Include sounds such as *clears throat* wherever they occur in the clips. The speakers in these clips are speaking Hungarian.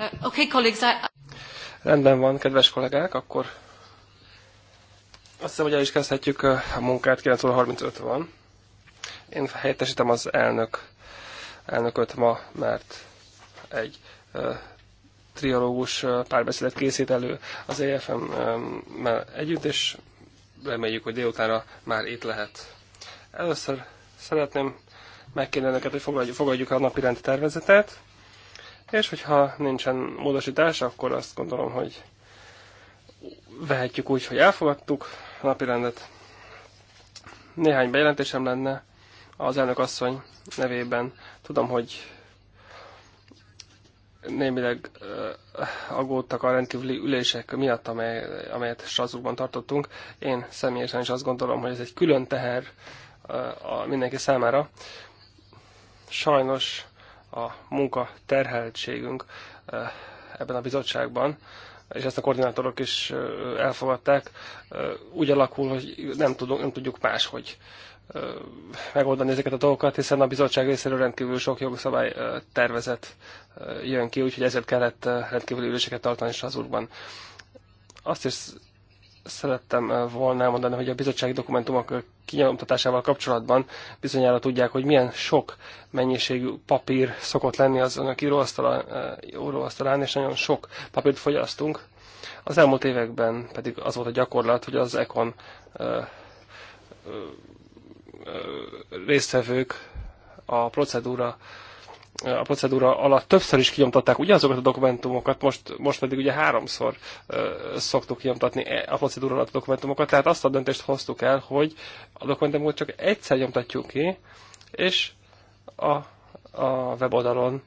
Uh, okay, colleagues, I... Rendben van, kedves kollégák, akkor azt hiszem, hogy el is kezdhetjük uh, a munkát, 9 óra 35 van. Én helyettesítem az elnök, elnököt ma, mert egy uh, triológus uh, párbeszédet készít elő az EFM-mel um, együtt, és reméljük, hogy délutára már itt lehet. Először szeretném megkérni önöket, hogy fogadjuk, fogadjuk a napi rendi tervezetet. És hogyha nincsen módosítás, akkor azt gondolom, hogy vehetjük úgy, hogy elfogadtuk a rendet. Néhány bejelentésem lenne az elnök asszony nevében. Tudom, hogy némileg aggódtak a rendkívüli ülések miatt, amely, amelyet Strasbourgban tartottunk. Én személyesen is azt gondolom, hogy ez egy külön teher a mindenki számára. Sajnos a munka terheltségünk eh, ebben a bizottságban, és ezt a koordinátorok is eh, elfogadták, eh, úgy alakul, hogy nem, tudunk, nem tudjuk máshogy megoldani ezeket a dolgokat, hiszen a bizottság részéről rendkívül sok jogszabály tervezet jön ki, úgyhogy ezért kellett rendkívüli üléseket tartani Strasbourgban. Azt is szerettem eh, volna elmondani, hogy a bizottsági dokumentumok eh, kinyomtatásával kapcsolatban bizonyára tudják, hogy milyen sok mennyiségű papír szokott lenni az önök eh, íróasztalán, és nagyon sok papírt fogyasztunk. Az elmúlt években pedig az volt a gyakorlat, hogy az ECON résztvevők a procedúra a procedúra alatt többször is kinyomtatták ugyanazokat a dokumentumokat, most, most pedig ugye háromszor uh, szoktuk kinyomtatni e, a procedúra alatt a dokumentumokat, tehát azt a döntést hoztuk el, hogy a dokumentumot csak egyszer nyomtatjuk ki, és a, a weboldalon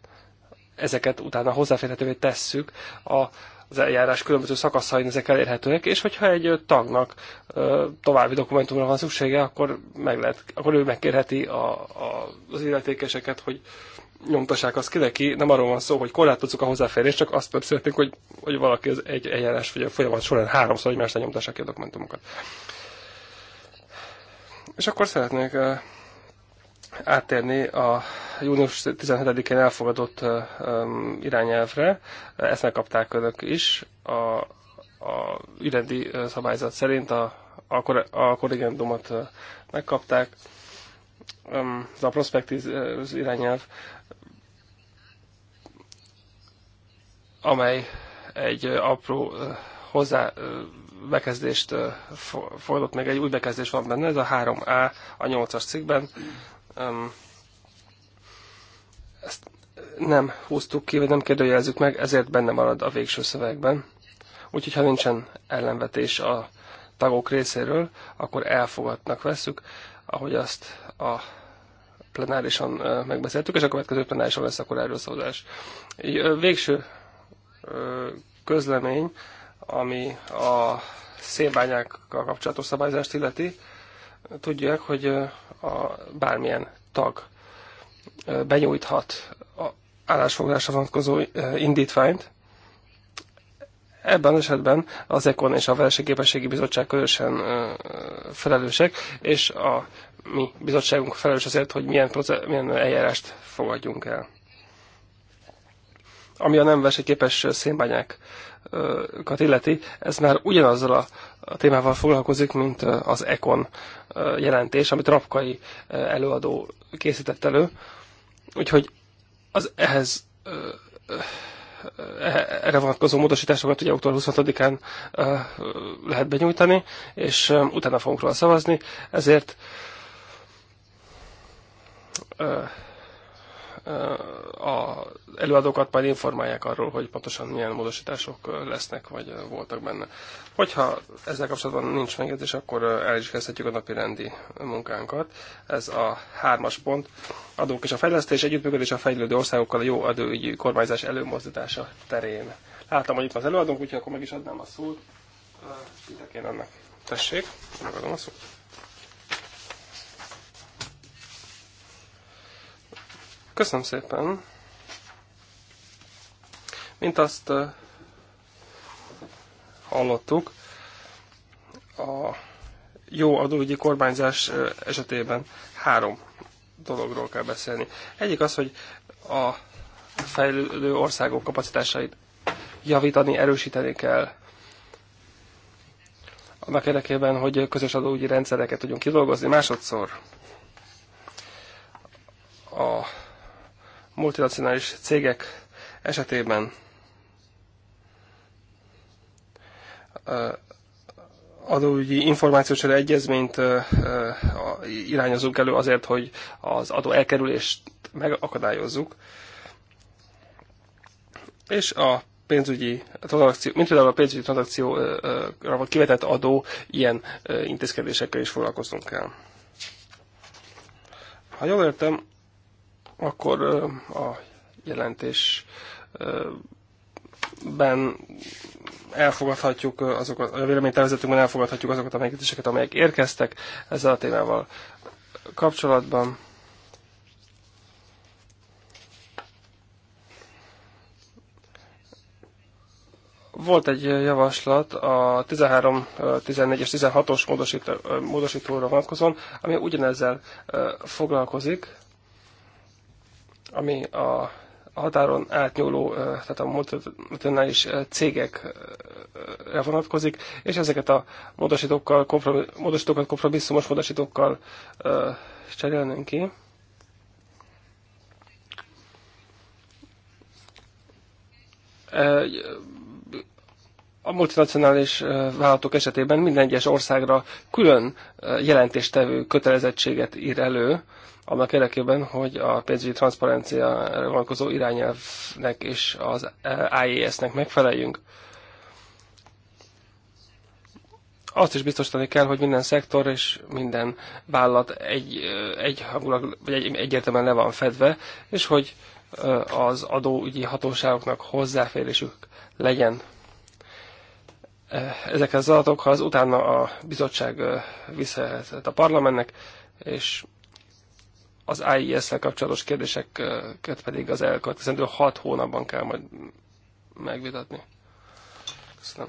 ezeket utána hozzáférhetővé tesszük a, az eljárás különböző szakaszain ezek elérhetőek, és hogyha egy tagnak ö, további dokumentumra van szüksége, akkor, meg lehet, akkor ő megkérheti a, a, az illetékeseket, hogy, nyomtassák, azt kell ki. Nem arról van szó, hogy korlátozzuk a hozzáférést, csak azt szeretnénk, hogy, hogy valaki az egy eljárás vagy a folyamat során háromszor egymásra nyomtassák ki a dokumentumokat. És akkor szeretnék eh, áttérni a június 17-én elfogadott eh, irányelvre. Ezt megkapták önök is. A, a ürendi eh, szabályzat szerint a, a, a korrigendumot megkapták. Ez a prospektív irányelv amely egy apró hozzá bekezdést fordott meg, egy új bekezdés van benne, ez a 3A a 8-as cikkben. Ezt nem húztuk ki, vagy nem kérdőjelezzük meg, ezért benne marad a végső szövegben. Úgyhogy, ha nincsen ellenvetés a tagok részéről, akkor elfogadnak veszük, ahogy azt a plenárisan megbeszéltük, és a következő plenárisan lesz akkor erről szózás. Végső közlemény, ami a szénbányákkal kapcsolatos szabályzást illeti, tudják, hogy a bármilyen tag benyújthat a állásfoglalásra vonatkozó indítványt. Ebben az esetben az ECON és a Versenyképességi Bizottság közösen felelősek, és a mi bizottságunk felelős azért, hogy milyen, milyen eljárást fogadjunk el. Ami a nem versenyképes szénbányákat illeti, ez már ugyanazzal a témával foglalkozik, mint az ECON jelentés, amit Rapkai előadó készített elő. Úgyhogy az ehhez e, erre vonatkozó módosításokat ugye október 26-án lehet benyújtani, és utána fogunk róla szavazni, ezért az előadókat majd informálják arról, hogy pontosan milyen módosítások lesznek, vagy voltak benne. Hogyha ezzel kapcsolatban nincs megjegyzés, akkor el is kezdhetjük a napi rendi munkánkat. Ez a hármas pont. Adók és a fejlesztés, együttműködés a fejlődő országokkal a jó adóügyi kormányzás előmozdítása terén. Látom, hogy itt van az előadónk, úgyhogy akkor meg is adnám a szót. Mindenkinek annak. Tessék, megadom a szót. Köszönöm szépen. Mint azt hallottuk, a jó adóügyi kormányzás esetében három dologról kell beszélni. Egyik az, hogy a fejlődő országok kapacitásait javítani, erősíteni kell. Annak érdekében, hogy közös adóügyi rendszereket tudjunk kidolgozni. Másodszor a multinacionális cégek esetében adóügyi információcsere egyezményt irányozunk elő azért, hogy az adó elkerülést megakadályozzuk. És a pénzügyi tranzakció, mint például a pénzügyi tranzakcióra vagy kivetett adó, ilyen intézkedésekkel is foglalkoznunk kell. Ha jól értem, akkor a jelentésben elfogadhatjuk azokat, a véleménytervezetünkben elfogadhatjuk azokat a megjegyzéseket, amelyek érkeztek ezzel a témával kapcsolatban. Volt egy javaslat a 13, 14 és 16-os módosítóra vonatkozóan, ami ugyanezzel foglalkozik ami a határon átnyúló, tehát a multinacionális cégekre vonatkozik, és ezeket a módosítókkal, módosítókat kompromisszumos módosítókkal cserélnünk ki a multinacionális vállalatok esetében minden egyes országra külön jelentéstevő kötelezettséget ír elő, annak érdekében, hogy a pénzügyi transzparencia vonatkozó irányelvnek és az IES-nek megfeleljünk. Azt is biztosítani kell, hogy minden szektor és minden vállalat egy, egy vagy egy, egyértelműen le van fedve, és hogy az adóügyi hatóságoknak hozzáférésük legyen ezekhez az adatokhoz, utána a bizottság visszajelhetett a parlamentnek, és az ais e szel kapcsolatos kérdéseket pedig az elkövetkezendő hat hónapban kell majd megvitatni. Köszönöm.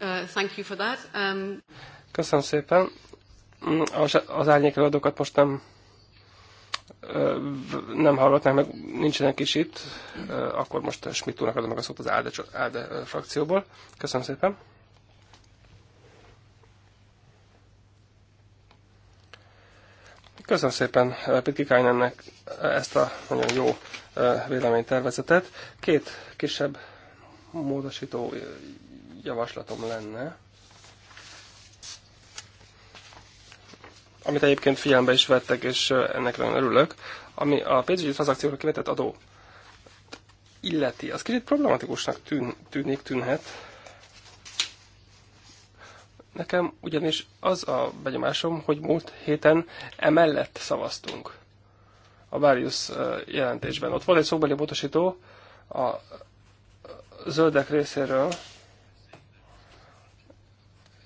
Uh, thank you for that. Um... Köszönöm szépen. Mm, az, az árnyék előadókat most nem nem hallgatnánk meg, nincsenek is itt, akkor most Schmidt úrnak adom meg a szót az ALDE, ALDE frakcióból. Köszönöm szépen. Köszönöm szépen Pitki Kájnennek ezt a nagyon jó véleménytervezetet. Két kisebb módosító javaslatom lenne. amit egyébként figyelembe is vettek, és ennek nagyon örülök, ami a pénzügyi tranzakciókra kivetett adó illeti. Az kicsit problematikusnak tűn, tűnik, tűnhet. Nekem ugyanis az a benyomásom, hogy múlt héten emellett szavaztunk a Varius jelentésben. Ott volt egy szóbeli módosító a zöldek részéről,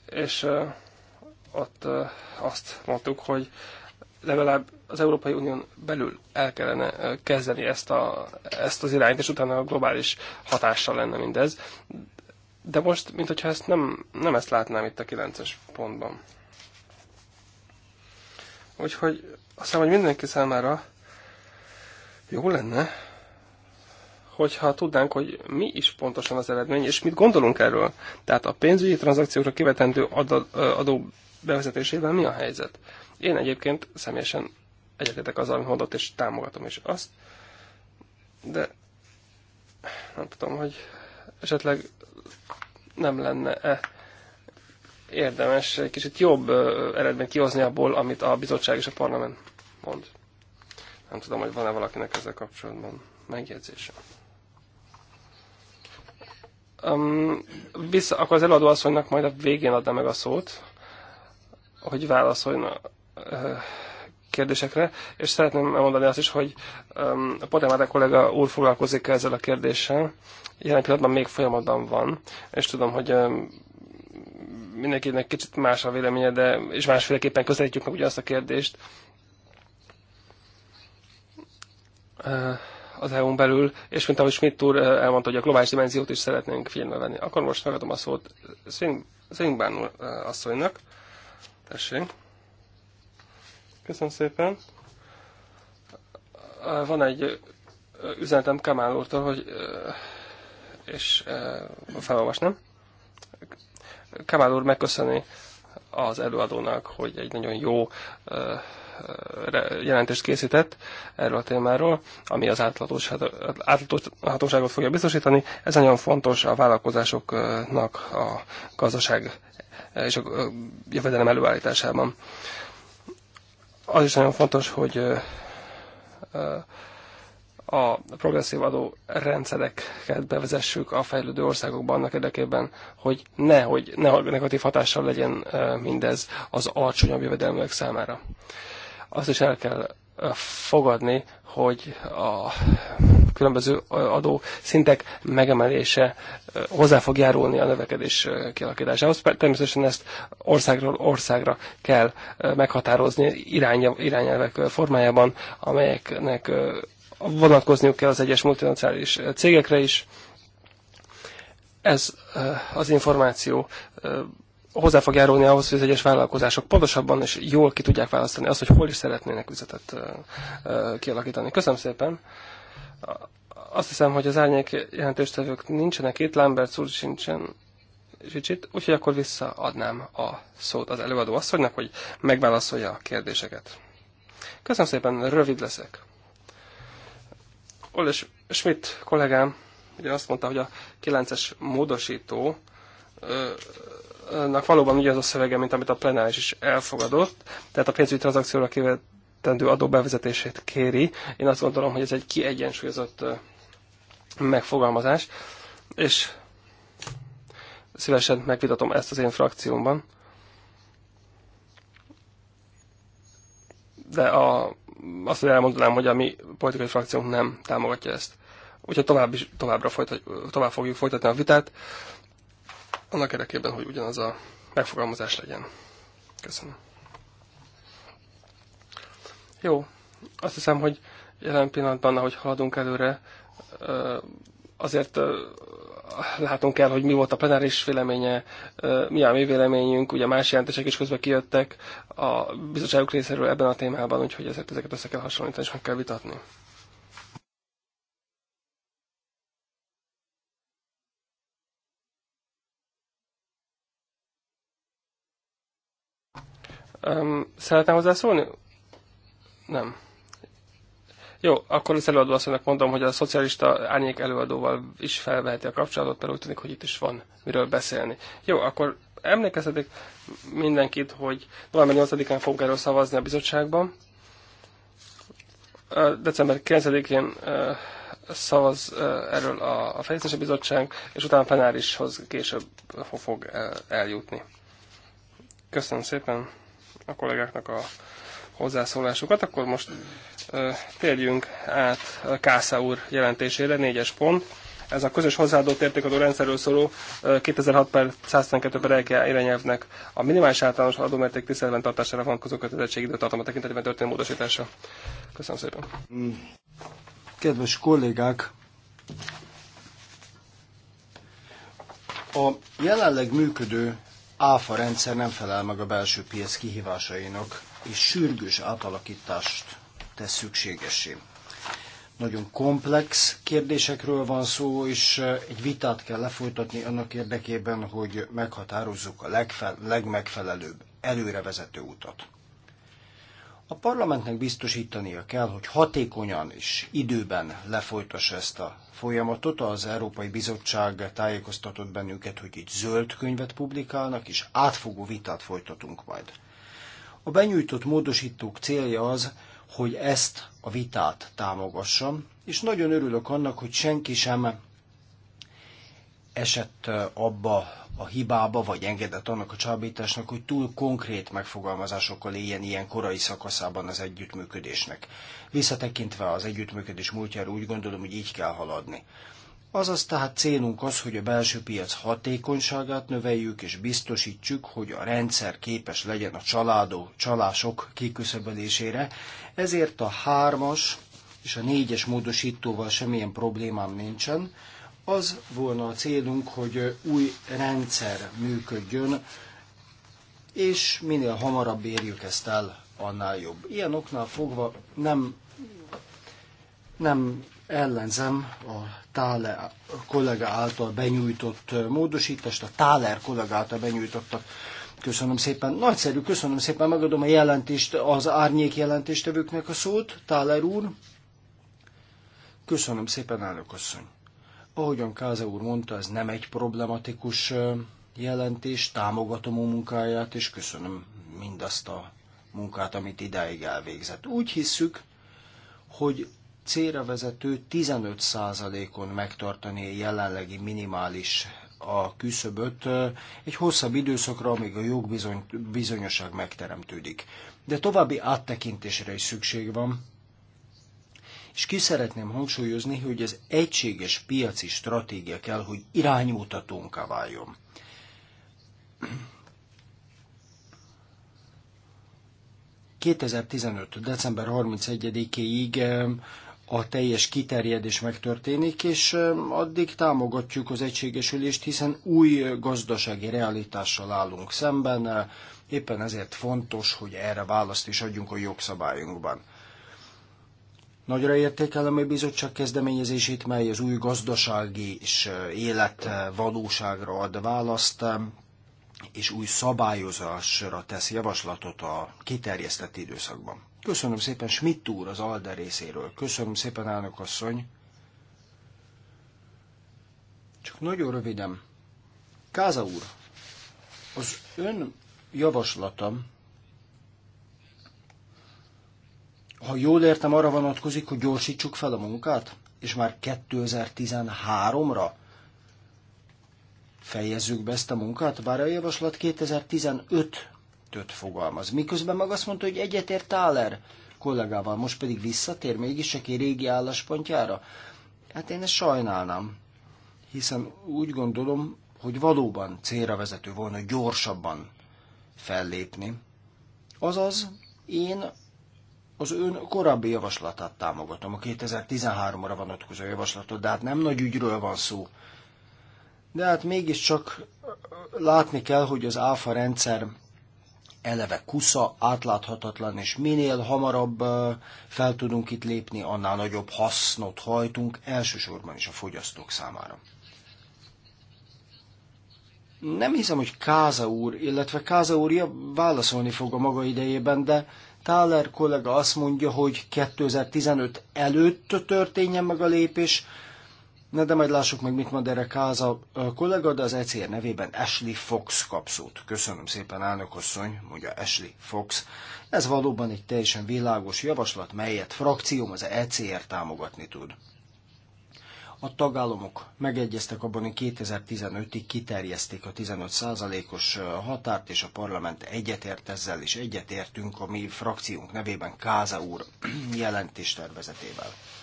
és ott azt mondtuk, hogy legalább az Európai Unión belül el kellene kezdeni ezt, a, ezt az irányt, és utána a globális hatással lenne mindez. De most, mint ezt nem, nem ezt látnám itt a 9-es pontban. Úgyhogy azt hiszem, hogy mindenki számára jó lenne, hogyha tudnánk, hogy mi is pontosan az eredmény, és mit gondolunk erről. Tehát a pénzügyi tranzakciókra kivetendő adó bevezetésével mi a helyzet? Én egyébként személyesen egyetetek azzal, amit mondott, és támogatom is azt, de nem tudom, hogy esetleg nem lenne-e érdemes egy kicsit jobb eredményt kihozni abból, amit a bizottság és a parlament mond. Nem tudom, hogy van-e valakinek ezzel kapcsolatban megjegyzése. Um, vissza, akkor az előadó asszonynak majd a végén adna meg a szót hogy válaszoljon a kérdésekre, és szeretném elmondani azt is, hogy a Podemáda kollega úr foglalkozik ezzel a kérdéssel. Jelen pillanatban még folyamatban van, és tudom, hogy mindenkinek kicsit más a véleménye, de és másféleképpen közelítjük meg ugyanazt a kérdést. az EU-n belül, és mint ahogy Schmidt úr elmondta, hogy a globális dimenziót is szeretnénk figyelme venni. Akkor most megadom a szót Swingbán asszonynak. Uh, Tessék. Köszönöm szépen. Van egy üzenetem Kamál úrtól, hogy és felolvasnám. Kamál úr megköszöni az előadónak, hogy egy nagyon jó jelentést készített erről a témáról, ami az átláthatóságot fogja biztosítani. Ez nagyon fontos a vállalkozásoknak a gazdaság és a jövedelem előállításában. Az is nagyon fontos, hogy a progresszív adó rendszereket bevezessük a fejlődő országokban annak érdekében, hogy hogy ne negatív hatással legyen mindez az alacsonyabb jövedelműek számára. Azt is el kell fogadni, hogy a különböző adó szintek megemelése hozzá fog járulni a növekedés kialakításához. Természetesen ezt országról országra kell meghatározni irányelvek formájában, amelyeknek vonatkozniuk kell az egyes multinacionális cégekre is. Ez az információ hozzá fog járulni ahhoz, hogy az egyes vállalkozások pontosabban és jól ki tudják választani azt, hogy hol is szeretnének üzletet kialakítani. Köszönöm szépen! Azt hiszem, hogy az árnyék jelentéstevők nincsenek itt, Lambert úr sincsen, Zsicsit, úgyhogy akkor visszaadnám a szót az előadó asszonynak, hogy megválaszolja a kérdéseket. Köszönöm szépen, rövid leszek. Olle Schmidt kollégám ugye azt mondta, hogy a 9-es módosító nak valóban az a szövege, mint amit a plenáris is elfogadott, tehát a pénzügyi tranzakcióra teendő adó bevezetését kéri. Én azt gondolom, hogy ez egy kiegyensúlyozott megfogalmazás, és szívesen megvitatom ezt az én frakciómban. De a, azt hogy elmondanám, hogy a mi politikai frakciónk nem támogatja ezt. Úgyhogy tovább is, továbbra folytat, tovább fogjuk folytatni a vitát, annak érdekében, hogy ugyanaz a megfogalmazás legyen. Köszönöm. Jó, azt hiszem, hogy jelen pillanatban, ahogy haladunk előre, azért látunk el, hogy mi volt a plenáris véleménye, mi a mi véleményünk, ugye más jelentések is közben kijöttek a bizottságok részéről ebben a témában, úgyhogy ezeket, ezeket össze kell hasonlítani, és meg kell vitatni. szeretném hozzászólni? Nem. Jó, akkor az előadó azt mondom, hogy a szocialista árnyék előadóval is felveheti a kapcsolatot, mert úgy tűnik, hogy itt is van miről beszélni. Jó, akkor emlékeztetek mindenkit, hogy november 8-án fogunk erről szavazni a bizottságban. December 9-én szavaz erről a, a fejlesztési bizottság, és utána plenárishoz később fog eljutni. Köszönöm szépen a kollégáknak a hozzászólásukat, akkor most térjünk át Kásza úr jelentésére, négyes pont. Ez a közös hozzáadott értékadó rendszerről szóló 2006 per 112 per LKA irányelvnek a minimális általános adómérték tiszteletben tartására közök kötelezettség időtartama tekintetében történő módosítása. Köszönöm szépen. Kedves kollégák, a jelenleg működő áfa rendszer nem felel meg a belső piac kihívásainak és sürgős átalakítást tesz szükségesé. Nagyon komplex kérdésekről van szó, és eh, egy vitát kell lefolytatni annak érdekében, hogy meghatározzuk a legfel- legmegfelelőbb előrevezető utat. A parlamentnek biztosítania kell, hogy hatékonyan és időben lefolytassa ezt a folyamatot. Az Európai Bizottság tájékoztatott bennünket, hogy egy zöld könyvet publikálnak, és átfogó vitát folytatunk majd. A benyújtott módosítók célja az, hogy ezt a vitát támogassam, és nagyon örülök annak, hogy senki sem esett abba a hibába, vagy engedett annak a csábításnak, hogy túl konkrét megfogalmazásokkal éljen ilyen korai szakaszában az együttműködésnek. Visszatekintve az együttműködés múltjára úgy gondolom, hogy így kell haladni. Azaz tehát célunk az, hogy a belső piac hatékonyságát növeljük, és biztosítsuk, hogy a rendszer képes legyen a családó, csalások kiküszöbölésére. Ezért a hármas és a négyes módosítóval semmilyen problémám nincsen. Az volna a célunk, hogy új rendszer működjön, és minél hamarabb érjük ezt el, annál jobb. Ilyen oknál fogva nem, nem ellenzem a Táler kollega által benyújtott módosítást, a Táler kollega által benyújtottak. Köszönöm szépen. Nagyszerű, köszönöm szépen. Megadom a jelentést, az árnyék jelentéstevőknek a szót. Táler úr. Köszönöm szépen, elnök asszony. Ahogyan Káze úr mondta, ez nem egy problematikus jelentés, támogatom a munkáját, és köszönöm mindazt a munkát, amit idáig elvégzett. Úgy hisszük, hogy célra vezető 15%-on megtartani a jelenlegi minimális a küszöböt egy hosszabb időszakra, amíg a jogbizonyosság megteremtődik. De további áttekintésre is szükség van, és ki szeretném hangsúlyozni, hogy az egységes piaci stratégia kell, hogy iránymutatónká váljon. ...2015. december 31 ig a teljes kiterjedés megtörténik, és addig támogatjuk az egységesülést, hiszen új gazdasági realitással állunk szemben, éppen ezért fontos, hogy erre választ is adjunk a jogszabályunkban. Nagyra értékelem a bizottság kezdeményezését, mely az új gazdasági és élet valóságra ad választ, és új szabályozásra tesz javaslatot a kiterjesztett időszakban. Köszönöm szépen Schmidt úr az Alde részéről. Köszönöm szépen, elnök asszony. Csak nagyon röviden. Káza úr, az ön javaslatom, ha jól értem, arra vonatkozik, hogy gyorsítsuk fel a munkát, és már 2013-ra fejezzük be ezt a munkát, bár a javaslat 2015 kettőt fogalmaz. Miközben meg azt mondta, hogy egyetért Táler kollégával, most pedig visszatér mégis, aki régi álláspontjára. Hát én ezt sajnálnám, hiszen úgy gondolom, hogy valóban célra vezető volna gyorsabban fellépni. Azaz, én az ön korábbi javaslatát támogatom, a 2013-ra vonatkozó javaslatot, de hát nem nagy ügyről van szó. De hát mégiscsak látni kell, hogy az áfa rendszer eleve kusza, átláthatatlan, és minél hamarabb fel tudunk itt lépni, annál nagyobb hasznot hajtunk, elsősorban is a fogyasztók számára. Nem hiszem, hogy Káza úr, illetve Káza úr válaszolni fog a maga idejében, de Táler kollega azt mondja, hogy 2015 előtt történjen meg a lépés, Na de majd lássuk meg, mit mond erre Káza a kollega, de az ECR nevében Ashley Fox kapszót. Köszönöm szépen, elnökosszony, mondja Ashley Fox. Ez valóban egy teljesen világos javaslat, melyet frakcióm az ECR támogatni tud. A tagállamok megegyeztek abban, hogy 2015-ig kiterjesztik a 15%-os határt, és a parlament egyetért ezzel, és egyetértünk a mi frakciónk nevében Káza úr *clears throat* jelentéstervezetével. tervezetével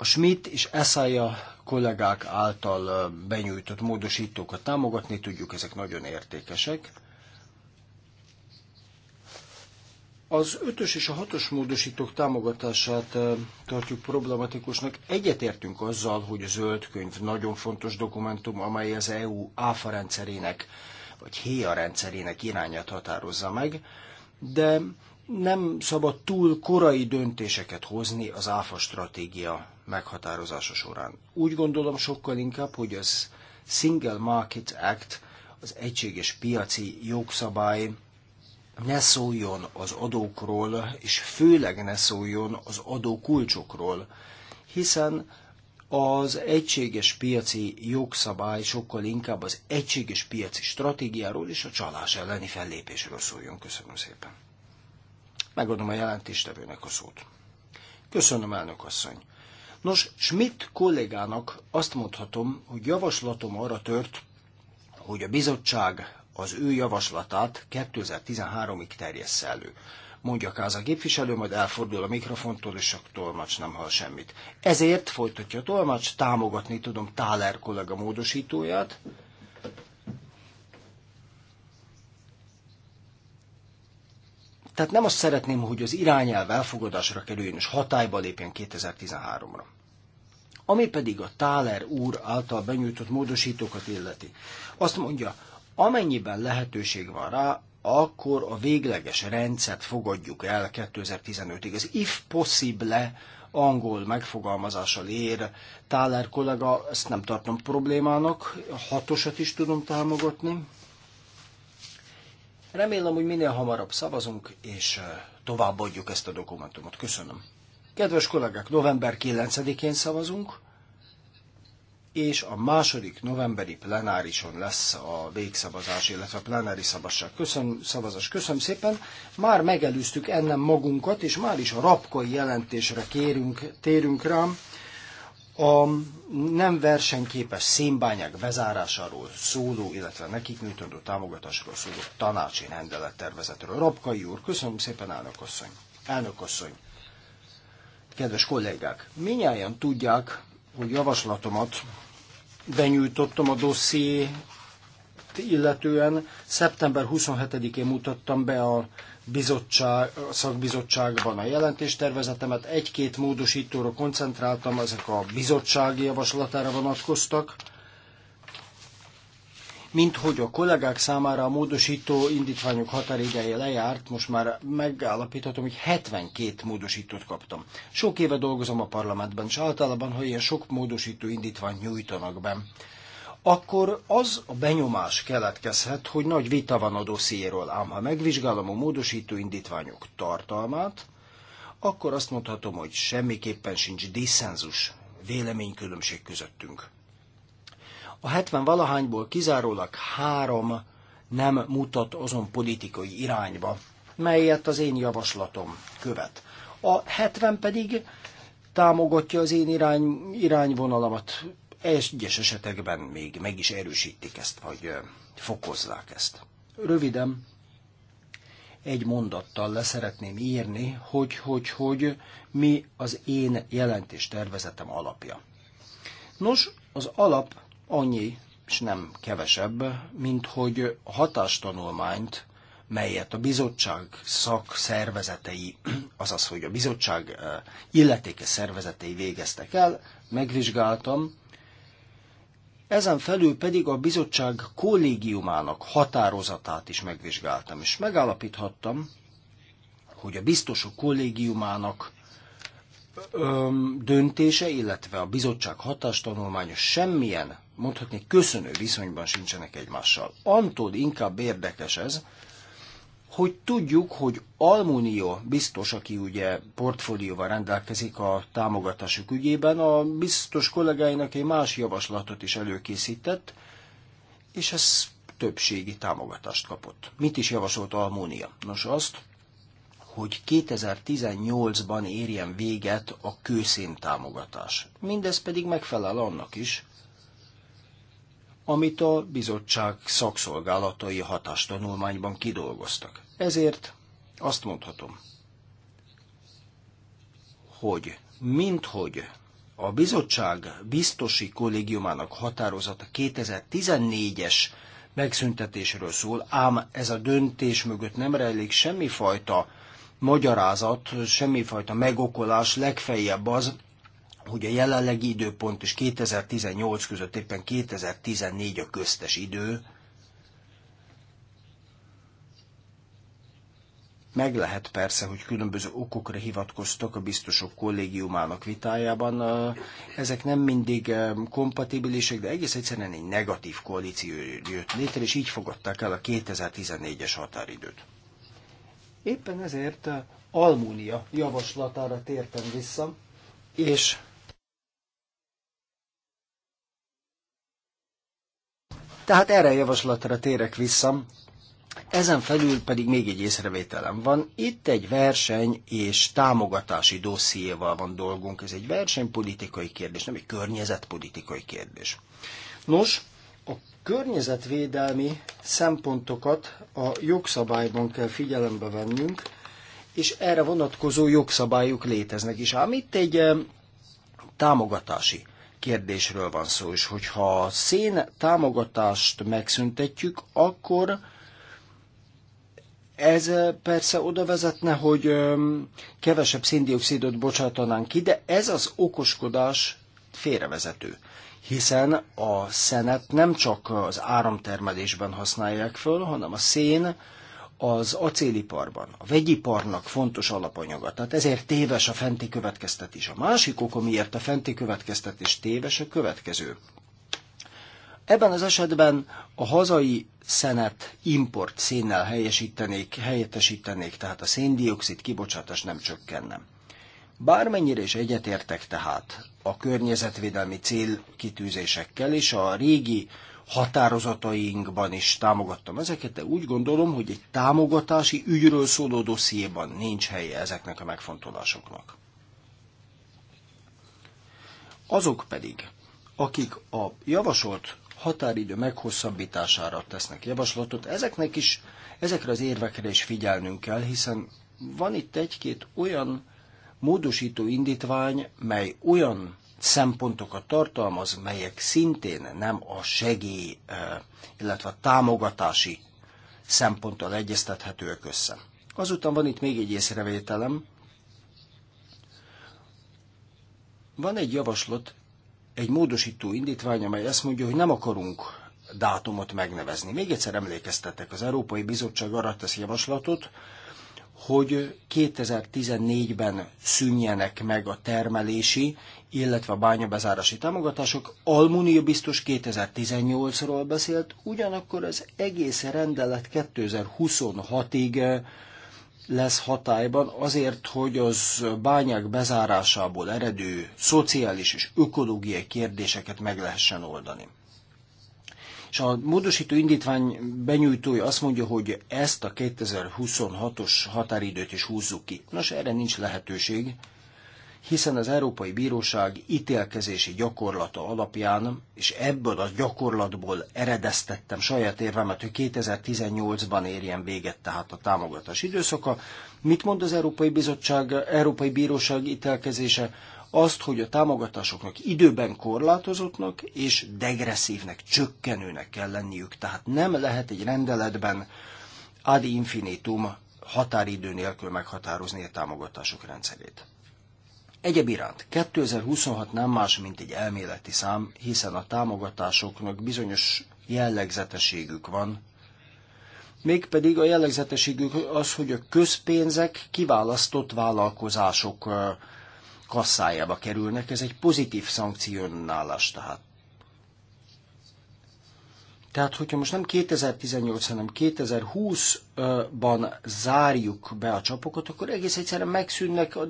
a Schmidt és Eszája kollégák által benyújtott módosítókat támogatni tudjuk, ezek nagyon értékesek. Az ötös és a hatos módosítók támogatását tartjuk problematikusnak. Egyetértünk azzal, hogy a zöld könyv nagyon fontos dokumentum, amely az EU áfa rendszerének vagy héja e rendszerének irányát határozza meg, de nem szabad túl korai döntéseket hozni az áfa stratégia meghatározása során. Úgy gondolom sokkal inkább, hogy az Single Market Act, az egységes piaci jogszabály ne szóljon az adókról, és főleg ne szóljon az adókulcsokról, hiszen az egységes piaci jogszabály sokkal inkább az egységes piaci stratégiáról és a csalás elleni fellépésről szóljon. Köszönöm szépen! Megadom a jelentéstevőnek a szót. Köszönöm, elnök asszony. Nos, Schmidt kollégának azt mondhatom, hogy javaslatom arra tört, hogy a bizottság az ő javaslatát 2013-ig terjessze elő. Mondja Káza képviselő, majd elfordul a mikrofontól, és a tolmács nem hall semmit. Ezért folytatja a tolmács, támogatni tudom Táler kollega módosítóját, Tehát nem azt szeretném, hogy az irányelv elfogadásra kerüljön és hatályba lépjen 2013-ra. Ami pedig a Táler úr által benyújtott módosítókat illeti. Azt mondja, amennyiben lehetőség van rá, akkor a végleges rendszert fogadjuk el 2015-ig. Az if possible angol megfogalmazással ér Táler kollega, ezt nem tartom problémának, a hatosat is tudom támogatni, Remélem, hogy minél hamarabb szavazunk, és továbbadjuk ezt a dokumentumot. Köszönöm. Kedves kollégák, november 9-én szavazunk, és a második novemberi plenárison lesz a végszavazás, illetve a plenári szabadság. Köszönöm, szavazás, köszönöm szépen. Már megelőztük ennem magunkat, és már is a rapkai jelentésre kérünk, térünk rám a nem versenyképes szénbányák bezárásáról szóló, illetve nekik nyújtandó támogatásról szóló tanácsi tervezetről. Rabkai úr, köszönöm szépen, elnök asszony. Elnök asszony, kedves kollégák, minnyáján tudják, hogy javaslatomat benyújtottam a dosszié illetően. Szeptember 27-én mutattam be a bizottság, szakbizottságban a jelentéstervezetemet, egy-két módosítóra koncentráltam, ezek a bizottsági javaslatára vonatkoztak, mint hogy a kollégák számára a módosító indítványok határideje lejárt, most már megállapíthatom, hogy 72 módosítót kaptam. Sok éve dolgozom a parlamentben, és általában, ha ilyen sok módosító indítványt nyújtanak be, akkor az a benyomás keletkezhet, hogy nagy vita van a dossziéről, ám ha megvizsgálom a módosító indítványok tartalmát, akkor azt mondhatom, hogy semmiképpen sincs diszenzus, véleménykülönbség közöttünk. A 70 valahányból kizárólag három nem mutat azon politikai irányba, melyet az én javaslatom követ. A 70 pedig támogatja az én irány, irányvonalamat, egyes esetekben még meg is erősítik ezt, vagy fokozzák ezt. Röviden, egy mondattal leszeretném írni, hogy, hogy, hogy mi az én jelentés tervezetem alapja. Nos, az alap annyi, és nem kevesebb, mint hogy a hatástanulmányt, melyet a bizottság szakszervezetei, *clears throat* azaz, hogy a bizottság illetékes szervezetei végeztek el, megvizsgáltam, ezen felül pedig a bizottság kollégiumának határozatát is megvizsgáltam, és megállapíthattam, hogy a biztosok kollégiumának öm, döntése, illetve a bizottság hatástanulmánya semmilyen, mondhatni, köszönő viszonyban sincsenek egymással. Antól inkább érdekes ez, hogy tudjuk, hogy Almunia biztos, aki ugye portfólióval rendelkezik a támogatások ügyében, a biztos kollégáinak egy más javaslatot is előkészített, és ez többségi támogatást kapott. Mit is javasolt Almunia? Nos, azt, hogy 2018-ban érjen véget a kőszín támogatás. Mindez pedig megfelel annak is, amit a bizottság szakszolgálatai hatástanulmányban kidolgoztak. Ezért azt mondhatom, hogy minthogy a bizottság biztosi kollégiumának határozata 2014-es megszüntetésről szól, ám ez a döntés mögött nem rejlik semmifajta magyarázat, semmifajta megokolás, legfeljebb az, hogy a jelenlegi időpont és 2018 között éppen 2014 a köztes idő, Meg lehet persze, hogy különböző okokra hivatkoztak a biztosok kollégiumának vitájában. Ezek nem mindig kompatibilisek, de egész egyszerűen egy negatív koalíció jött létre, és így fogadták el a 2014-es határidőt. Éppen ezért Almúnia javaslatára tértem vissza, és Tehát erre a javaslatra térek vissza. Ezen felül pedig még egy észrevételem van. Itt egy verseny és támogatási dossziéval van dolgunk. Ez egy versenypolitikai kérdés, nem egy környezetpolitikai kérdés. Nos, a környezetvédelmi szempontokat a jogszabályban kell figyelembe vennünk, és erre vonatkozó jogszabályok léteznek is. Ám itt egy eh, támogatási kérdésről van szó, és hogyha a szén támogatást megszüntetjük, akkor ez persze oda vezetne, hogy kevesebb széndiokszidot bocsátanánk ki, de ez az okoskodás félrevezető hiszen a szenet nem csak az áramtermelésben használják föl, hanem a szén az acéliparban, a vegyiparnak fontos alapanyaga. Tehát ezért téves a fenti következtetés. A másik ok, miért a fenti következtetés téves, a következő. Ebben az esetben a hazai szenet import szénnel helyesítenék, helyettesítenék, tehát a széndiokszid kibocsátás nem csökkenne. Bármennyire is egyetértek tehát a környezetvédelmi célkitűzésekkel és a régi határozatainkban is támogattam ezeket, de úgy gondolom, hogy egy támogatási ügyről szóló dossziéban nincs helye ezeknek a megfontolásoknak. Azok pedig, akik a javasolt határidő meghosszabbítására tesznek javaslatot, ezeknek is, ezekre az érvekre is figyelnünk kell, hiszen van itt egy-két olyan módosító indítvány, mely olyan szempontokat tartalmaz, melyek szintén nem a segély, illetve a támogatási szemponttal egyeztethetőek össze. Azután van itt még egy észrevételem. Van egy javaslat, egy módosító indítvány, amely azt mondja, hogy nem akarunk dátumot megnevezni. Még egyszer emlékeztetek, az Európai Bizottság arra tesz javaslatot, hogy 2014-ben szűnjenek meg a termelési illetve a bányabezárási támogatások. Almunia biztos 2018-ról beszélt, ugyanakkor az egész rendelet 2026-ig eh, lesz hatályban azért, hogy az bányák bezárásából eredő szociális és ökológiai kérdéseket meg lehessen oldani. És a módosító indítvány benyújtója azt mondja, hogy ezt a 2026-os határidőt is húzzuk ki. Nos, erre nincs lehetőség, hiszen az Európai Bíróság ítélkezési gyakorlata alapján, és ebből a gyakorlatból eredeztettem saját érvemet, hogy 2018-ban érjen véget tehát a támogatás időszaka. Mit mond az Európai Bizottság, Európai Bíróság ítélkezése? Azt, hogy a támogatásoknak időben korlátozottnak és degresszívnek, csökkenőnek kell lenniük. Tehát nem lehet egy rendeletben ad infinitum határidő nélkül meghatározni a támogatások rendszerét. Egyéb iránt 2026 nem más, mint egy elméleti szám, hiszen a támogatásoknak bizonyos jellegzetességük van, mégpedig a jellegzetességük az, hogy a közpénzek kiválasztott vállalkozások kasszájába kerülnek, ez egy pozitív szankcionálás tehát. Tehát, hogyha most nem 2018, hanem 2020-ban zárjuk be a csapokat, akkor egész egyszerűen megszűnnek a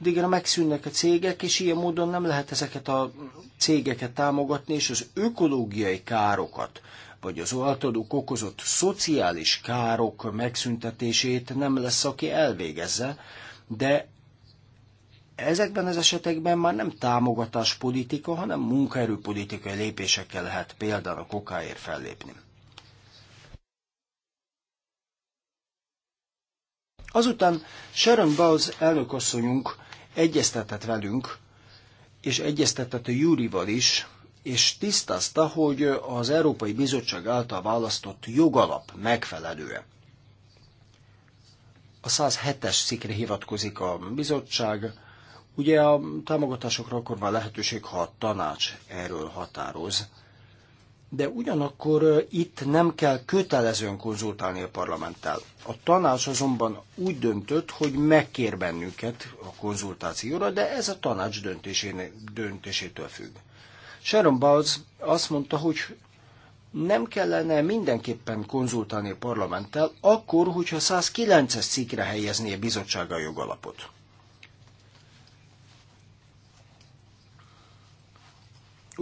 addigra megszűnnek a cégek, és ilyen módon nem lehet ezeket a cégeket támogatni, és az ökológiai károkat, vagy az általuk okozott szociális károk megszüntetését nem lesz, aki elvégezze, de ezekben az esetekben már nem támogatáspolitika, hanem munkaerőpolitikai lépésekkel lehet például a kokáért fellépni. Azután Sharon Bowles elnökasszonyunk egyeztetett velünk, és egyeztetett a Júrival is, és tisztázta, hogy az Európai Bizottság által választott jogalap megfelelő-e. A 107-es szikre hivatkozik a bizottság, ugye a támogatásokra akkor van lehetőség, ha a tanács erről határoz de ugyanakkor itt nem kell kötelezően konzultálni a parlamenttel. A tanács azonban úgy döntött, hogy megkér bennünket a konzultációra, de ez a tanács döntésén, döntésétől függ. Sharon Bowles azt mondta, hogy nem kellene mindenképpen konzultálni a parlamenttel, akkor, hogyha 109-es cikkre helyezné a bizottsága jogalapot.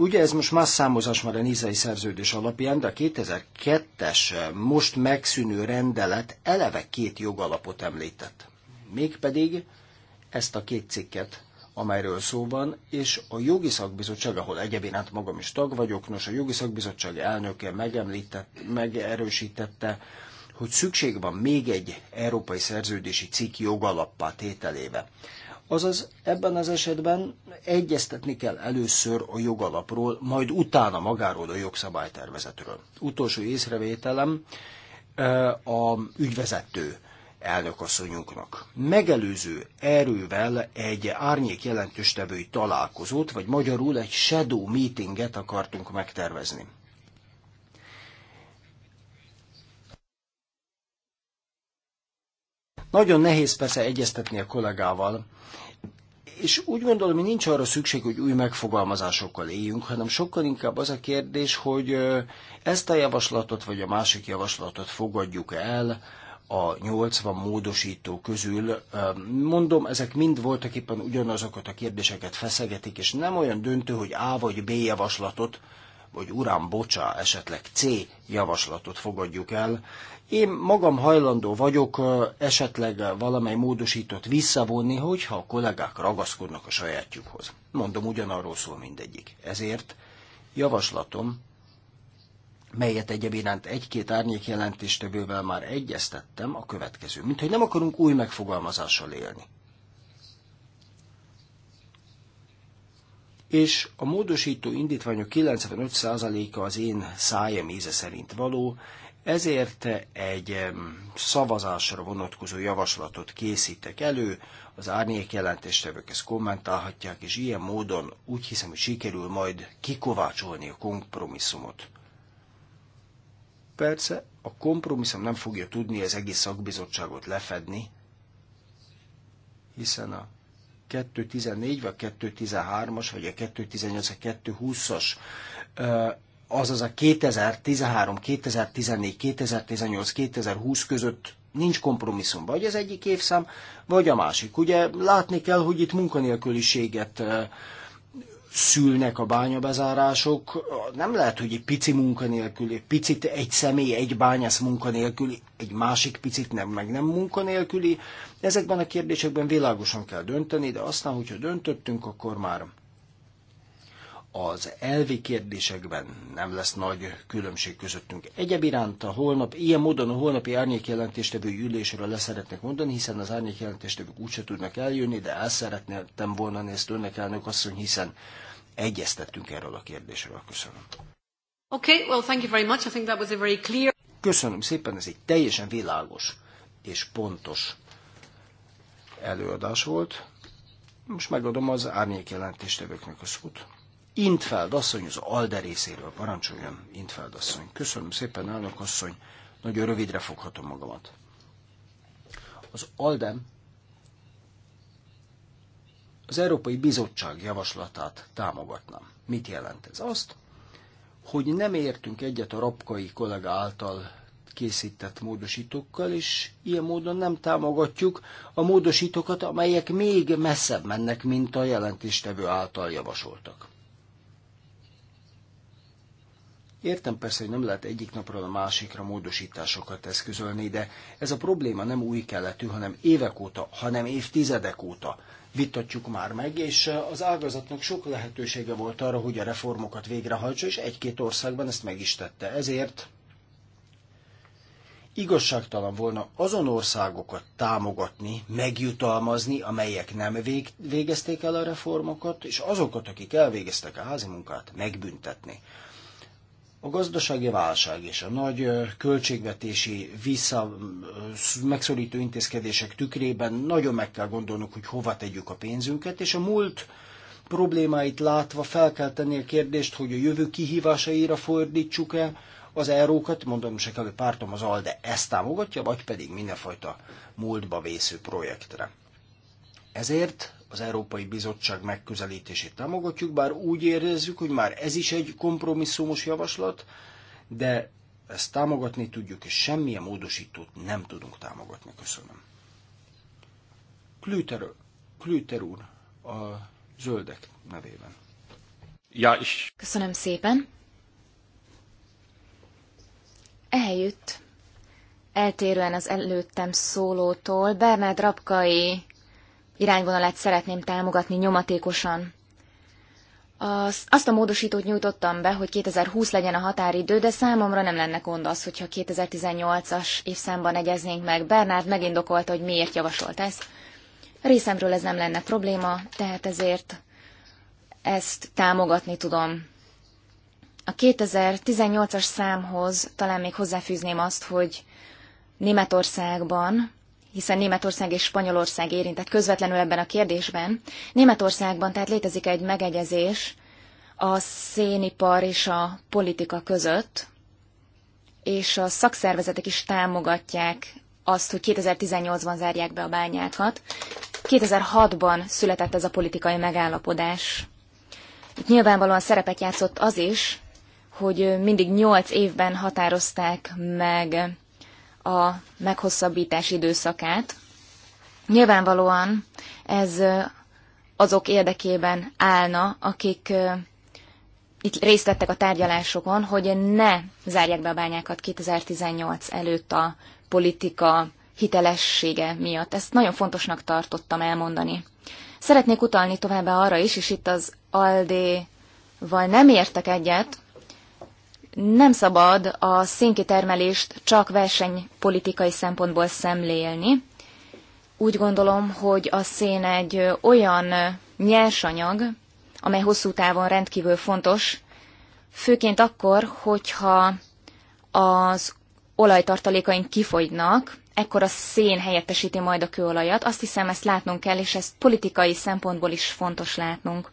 Ugye ez most más számozás már a nizai szerződés alapján, de a 2002-es eh, most megszűnő rendelet eleve két jogalapot említett. Mégpedig ezt a két cikket, amelyről szó van, és a jogi szakbizottság, ahol egyébként át magam is tag vagyok, nos a jogi szakbizottság elnöke megemlített, megerősítette, hogy szükség van még egy európai szerződési cikk jogalappá tételébe. Azaz ebben az esetben egyeztetni kell először a jogalapról, majd utána magáról a jogszabálytervezetről. Utolsó észrevételem e, a ügyvezető elnökasszonyunknak. Megelőző erővel egy árnyék tevői találkozót, vagy magyarul egy shadow meetinget akartunk megtervezni. Nagyon nehéz persze egyeztetni a kollégával, és úgy gondolom, hogy nincs arra szükség, hogy új megfogalmazásokkal éljünk, hanem sokkal inkább az a kérdés, hogy ezt a javaslatot vagy a másik javaslatot fogadjuk el a 80 módosító közül. Mondom, ezek mind voltak éppen ugyanazokat a kérdéseket feszegetik, és nem olyan döntő, hogy A vagy B javaslatot vagy urán bocsá, esetleg C javaslatot fogadjuk el. Én magam hajlandó vagyok esetleg valamely módosított visszavonni, hogyha a kollégák ragaszkodnak a sajátjukhoz. Mondom, ugyanarról szól mindegyik. Ezért javaslatom, melyet egyebiránt egy-két árnyék jelentéstevővel már egyeztettem, a következő. Mint hogy nem akarunk új megfogalmazással élni. és a módosító indítványok 95%-a az én szájem íze szerint való, ezért egy szavazásra vonatkozó javaslatot készítek elő, az árnyék jelentéstevők ezt kommentálhatják, és ilyen módon úgy hiszem, hogy sikerül majd kikovácsolni a kompromisszumot. Persze a kompromisszum nem fogja tudni az egész szakbizottságot lefedni, hiszen a 214 vagy 213-as, vagy a 218 a 220-as, azaz a 2013, 2014, 2018, 2020 között nincs kompromisszum, vagy az egyik évszám, vagy a másik. Ugye látni kell, hogy itt munkanélküliséget szülnek a bányabezárások. Nem lehet, hogy egy pici munkanélküli, picit egy személy, egy bányász munkanélküli, egy másik picit nem, meg nem munkanélküli. Ezekben a kérdésekben világosan kell dönteni, de aztán, hogyha döntöttünk, akkor már az elvi kérdésekben nem lesz nagy különbség közöttünk. Egyéb iránt a holnap, ilyen módon a holnapi árnyékjelentéstevő ülésről leszeretnék mondani, hiszen az árnyékjelentéstevők úgyse tudnak eljönni, de el szeretném volna nézni önnek elnök asszony, hiszen egyeztettünk erről a kérdésről. Köszönöm. Okay, well, thank you very much. I think that was a very clear... Köszönöm szépen, ez egy teljesen világos és pontos előadás volt. Most megadom az árnyék jelentéstevőknek a szót. Intfeld asszony az ALDE részéről parancsoljon, Intfeld asszony. Köszönöm szépen, elnök asszony, nagyon rövidre foghatom magamat. Az ALDEM az Európai Bizottság javaslatát támogatnám. Mit jelent ez? Azt, hogy nem értünk egyet a rapkai kollega által készített módosítókkal, és ilyen módon nem támogatjuk a módosítókat, amelyek még messzebb mennek, mint a jelentéstevő által javasoltak. Értem persze, hogy nem lehet egyik napról a másikra módosításokat eszközölni, de ez a probléma nem új keletű, hanem évek óta, hanem évtizedek óta vitatjuk már meg, és az ágazatnak sok lehetősége volt arra, hogy a reformokat végrehajtsa, és egy-két országban ezt meg is tette. Ezért igazságtalan volna azon országokat támogatni, megjutalmazni, amelyek nem vég, végezték el a reformokat, és azokat, akik elvégeztek a házi munkát, megbüntetni. A gazdasági válság és a nagy költségvetési vissza megszorító intézkedések tükrében nagyon meg kell gondolnunk, hogy hova tegyük a pénzünket, és a múlt problémáit látva fel kell tenni a kérdést, hogy a jövő kihívásaira fordítsuk-e az eurókat, mondom se kell, hogy pártom az ALDE ezt támogatja, vagy pedig mindenfajta múltba vésző projektre. Ezért az Európai Bizottság megközelítését támogatjuk, bár úgy érezzük, hogy már ez is egy kompromisszumos javaslat, de ezt támogatni tudjuk, és semmilyen módosítót nem tudunk támogatni. Köszönöm. Klüter, Klüter úr, a zöldek nevében. Ja, is. Köszönöm szépen. Ehelyütt eltérően az előttem szólótól Bernard Rapkai irányvonalát szeretném támogatni nyomatékosan. Az, azt a módosítót nyújtottam be, hogy 2020 legyen a határidő, de számomra nem lenne gond az, hogyha 2018-as évszámban egyeznénk meg. Bernard megindokolta, hogy miért javasolt ezt. Részemről ez nem lenne probléma, tehát ezért ezt támogatni tudom. A 2018-as számhoz talán még hozzáfűzném azt, hogy Németországban hiszen Németország és Spanyolország érintett közvetlenül ebben a kérdésben. Németországban tehát létezik egy megegyezés a szénipar és a politika között, és a szakszervezetek is támogatják azt, hogy 2018-ban zárják be a bányákat. 2006-ban született ez a politikai megállapodás. Itt nyilvánvalóan szerepet játszott az is, hogy mindig 8 évben határozták meg a meghosszabbítás időszakát. Nyilvánvalóan ez azok érdekében állna, akik itt részt vettek a tárgyalásokon, hogy ne zárják be a bányákat 2018 előtt a politika hitelessége miatt. Ezt nagyon fontosnak tartottam elmondani. Szeretnék utalni továbbá arra is, és itt az Aldéval nem értek egyet, nem szabad a szénkitermelést csak versenypolitikai szempontból szemlélni. Úgy gondolom, hogy a szén egy olyan nyersanyag, amely hosszú távon rendkívül fontos, főként akkor, hogyha az olajtartalékaink kifogynak, ekkor a szén helyettesíti majd a kőolajat. Azt hiszem, ezt látnunk kell, és ezt politikai szempontból is fontos látnunk.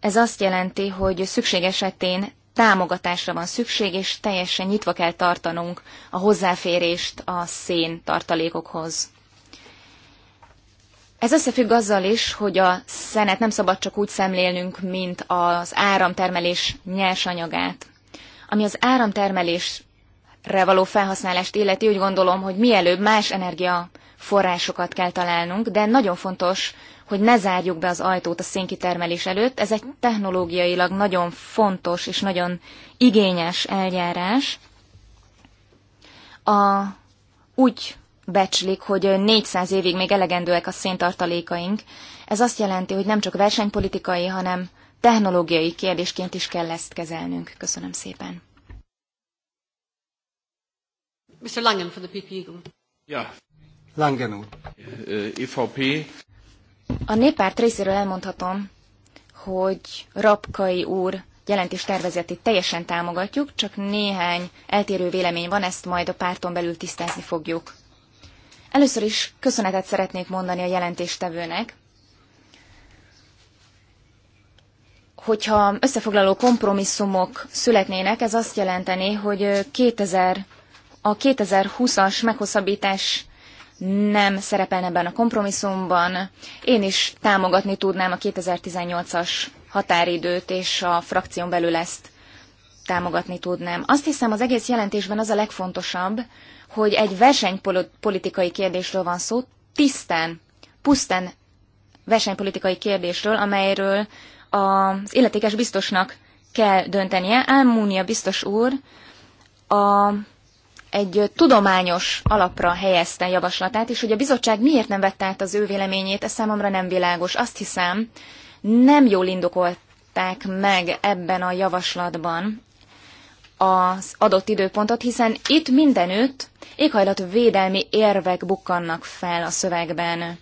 Ez azt jelenti, hogy szükség esetén támogatásra van szükség, és teljesen nyitva kell tartanunk a hozzáférést a szén tartalékokhoz. Ez összefügg azzal is, hogy a szenet nem szabad csak úgy szemlélnünk, mint az áramtermelés nyersanyagát. Ami az áramtermelésre való felhasználást illeti, úgy gondolom, hogy mielőbb más energiaforrásokat kell találnunk, de nagyon fontos, hogy ne zárjuk be az ajtót a szénkitermelés előtt. Ez egy technológiailag nagyon fontos és nagyon igényes eljárás. A, úgy becslik, hogy 400 évig még elegendőek a széntartalékaink. Ez azt jelenti, hogy nem csak versenypolitikai, hanem technológiai kérdésként is kell ezt kezelnünk. Köszönöm szépen. Mr. Langen for the PP Eagle. Ja. Langen úr. EVP. A néppárt részéről elmondhatom, hogy Rapkai úr jelentés tervezetét teljesen támogatjuk, csak néhány eltérő vélemény van, ezt majd a párton belül tisztázni fogjuk. Először is köszönetet szeretnék mondani a jelentéstevőnek. Hogyha összefoglaló kompromisszumok születnének, ez azt jelenteni, hogy 2000, a 2020-as meghosszabbítás nem szerepelne ebben a kompromisszumban. Én is támogatni tudnám a 2018-as határidőt, és a frakción belül ezt támogatni tudnám. Azt hiszem, az egész jelentésben az a legfontosabb, hogy egy versenypolitikai kérdésről van szó, tisztán, pusztán versenypolitikai kérdésről, amelyről az illetékes biztosnak kell döntenie. Álmúnia biztos úr a egy tudományos alapra helyezte javaslatát, és hogy a bizottság miért nem vette át az ő véleményét, ez számomra nem világos. Azt hiszem, nem jól indokolták meg ebben a javaslatban az adott időpontot, hiszen itt mindenütt éghajlatvédelmi érvek bukkannak fel a szövegben.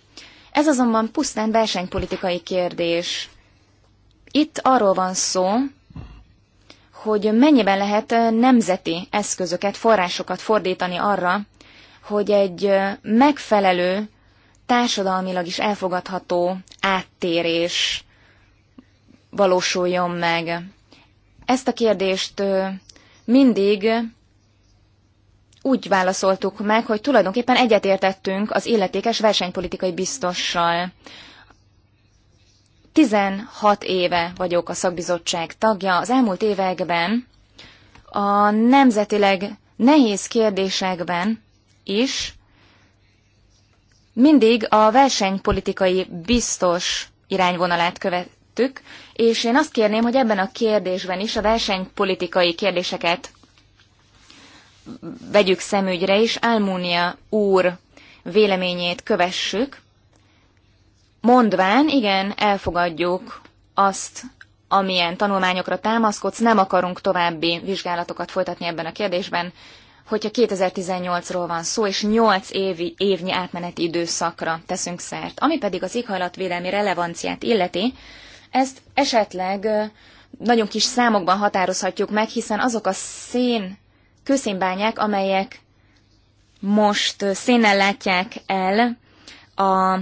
Ez azonban pusztán versenypolitikai kérdés. Itt arról van szó, hogy mennyiben lehet nemzeti eszközöket, forrásokat fordítani arra, hogy egy megfelelő, társadalmilag is elfogadható áttérés valósuljon meg. Ezt a kérdést mindig úgy válaszoltuk meg, hogy tulajdonképpen egyetértettünk az illetékes versenypolitikai biztossal. 16 éve vagyok a szakbizottság tagja. Az elmúlt években a nemzetileg nehéz kérdésekben is mindig a versenypolitikai biztos irányvonalát követtük, és én azt kérném, hogy ebben a kérdésben is a versenypolitikai kérdéseket vegyük szemügyre, és Almúnia úr véleményét kövessük, mondván, igen, elfogadjuk azt, amilyen tanulmányokra támaszkodsz, nem akarunk további vizsgálatokat folytatni ebben a kérdésben, hogyha 2018-ról van szó, és 8 évi, évnyi átmeneti időszakra teszünk szert. Ami pedig az éghajlatvédelmi relevanciát illeti, ezt esetleg nagyon kis számokban határozhatjuk meg, hiszen azok a szén, kőszénbányák, amelyek most szénnel látják el a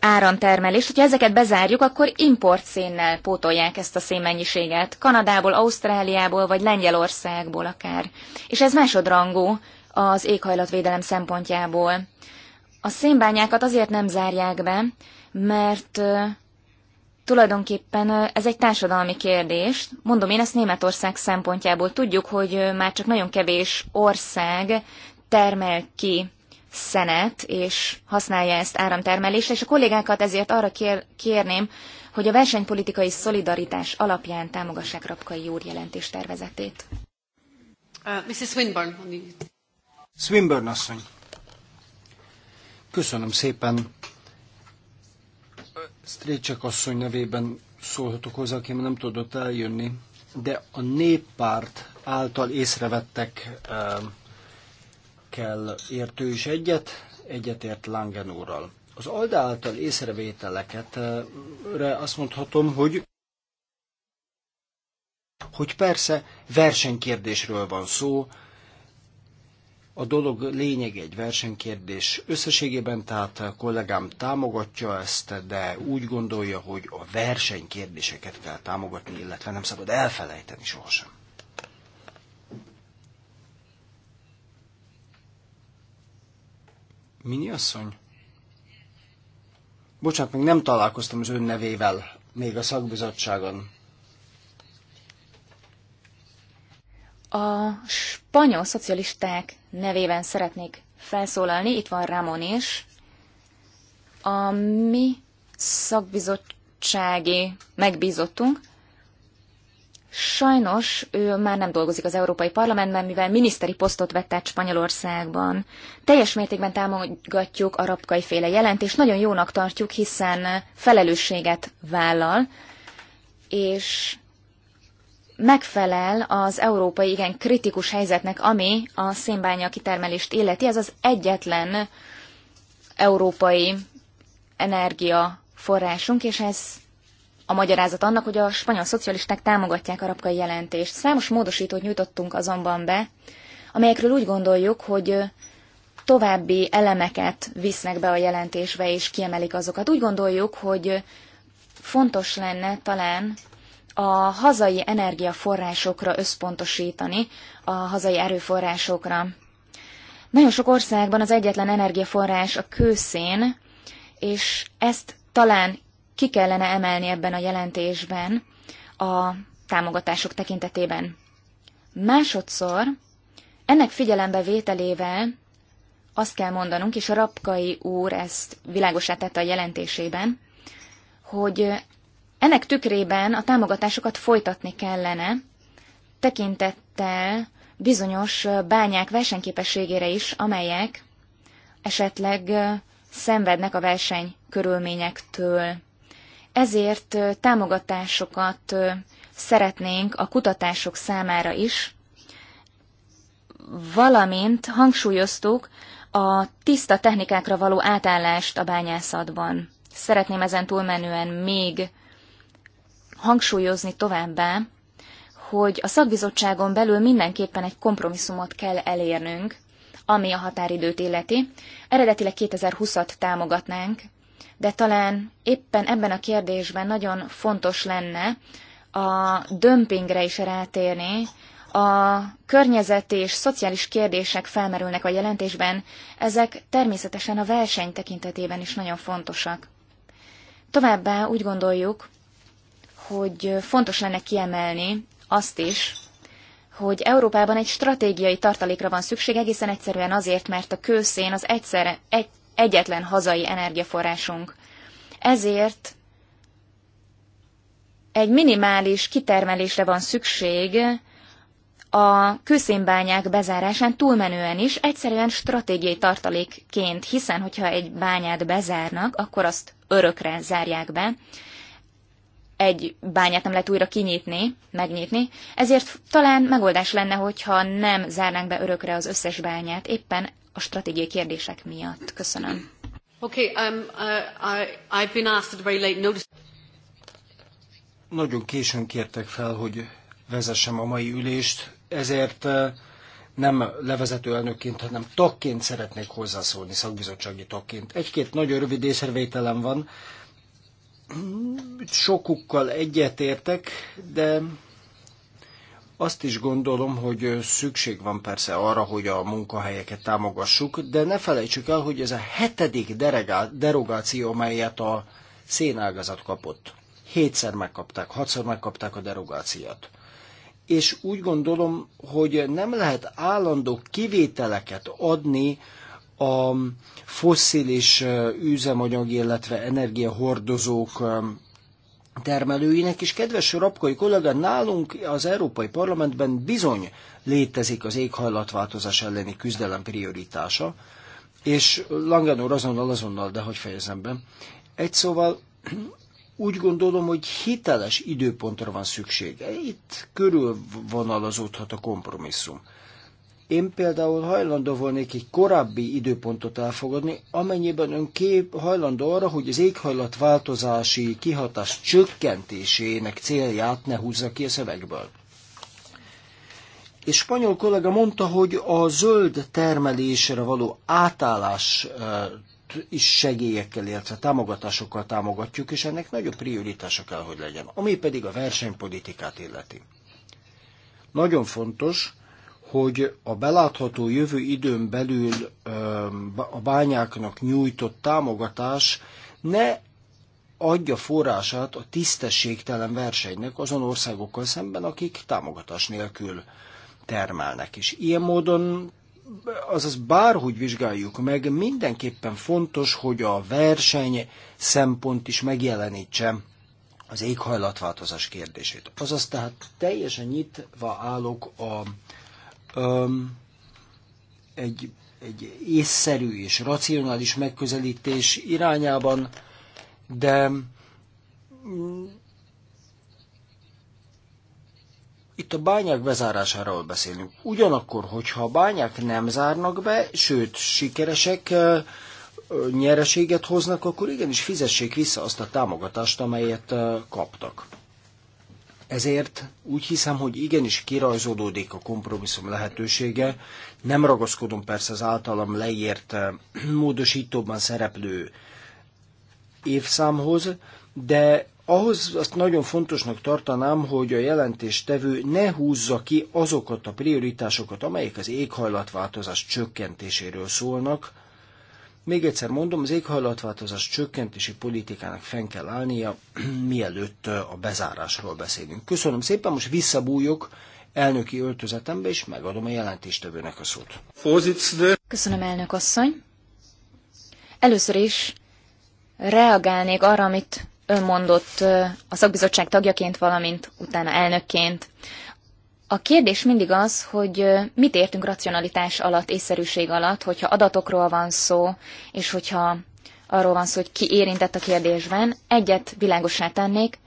áramtermelést, hogyha ezeket bezárjuk, akkor import szénnel pótolják ezt a szénmennyiséget. Kanadából, Ausztráliából, vagy Lengyelországból akár. És ez másodrangú az éghajlatvédelem szempontjából. A szénbányákat azért nem zárják be, mert tulajdonképpen ez egy társadalmi kérdés. Mondom, én ezt Németország szempontjából tudjuk, hogy már csak nagyon kevés ország termel ki szenet, és használja ezt áramtermelésre, és a kollégákat ezért arra kér, kérném, hogy a versenypolitikai szolidaritás alapján támogassák Rapkai úr jelentés tervezetét. Uh, Mrs. Swinburne. Swinburne asszony. Köszönöm szépen. Strécsek asszony nevében szólhatok hozzá, aki nem tudott eljönni, de a néppárt által észrevettek uh, Merkel értő is egyet, egyetért Langen úrral. Az Alda által észrevételeket azt mondhatom, hogy hogy persze versenykérdésről van szó, a dolog lényeg egy versenykérdés. Összességében tehát a kollégám támogatja ezt, de úgy gondolja, hogy a versenykérdéseket kell támogatni, illetve nem szabad elfelejteni sohasem. Mini asszony? Bocsánat, még nem találkoztam az ön nevével, még a szakbizottságon. A spanyol szocialisták nevében szeretnék felszólalni, itt van Ramon is. A mi szakbizottsági megbízottunk, Sajnos ő már nem dolgozik az Európai Parlamentben, mivel miniszteri posztot vett át Spanyolországban. Teljes mértékben támogatjuk a rabkai féle jelentést, nagyon jónak tartjuk, hiszen felelősséget vállal, és megfelel az európai igen kritikus helyzetnek, ami a szénbánya kitermelést illeti. Ez az egyetlen európai energiaforrásunk, és ez a magyarázat annak, hogy a spanyol szocialisták támogatják a rabkai jelentést. Számos módosítót nyújtottunk azonban be, amelyekről úgy gondoljuk, hogy további elemeket visznek be a jelentésbe, és kiemelik azokat. Úgy gondoljuk, hogy fontos lenne talán a hazai energiaforrásokra összpontosítani, a hazai erőforrásokra. Nagyon sok országban az egyetlen energiaforrás a kőszén, és ezt talán ki kellene emelni ebben a jelentésben a támogatások tekintetében. Másodszor ennek figyelembe vételével azt kell mondanunk, és a Rapkai úr ezt világosá tette a jelentésében, hogy ennek tükrében a támogatásokat folytatni kellene, tekintettel bizonyos bányák versenyképességére is, amelyek esetleg szenvednek a verseny körülményektől. Ezért támogatásokat szeretnénk a kutatások számára is, valamint hangsúlyoztuk a tiszta technikákra való átállást a bányászatban. Szeretném ezen túlmenően még hangsúlyozni továbbá, hogy a szakbizottságon belül mindenképpen egy kompromisszumot kell elérnünk, ami a határidőt illeti. Eredetileg 2020-at támogatnánk, de talán éppen ebben a kérdésben nagyon fontos lenne a dömpingre is rátérni. A környezeti és szociális kérdések felmerülnek a jelentésben, ezek természetesen a verseny tekintetében is nagyon fontosak. Továbbá úgy gondoljuk, hogy fontos lenne kiemelni azt is, hogy Európában egy stratégiai tartalékra van szükség egészen egyszerűen azért, mert a kőszén az egyszerre, egy, egyetlen hazai energiaforrásunk. Ezért egy minimális kitermelésre van szükség a kőszénbányák bezárásán túlmenően is, egyszerűen stratégiai tartalékként, hiszen hogyha egy bányát bezárnak, akkor azt örökre zárják be, egy bányát nem lehet újra kinyitni, megnyitni, ezért talán megoldás lenne, hogyha nem zárnánk be örökre az összes bányát, éppen a stratégiai kérdések miatt. Köszönöm. Okay, um, uh, I, I've been asked at very late notice. Nagyon későn kértek fel, hogy vezessem a mai ülést, ezért uh, nem levezető elnökként, hanem tagként szeretnék hozzászólni, szakbizottsági tagként. Egy-két nagyon rövid észrevételem van, sokukkal egyetértek, de azt is gondolom, hogy szükség van persze arra, hogy a munkahelyeket támogassuk, de ne felejtsük el, hogy ez a hetedik derogáció, amelyet a szénágazat kapott. Hétszer megkapták, hatszor megkapták a derogációt. És úgy gondolom, hogy nem lehet állandó kivételeket adni a fosszilis üzemanyag, illetve energiahordozók termelőinek, és kedves rapkai kollega, nálunk az Európai Parlamentben bizony létezik az éghajlatváltozás elleni küzdelem prioritása, és Langan úr azonnal, azonnal, de hogy fejezem be. Egy szóval úgy gondolom, hogy hiteles időpontra van szükség. Itt körülvonalazódhat a kompromisszum. Én például hajlandó volnék egy korábbi időpontot elfogadni, amennyiben ön kép hajlandó arra, hogy az éghajlatváltozási kihatás csökkentésének célját ne húzza ki a szövegből. És spanyol kollega mondta, hogy a zöld termelésre való átállás is segélyekkel, illetve támogatásokkal támogatjuk, és ennek nagyobb prioritása kell, hogy legyen, ami pedig a versenypolitikát illeti. Nagyon fontos, hogy a belátható jövő időn belül a bányáknak nyújtott támogatás ne adja forrását a tisztességtelen versenynek azon országokkal szemben, akik támogatás nélkül termelnek. És ilyen módon, azaz bárhogy vizsgáljuk meg, mindenképpen fontos, hogy a verseny szempont is megjelenítse az éghajlatváltozás kérdését. Azaz tehát teljesen nyitva állok a egy, egy észszerű és racionális megközelítés irányában, de mm, itt a bányák bezárásáról beszélünk. Ugyanakkor, hogyha a bányák nem zárnak be, sőt, sikeresek, nyereséget hoznak, akkor igenis fizessék vissza azt a támogatást, amelyet kaptak. Ezért úgy hiszem, hogy igenis kirajzolódik a kompromisszum lehetősége. Nem ragaszkodom persze az általam leírt eh, *clears throat* módosítóban szereplő évszámhoz, de ahhoz azt nagyon fontosnak tartanám, hogy a jelentéstevő ne húzza ki azokat a prioritásokat, amelyek az éghajlatváltozás csökkentéséről szólnak, még egyszer mondom, az éghajlatváltozás csökkentési politikának fenn kell állnia, *clears throat* mielőtt a bezárásról beszélünk. Köszönöm szépen, most visszabújok elnöki öltözetembe, és megadom a jelentéstevőnek a szót. Köszönöm, elnök asszony. Először is reagálnék arra, amit ön mondott a szakbizottság tagjaként, valamint utána elnökként. A kérdés mindig az, hogy mit értünk racionalitás alatt, észszerűség alatt, hogyha adatokról van szó, és hogyha arról van szó, hogy ki érintett a kérdésben, egyet világosá tennék,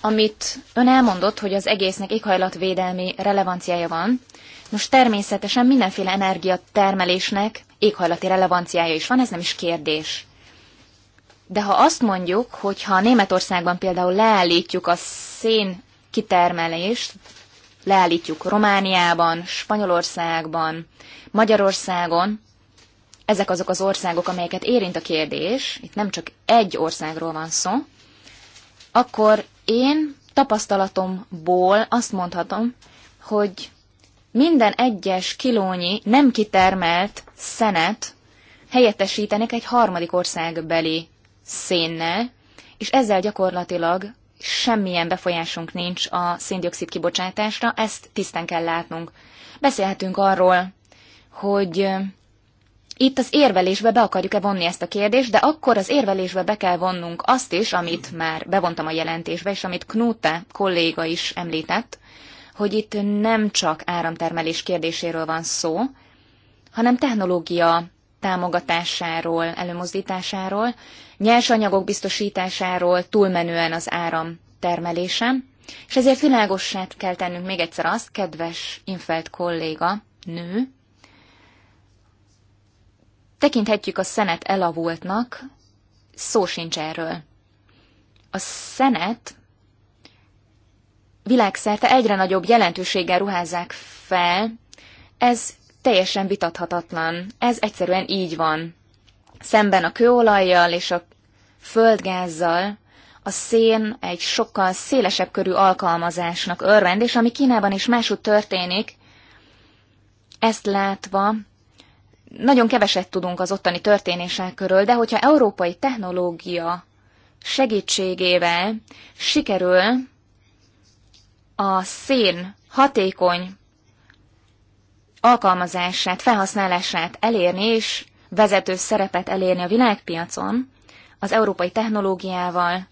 amit ön elmondott, hogy az egésznek éghajlatvédelmi relevanciája van, most természetesen mindenféle energiatermelésnek éghajlati relevanciája is van, ez nem is kérdés. De ha azt mondjuk, hogy ha Németországban például leállítjuk a szén kitermelést leállítjuk Romániában, Spanyolországban, Magyarországon. Ezek azok az országok, amelyeket érint a kérdés, itt nem csak egy országról van szó, akkor én tapasztalatomból azt mondhatom, hogy minden egyes kilónyi nem kitermelt szenet helyettesítenek egy harmadik országbeli szénnel, és ezzel gyakorlatilag semmilyen befolyásunk nincs a széndiokszid kibocsátásra, ezt tisztán kell látnunk. Beszélhetünk arról, hogy itt az érvelésbe be akarjuk-e vonni ezt a kérdést, de akkor az érvelésbe be kell vonnunk azt is, amit már bevontam a jelentésbe, és amit Knute kolléga is említett, hogy itt nem csak áramtermelés kérdéséről van szó, hanem technológia támogatásáról, előmozdításáról, nyersanyagok biztosításáról túlmenően az áram termelésen, és ezért világossá kell tennünk még egyszer azt, kedves Infeld kolléga, nő, tekinthetjük a szenet elavultnak, szó sincs erről. A szenet világszerte egyre nagyobb jelentőséggel ruházzák fel, ez teljesen vitathatatlan. Ez egyszerűen így van. Szemben a kőolajjal és a földgázzal a szén egy sokkal szélesebb körű alkalmazásnak örvend, és ami Kínában is máshogy történik, ezt látva nagyon keveset tudunk az ottani történésekről, de hogyha európai technológia segítségével sikerül a szén hatékony alkalmazását, felhasználását elérni, és vezető szerepet elérni a világpiacon, az európai technológiával,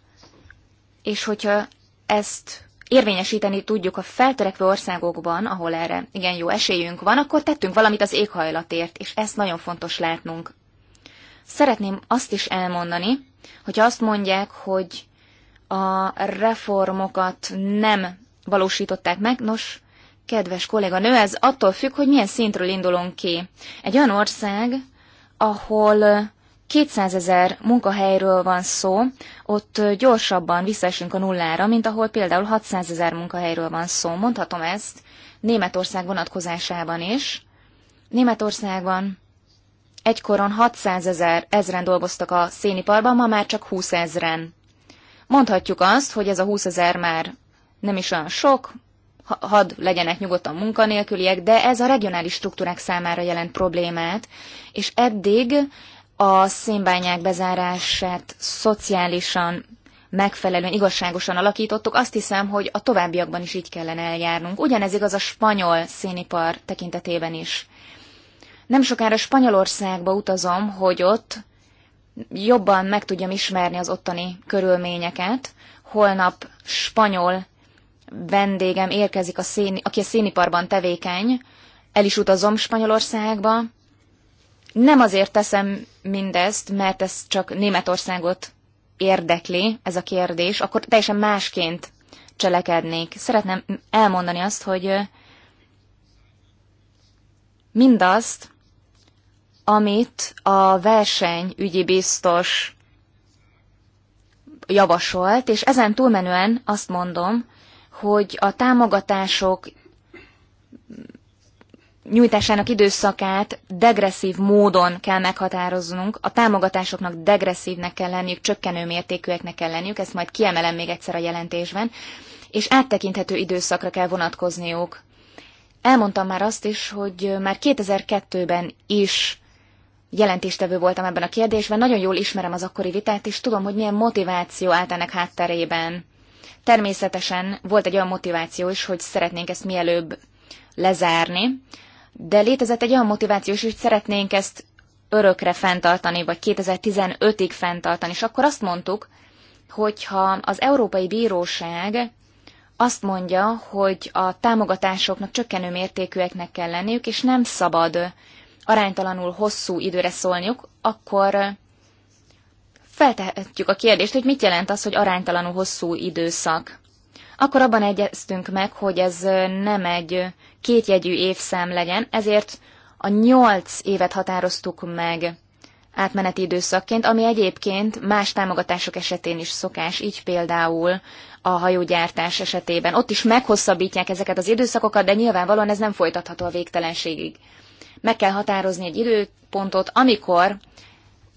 és hogyha ezt érvényesíteni tudjuk a feltörekvő országokban, ahol erre igen jó esélyünk van, akkor tettünk valamit az éghajlatért, és ezt nagyon fontos látnunk. Szeretném azt is elmondani, hogyha azt mondják, hogy a reformokat nem valósították meg, nos, kedves kolléga nő ez attól függ, hogy milyen szintről indulunk ki. Egy olyan ország, ahol 200 ezer munkahelyről van szó, ott gyorsabban visszaesünk a nullára, mint ahol például 600 ezer munkahelyről van szó. Mondhatom ezt Németország vonatkozásában is. Németországban egykoron 600 ezer ezren dolgoztak a széniparban, ma már csak 20 ezren. Mondhatjuk azt, hogy ez a 20 ezer már nem is olyan sok, hadd legyenek nyugodtan munkanélküliek, de ez a regionális struktúrák számára jelent problémát, és eddig a szénbányák bezárását szociálisan megfelelően, igazságosan alakítottuk, azt hiszem, hogy a továbbiakban is így kellene eljárnunk. Ugyanez igaz a spanyol szénipar tekintetében is. Nem sokára Spanyolországba utazom, hogy ott jobban meg tudjam ismerni az ottani körülményeket. Holnap spanyol vendégem érkezik, a szén, aki a széniparban tevékeny, el is utazom Spanyolországba. Nem azért teszem mindezt, mert ez csak Németországot érdekli, ez a kérdés, akkor teljesen másként cselekednék. Szeretném elmondani azt, hogy mindazt, amit a versenyügyi biztos javasolt, és ezen túlmenően azt mondom, hogy a támogatások nyújtásának időszakát degresszív módon kell meghatároznunk, a támogatásoknak degresszívnek kell lenniük, csökkenő mértékűeknek kell lenniük, ezt majd kiemelem még egyszer a jelentésben, és áttekinthető időszakra kell vonatkozniuk. Elmondtam már azt is, hogy már 2002-ben is jelentéstevő voltam ebben a kérdésben, nagyon jól ismerem az akkori vitát, és tudom, hogy milyen motiváció állt ennek hátterében. Természetesen volt egy olyan motiváció is, hogy szeretnénk ezt mielőbb lezárni, de létezett egy olyan motiváció is, hogy szeretnénk ezt örökre fenntartani, vagy 2015-ig fenntartani. És akkor azt mondtuk, hogyha az Európai Bíróság azt mondja, hogy a támogatásoknak csökkenő mértékűeknek kell lenniük, és nem szabad aránytalanul hosszú időre szólniuk, akkor feltehetjük a kérdést, hogy mit jelent az, hogy aránytalanul hosszú időszak. Akkor abban egyeztünk meg, hogy ez nem egy kétjegyű évszám legyen, ezért a nyolc évet határoztuk meg átmeneti időszakként, ami egyébként más támogatások esetén is szokás, így például a hajógyártás esetében. Ott is meghosszabbítják ezeket az időszakokat, de nyilvánvalóan ez nem folytatható a végtelenségig. Meg kell határozni egy időpontot, amikor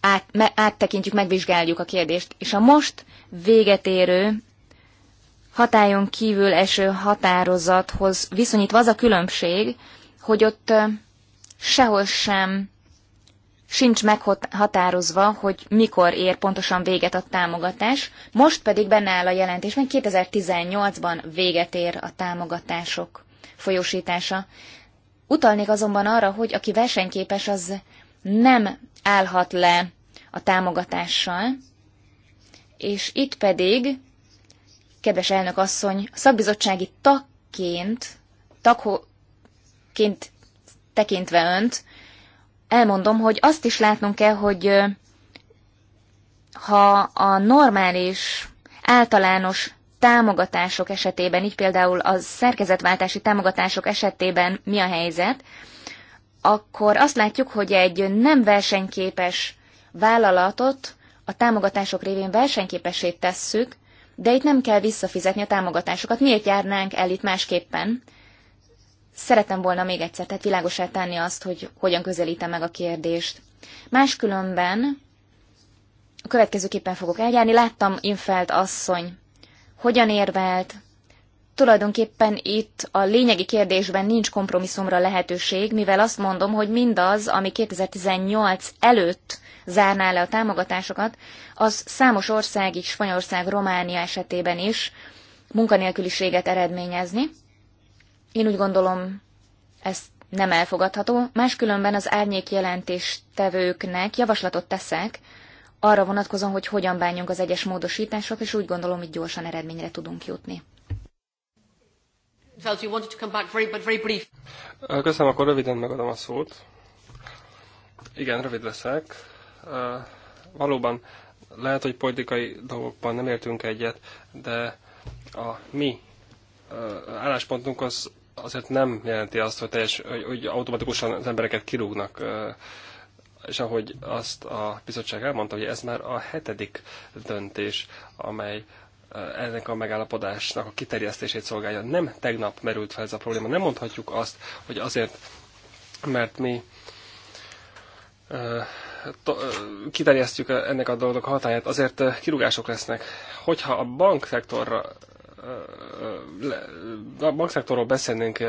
át, me, áttekintjük, megvizsgáljuk a kérdést. És a most véget érő hatályon kívül eső határozathoz viszonyítva az a különbség, hogy ott sehol sem sincs meghatározva, hogy mikor ér pontosan véget a támogatás, most pedig benne áll a jelentés, mert 2018-ban véget ér a támogatások folyósítása. Utalnék azonban arra, hogy aki versenyképes, az nem állhat le a támogatással, és itt pedig, kedves elnök asszony, szakbizottsági tagként, tagként tekintve önt, elmondom, hogy azt is látnunk kell, hogy ha a normális, általános támogatások esetében, így például a szerkezetváltási támogatások esetében mi a helyzet, akkor azt látjuk, hogy egy nem versenyképes vállalatot a támogatások révén versenyképessé tesszük, de itt nem kell visszafizetni a támogatásokat. Miért járnánk el itt másképpen? Szeretem volna még egyszer, tehát világosá tenni azt, hogy hogyan közelítem meg a kérdést. Máskülönben a következőképpen fogok eljárni. Láttam Infelt asszony, hogyan érvelt, tulajdonképpen itt a lényegi kérdésben nincs kompromisszumra lehetőség, mivel azt mondom, hogy mindaz, ami 2018 előtt zárná le a támogatásokat, az számos országig, Spanyolország, Románia esetében is munkanélküliséget eredményezni. Én úgy gondolom, ez nem elfogadható. Máskülönben az árnyék jelentéstevőknek javaslatot teszek, arra vonatkozom, hogy hogyan bánjunk az egyes módosítások, és úgy gondolom, hogy gyorsan eredményre tudunk jutni. Felt you wanted to come back very, but very brief. Köszönöm, akkor röviden megadom a szót. Igen, rövid leszek. Valóban lehet, hogy politikai dolgokban nem értünk egyet, de a mi álláspontunk az azért nem jelenti azt, hogy, teljes, hogy, hogy automatikusan az embereket kirúgnak. És ahogy azt a bizottság elmondta, hogy ez már a hetedik döntés, amely ennek a megállapodásnak a kiterjesztését szolgálja. Nem tegnap merült fel ez a probléma. Nem mondhatjuk azt, hogy azért, mert mi kiterjesztjük ennek a dolgok hatáját, azért kirúgások lesznek. Hogyha a bankszektorra a bankszektorról beszélnénk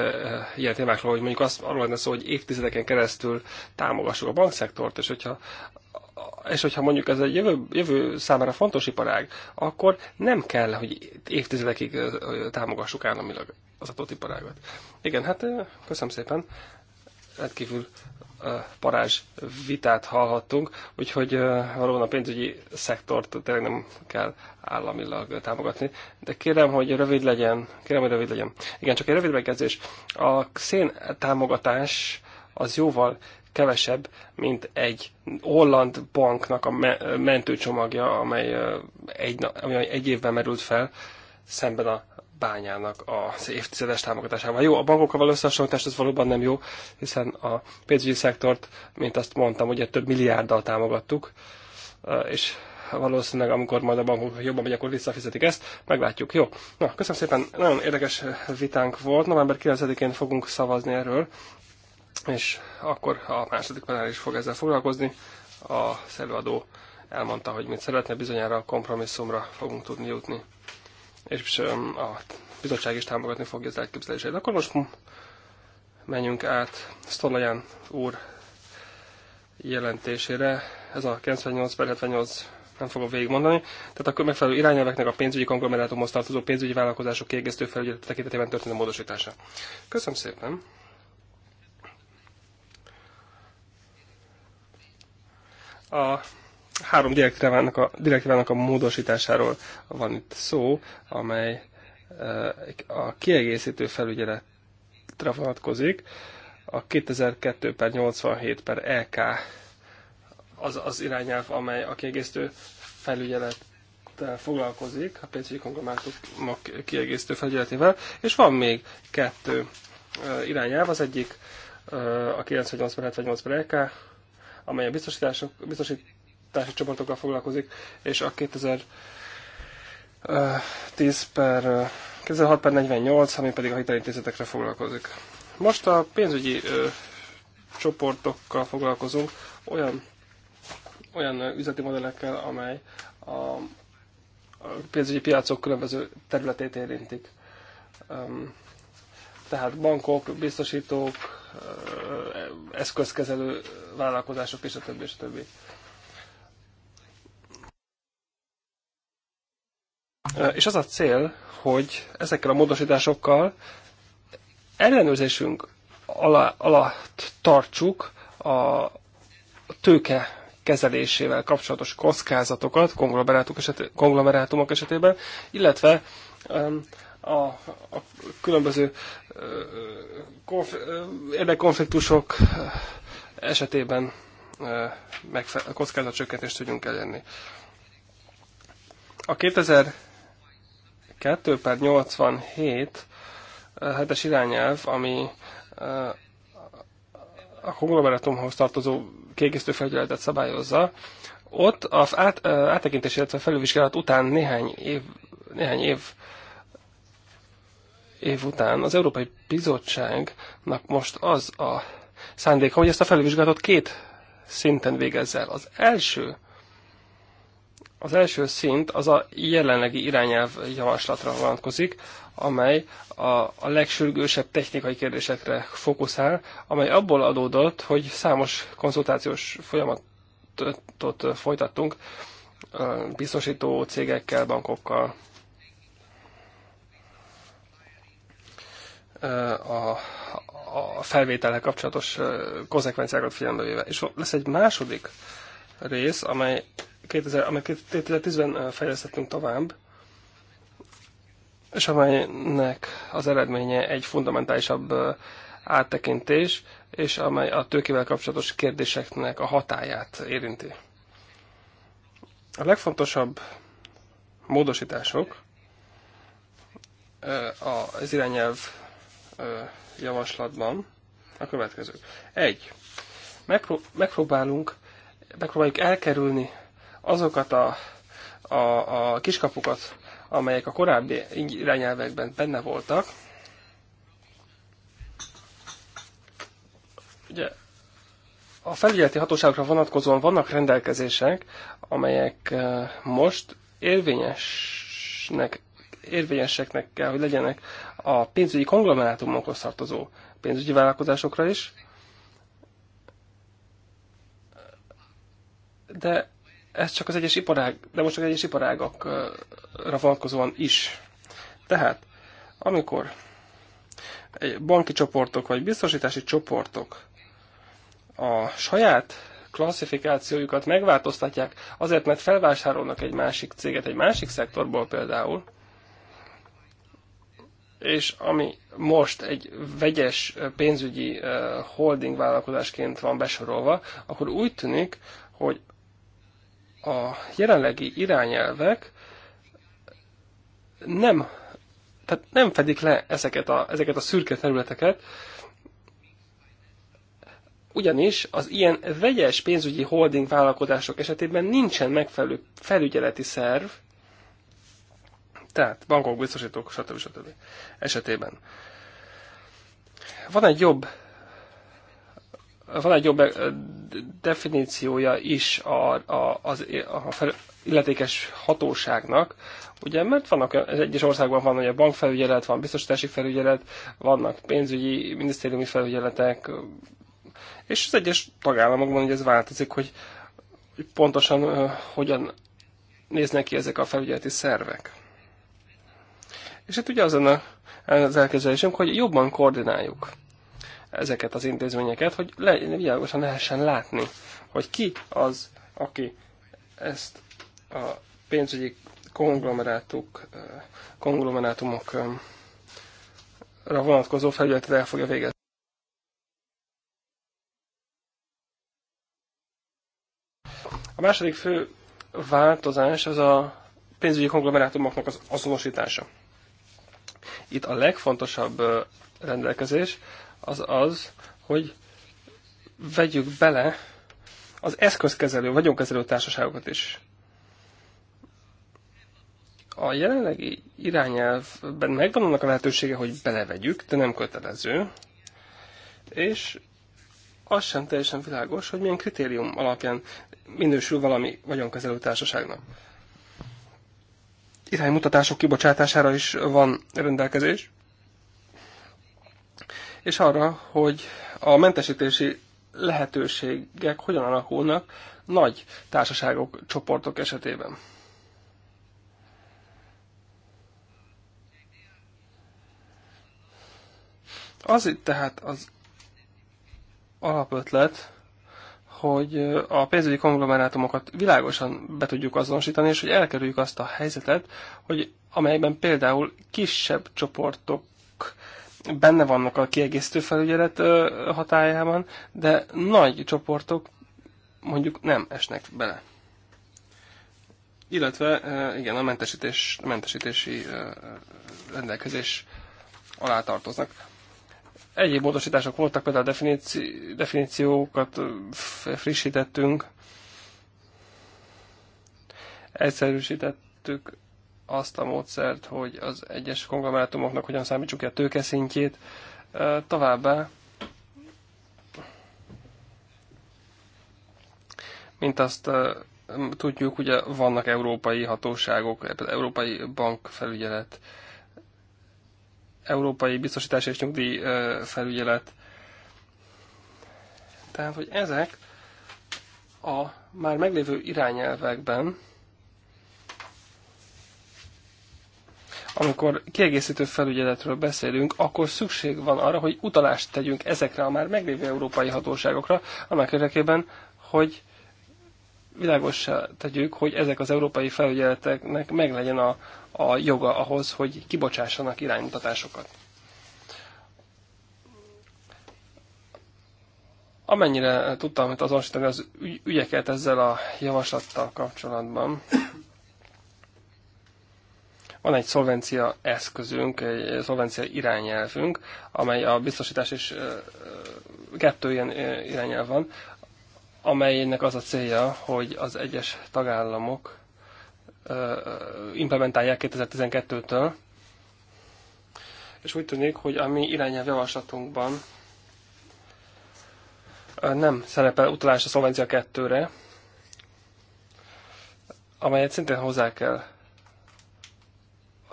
ilyen témákról, hogy mondjuk azt, arról lenne szó, hogy évtizedeken keresztül támogassuk a bankszektort, és hogyha és hogyha mondjuk ez egy jövő, jövő számára fontos iparág, akkor nem kell, hogy évtizedekig támogassuk államilag az adott iparágot. Igen, hát köszönöm szépen. Rendkívül parázs vitát hallhattunk, úgyhogy valóban a pénzügyi szektort tényleg nem kell államilag támogatni. De kérem, hogy rövid legyen. Kérem, hogy rövid legyen. Igen, csak egy rövid megkezdés. A szén támogatás az jóval kevesebb, mint egy holland banknak a mentőcsomagja, amely egy, ami egy évben merült fel, szemben a bányának az évtizedes támogatásával. Jó, a bankokkal való összehasonlítás ez valóban nem jó, hiszen a pénzügyi szektort, mint azt mondtam, ugye több milliárddal támogattuk, és valószínűleg amikor majd a bankok jobban megy, akkor visszafizetik ezt, meglátjuk. Jó, na, köszönöm szépen, nagyon érdekes vitánk volt, november 9-én fogunk szavazni erről, és akkor a második panel is fog ezzel foglalkozni. A előadó elmondta, hogy mit szeretne, bizonyára a kompromisszumra fogunk tudni jutni. És a bizottság is támogatni fogja az elképzeléseit. Akkor most menjünk át Stolajan úr jelentésére. Ez a 98 per 78 nem fogom végigmondani. Tehát a megfelelő irányelveknek a pénzügyi konglomerátumhoz tartozó pénzügyi vállalkozások kiegészítő felügyelete tekintetében történő módosítása. Köszönöm szépen! A három direktívának a, direktívának a módosításáról van itt szó, amely a kiegészítő felügyeletre vonatkozik. A 2002 per 87 per EK az az irányelv, amely a kiegészítő felügyelet foglalkozik, a pénzügyi konglomátumok kiegészítő felügyeletével, és van még kettő irányelv, az egyik a 98 per 78 per EK, amely a biztosítások, biztosítási csoportokkal foglalkozik, és a 2010 per 2006 per 48, ami pedig a hitelintézetekre foglalkozik. Most a pénzügyi ö, csoportokkal foglalkozunk, olyan, olyan üzleti modellekkel, amely a, a pénzügyi piacok különböző területét érintik. Um, tehát bankok, biztosítók, eh, eszközkezelő vállalkozások, és a többi, és a többi. Eh, és az a cél, hogy ezekkel a módosításokkal ellenőrzésünk alá, alatt tartsuk a tőke kezelésével kapcsolatos kockázatokat konglomerátumok esetében, illetve a, a különböző konf, érdekkonfliktusok esetében megfe- kockázatcsökkentést tudjunk elérni. A 2002 per 87 hetes irányelv, ami a konglomerátumhoz tartozó kiegészítő felügyeletet szabályozza, ott az át, áttekintés, illetve felülvizsgálat után néhány év, néhány év év után az Európai Bizottságnak most az a szándéka, hogy ezt a felvizsgálatot két szinten végezze el. Az első, az első szint az a jelenlegi irányelv javaslatra vonatkozik, amely a, a legsürgősebb technikai kérdésekre fókuszál, amely abból adódott, hogy számos konzultációs folyamatot folytattunk biztosító cégekkel, bankokkal, a, a felvételhez kapcsolatos konzekvenciákat figyelembe véve. És lesz egy második rész, amely 2000, amely 2010-ben fejlesztettünk tovább, és amelynek az eredménye egy fundamentálisabb áttekintés, és amely a tőkével kapcsolatos kérdéseknek a hatáját érinti. A legfontosabb módosítások az irányelv javaslatban a következők. Egy. Megpróbálunk, megpróbáljuk elkerülni azokat a, a, a kiskapukat, amelyek a korábbi irányelvekben benne voltak. Ugye a felügyeleti hatóságokra vonatkozóan vannak rendelkezések, amelyek most érvényesnek érvényeseknek kell, hogy legyenek a pénzügyi konglomerátumokhoz tartozó pénzügyi vállalkozásokra is, de ez csak az egyes iparág, de most csak egyes iparágakra vonatkozóan is. Tehát, amikor banki csoportok vagy biztosítási csoportok a saját klasszifikációjukat megváltoztatják azért, mert felvásárolnak egy másik céget egy másik szektorból például, és ami most egy vegyes pénzügyi holding vállalkozásként van besorolva, akkor úgy tűnik, hogy a jelenlegi irányelvek nem, tehát nem fedik le ezeket a, ezeket a szürke területeket, ugyanis az ilyen vegyes pénzügyi holding vállalkozások esetében nincsen megfelelő felügyeleti szerv, tehát bankok, biztosítók, stb. stb. esetében. Van egy jobb van egy jobb definíciója is a, a, az, a fel, illetékes hatóságnak, ugye, mert vannak, az egyes országban van hogy a bankfelügyelet, van biztosítási felügyelet, vannak pénzügyi, minisztériumi felügyeletek, és az egyes tagállamokban ugye ez változik, hogy, hogy pontosan hogyan néznek ki ezek a felügyeleti szervek. És hát ugye azon a, az elképzelésem, hogy jobban koordináljuk ezeket az intézményeket, hogy le, világosan lehessen látni, hogy ki az, aki ezt a pénzügyi konglomerátuk, konglomerátumokra vonatkozó felületet el fogja végezni. A második fő változás az a pénzügyi konglomerátumoknak az azonosítása. Itt a legfontosabb rendelkezés az az, hogy vegyük bele az eszközkezelő, vagyonkezelő társaságokat is. A jelenlegi irányelvben megvan annak a lehetősége, hogy belevegyük, de nem kötelező, és az sem teljesen világos, hogy milyen kritérium alapján minősül valami vagyonkezelő társaságnak iránymutatások kibocsátására is van rendelkezés, és arra, hogy a mentesítési lehetőségek hogyan alakulnak nagy társaságok, csoportok esetében. Az itt tehát az alapötlet, hogy a pénzügyi konglomerátumokat világosan be tudjuk azonosítani, és hogy elkerüljük azt a helyzetet, hogy amelyben például kisebb csoportok benne vannak a kiegészítő felügyelet hatájában, de nagy csoportok mondjuk nem esnek bele. Illetve igen, a mentesítés, mentesítési rendelkezés alá tartoznak. Egyéb módosítások voltak, például definíci- definíciókat frissítettünk, egyszerűsítettük azt a módszert, hogy az egyes konglomerátumoknak hogyan számítsuk ki a tőkeszintjét. Továbbá, mint azt tudjuk, ugye vannak európai hatóságok, európai bankfelügyelet, Európai Biztosítás és Nyugdíj Felügyelet. Tehát, hogy ezek a már meglévő irányelvekben, amikor kiegészítő felügyeletről beszélünk, akkor szükség van arra, hogy utalást tegyünk ezekre a már meglévő európai hatóságokra, annak érdekében, hogy világossá tegyük, hogy ezek az európai felügyeleteknek meglegyen a, a joga ahhoz, hogy kibocsássanak iránymutatásokat. Amennyire tudtam hogy azonosítani az ügy, ügyeket ezzel a javaslattal kapcsolatban, van egy szolvencia eszközünk, egy szolvencia irányelvünk, amely a biztosítás is kettő ilyen irányelv van, amelynek az a célja, hogy az egyes tagállamok implementálják 2012-től, és úgy tűnik, hogy a mi irányelv javaslatunkban nem szerepel utalás a Szolvencia 2-re, amelyet szintén hozzá kell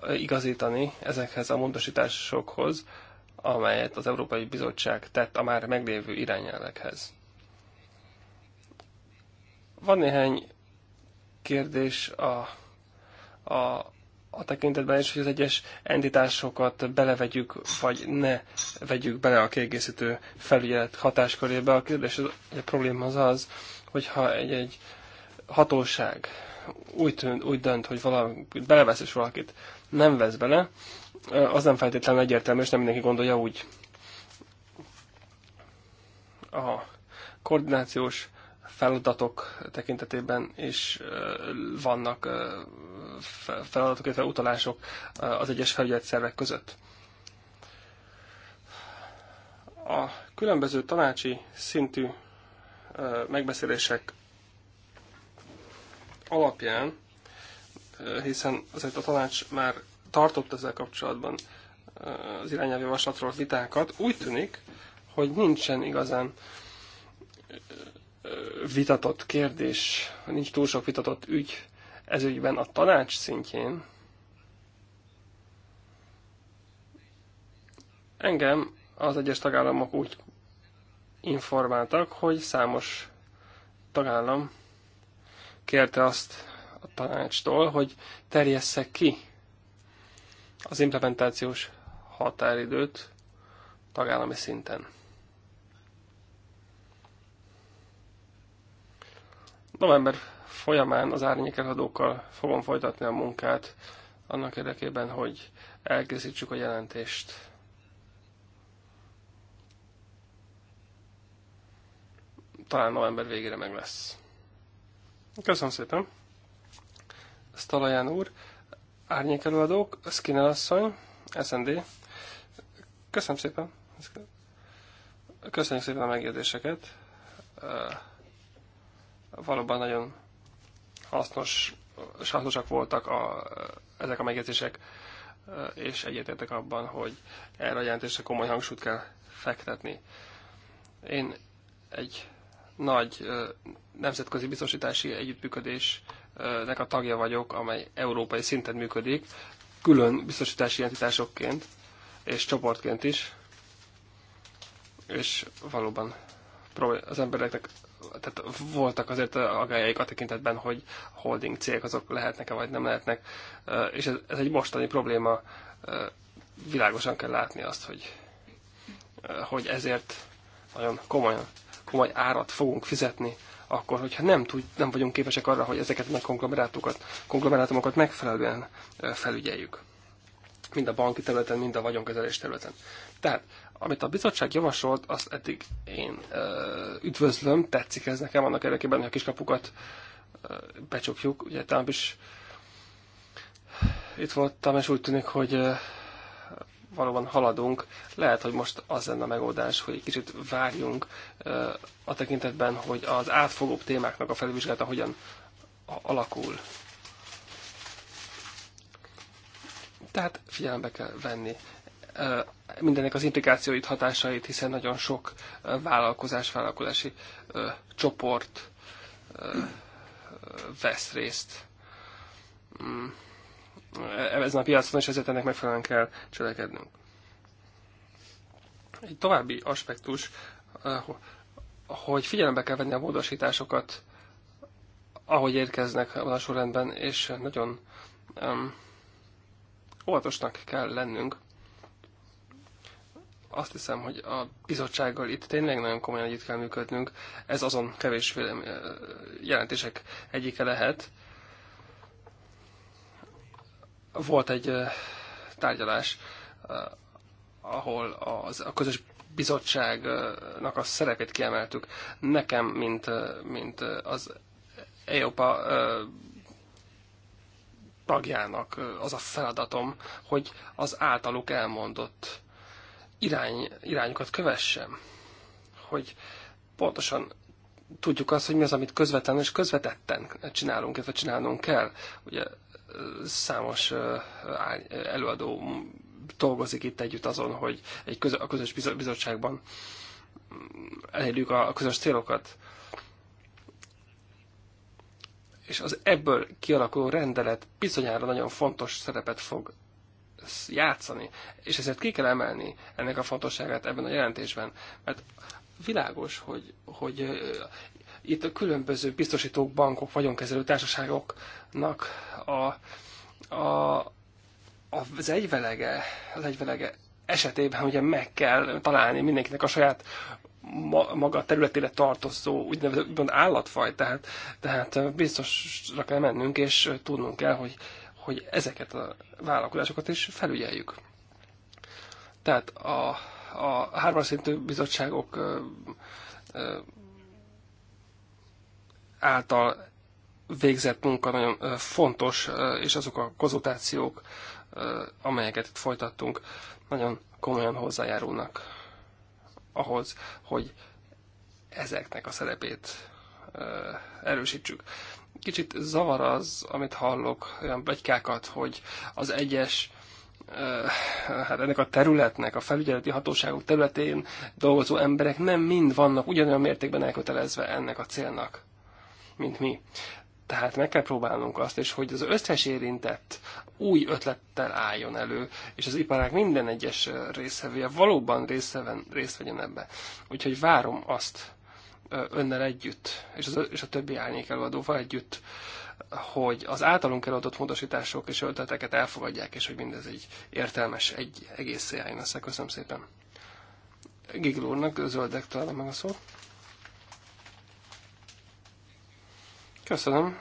igazítani ezekhez a módosításokhoz, amelyet az Európai Bizottság tett a már meglévő irányelvekhez. Van néhány kérdés a, a, a tekintetben is, hogy az egyes entitásokat belevegyük, vagy ne vegyük bele a kiegészítő felügyelet hatáskörébe. A kérdés, a probléma az az, hogyha egy, egy hatóság úgy, tűnt, úgy dönt, hogy valamit belevesz, és valakit nem vesz bele, az nem feltétlenül egyértelmű, és nem mindenki gondolja úgy. A koordinációs feladatok tekintetében is vannak feladatok, illetve utalások az egyes szervek között. A különböző tanácsi szintű megbeszélések alapján, hiszen azért a tanács már tartott ezzel kapcsolatban az irányelvjavaslatról vitákat, úgy tűnik, hogy nincsen igazán uh, vitatott kérdés, nincs túl sok vitatott ügy ez ügyben a tanács szintjén. Engem az egyes tagállamok úgy informáltak, hogy számos tagállam kérte azt a tanácstól, hogy terjessze ki az implementációs határidőt tagállami szinten. november folyamán az árnyékelhadókkal fogom folytatni a munkát, annak érdekében, hogy elkészítsük a jelentést. Talán november végére meg lesz. Köszönöm szépen. Stalaján úr, árnyék Skinner asszony, SND. Köszönöm szépen. Köszönjük szépen a megjegyzéseket valóban nagyon hasznos, hasznosak voltak a, ezek a megjegyzések, és egyetértek abban, hogy erre a jelentésre komoly hangsúlyt kell fektetni. Én egy nagy nemzetközi biztosítási együttműködésnek a tagja vagyok, amely európai szinten működik, külön biztosítási entitásokként és csoportként is, és valóban az embereknek tehát voltak azért agályaik a tekintetben, hogy holding cégek azok lehetnek-e vagy nem lehetnek, és ez, ez egy mostani probléma, világosan kell látni azt, hogy, hogy ezért nagyon komoly, komoly árat fogunk fizetni, akkor, hogyha nem, tud, nem vagyunk képesek arra, hogy ezeket a konglomerátumokat, konglomerátumokat megfelelően felügyeljük. Mind a banki területen, mind a vagyonkezelés területen. Tehát amit a bizottság javasolt, azt eddig én ö, üdvözlöm, tetszik ez nekem annak érdekében, hogy a kiskapukat ö, becsukjuk. Ugye talán is itt voltam, és úgy tűnik, hogy ö, valóban haladunk. Lehet, hogy most az lenne a megoldás, hogy egy kicsit várjunk ö, a tekintetben, hogy az átfogóbb témáknak a felvizsgálata hogyan alakul. Tehát figyelembe kell venni mindennek az implikációit, hatásait, hiszen nagyon sok vállalkozás, vállalkozási csoport vesz részt mm. e, ezen a piacon, és ezért ennek megfelelően kell cselekednünk. Egy további aspektus, hogy figyelembe kell venni a módosításokat, ahogy érkeznek a sorrendben, és nagyon um, óvatosnak kell lennünk azt hiszem, hogy a bizottsággal itt tényleg nagyon komolyan együtt kell működnünk. Ez azon kevés jelentések egyike lehet. Volt egy tárgyalás, ahol az, a közös bizottságnak a szerepét kiemeltük. Nekem, mint, mint az EOPA tagjának az a feladatom, hogy az általuk elmondott irány, irányokat kövessem, hogy pontosan tudjuk azt, hogy mi az, amit közvetlenül és közvetetten csinálunk, illetve csinálnunk kell. Ugye számos előadó dolgozik itt együtt azon, hogy egy közö, a közös bizottságban mm, elérjük a közös célokat. És az ebből kialakuló rendelet bizonyára nagyon fontos szerepet fog játszani. És ezért ki kell emelni ennek a fontosságát ebben a jelentésben, mert világos, hogy, hogy itt a különböző biztosítók, bankok, vagyonkezelő társaságoknak a, a, az egyvelege, az egyvelege esetében ugye meg kell találni mindenkinek a saját maga területére tartozó úgynevezett állatfaj, tehát, tehát biztosra kell mennünk, és tudnunk kell, hogy hogy ezeket a vállalkozásokat is felügyeljük. Tehát a, a hármas szintű bizottságok ö, ö, által végzett munka nagyon fontos, és azok a konzultációk, amelyeket itt folytattunk, nagyon komolyan hozzájárulnak ahhoz, hogy ezeknek a szerepét erősítsük. Kicsit zavar az, amit hallok, olyan begykákat, hogy az egyes hát ennek a területnek, a felügyeleti hatóságok területén dolgozó emberek nem mind vannak ugyanolyan mértékben elkötelezve ennek a célnak, mint mi. Tehát meg kell próbálnunk azt, és hogy az összes érintett új ötlettel álljon elő, és az iparák minden egyes részevője valóban részt vegyen ebbe. Úgyhogy várom azt, önnel együtt, és, az, és a többi árnyék előadóval együtt, hogy az általunk eladott módosítások és ölteteket elfogadják, és hogy mindez egy értelmes egy egész álljon lesz. Köszönöm szépen. Gigl úrnak, zöldek találom meg a szót. Köszönöm.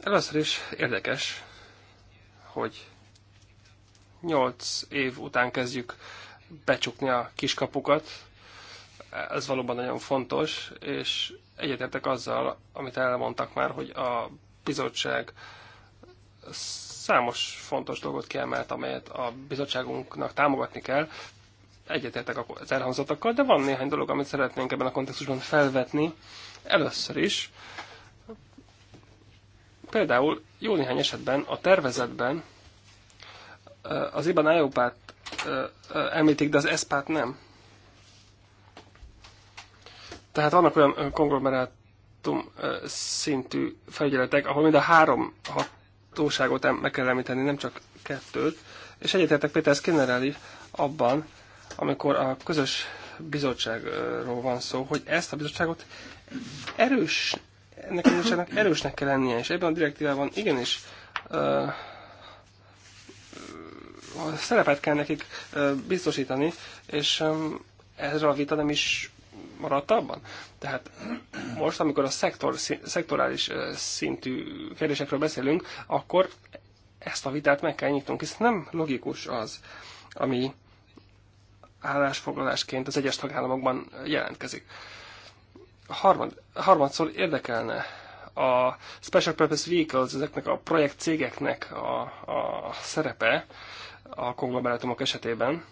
Először is érdekes, hogy nyolc év után kezdjük becsukni a kiskapukat. Ez valóban nagyon fontos, és egyetértek azzal, amit elmondtak már, hogy a bizottság számos fontos dolgot kiemelt, amelyet a bizottságunknak támogatni kell. Egyetértek az elhangzottakkal, de van néhány dolog, amit szeretnénk ebben a kontextusban felvetni. Először is, például jó néhány esetben a tervezetben az IBAN IOPÁT említik, de az ESPÁT nem. Tehát vannak olyan konglomerátum szintű felügyeletek, ahol mind a három hatóságot meg kell említeni, nem csak kettőt. És egyetértek Péter Skinnerelli abban, amikor a közös bizottságról van szó, hogy ezt a bizottságot erős, ennek a bizottságnak erősnek kell lennie, és ebben a direktívában igenis uh, a szerepet kell nekik biztosítani, és ezzel a vita nem is maradt abban. Tehát most, amikor a szektor, szektorális szintű kérdésekről beszélünk, akkor ezt a vitát meg kell nyitnunk, hiszen nem logikus az, ami állásfoglalásként az egyes tagállamokban jelentkezik. Harmad, harmadszor érdekelne a Special Purpose Vehicles, ezeknek a projekt cégeknek a, a szerepe, a konglomerátumok esetében,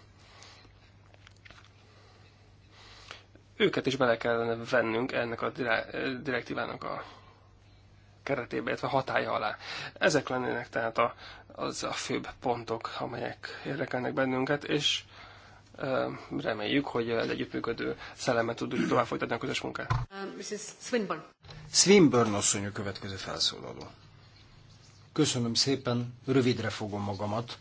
őket is bele kellene vennünk ennek a direktívának a keretébe, illetve hatája alá. Ezek lennének tehát a, az a főbb pontok, amelyek érdekelnek bennünket, és reméljük, hogy egy együttműködő szellemet tudjuk tovább folytatni a közös munkát. Mrs. Swinburne. Swinburne asszony a következő felszólaló. Köszönöm szépen, rövidre fogom magamat,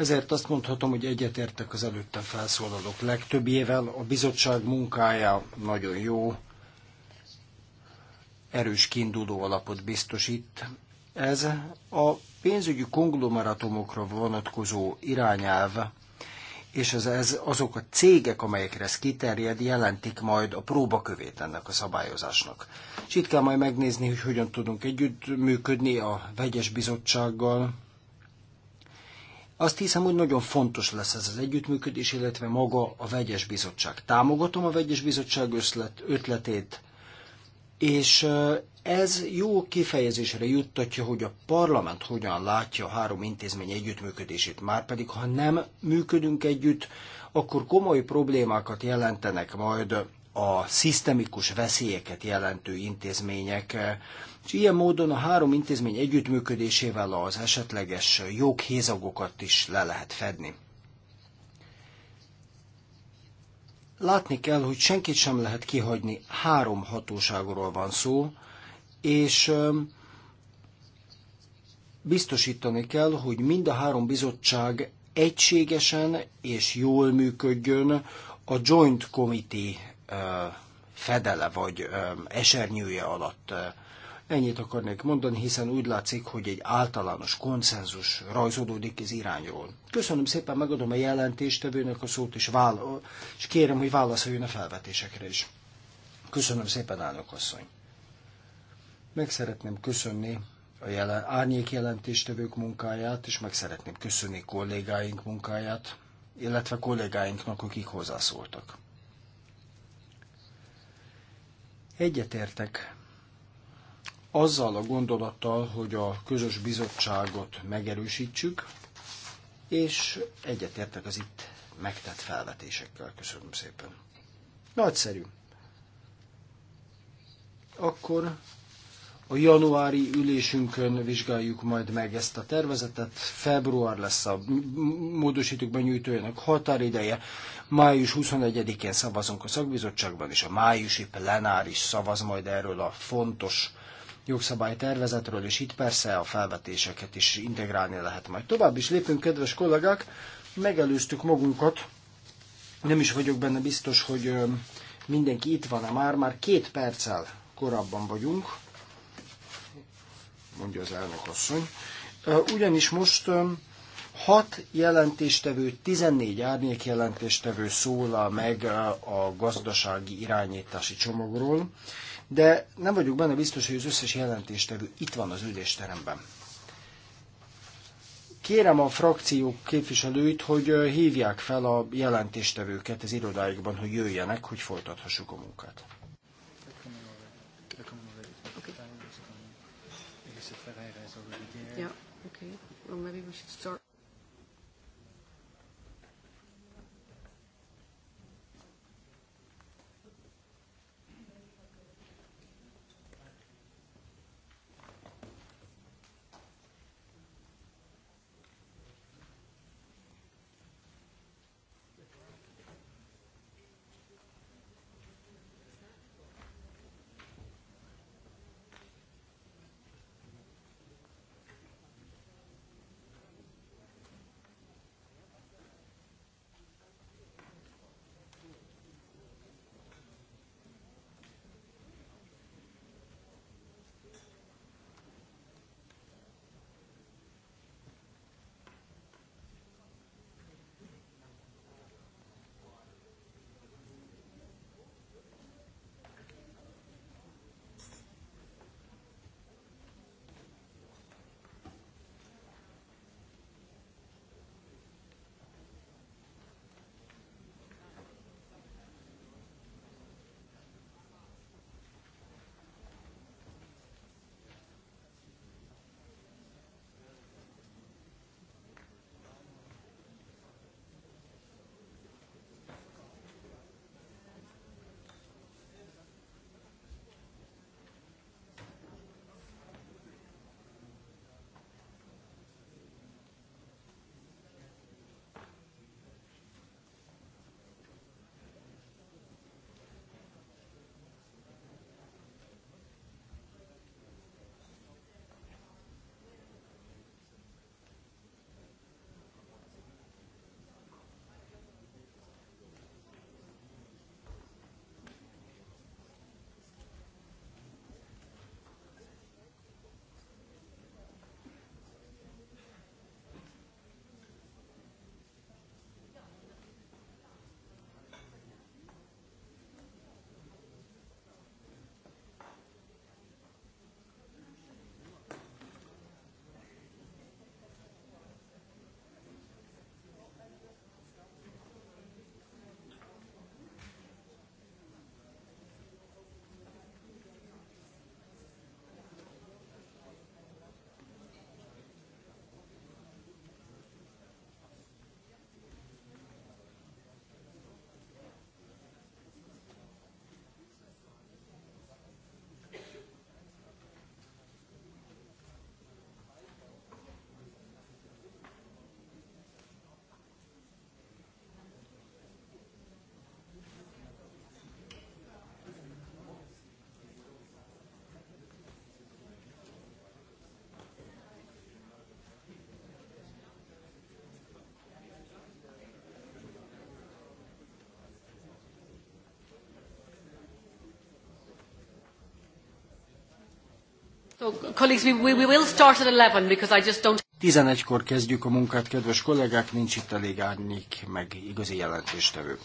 ezért azt mondhatom, hogy egyetértek az előttem felszólalók legtöbbjével. A bizottság munkája nagyon jó, erős kiinduló alapot biztosít. Ez a pénzügyi konglomerátumokra vonatkozó irányelv, és ez, ez azok a cégek, amelyekre ez kiterjed, jelentik majd a próbakövét ennek a szabályozásnak. És itt kell majd megnézni, hogy hogyan tudunk együttműködni a vegyes bizottsággal, azt hiszem, hogy nagyon fontos lesz ez az együttműködés, illetve maga a vegyes bizottság. Támogatom a vegyes bizottság ötletét, és ez jó kifejezésre juttatja, hogy a parlament hogyan látja a három intézmény együttműködését. Márpedig, ha nem működünk együtt, akkor komoly problémákat jelentenek majd a szisztemikus veszélyeket jelentő intézmények, eh, és ilyen módon a három intézmény együttműködésével az esetleges joghézagokat is le lehet fedni. Látni kell, hogy senkit sem lehet kihagyni, három hatóságról van szó, és eh, biztosítani kell, hogy mind a három bizottság egységesen és jól működjön, a Joint Committee fedele vagy esernyője alatt. Ennyit akarnék mondani, hiszen úgy látszik, hogy egy általános konszenzus rajzolódik az irányról. Köszönöm szépen, megadom a jelentéstevőnek a szót, és, vála- és kérem, hogy válaszoljon a felvetésekre is. Köszönöm szépen, elnök asszony. Meg szeretném köszönni a jelen, árnyék jelentéstevők munkáját, és meg szeretném köszönni kollégáink munkáját, illetve kollégáinknak, akik hozzászóltak. Egyetértek azzal a gondolattal, hogy a közös bizottságot megerősítsük, és egyetértek az itt megtett felvetésekkel. Köszönöm szépen. Nagyszerű. Akkor a januári ülésünkön vizsgáljuk majd meg ezt a tervezetet. Február lesz a módosítók benyújtójának határideje. Május 21-én szavazunk a szakbizottságban, és a májusi plenáris szavaz majd erről a fontos jogszabálytervezetről, és itt persze a felvetéseket is integrálni lehet majd. Tovább is lépünk, kedves kollégák, megelőztük magunkat, nem is vagyok benne biztos, hogy mindenki itt van-e már, már két perccel korábban vagyunk, mondja az elnök asszony. Ugyanis most Hat jelentéstevő, 14 árnyék jelentéstevő szólal meg a gazdasági irányítási csomagról, de nem vagyok benne biztos, hogy az összes jelentéstevő itt van az ülésteremben. Kérem a frakciók képviselőit, hogy hívják fel a jelentéstevőket az irodáikban, hogy jöjjenek, hogy folytathassuk a munkát. okay. Well, maybe we should start. 11-kor kezdjük a munkát, kedves kollégák, nincs itt elég árnyék, meg igazi jelentéstevő.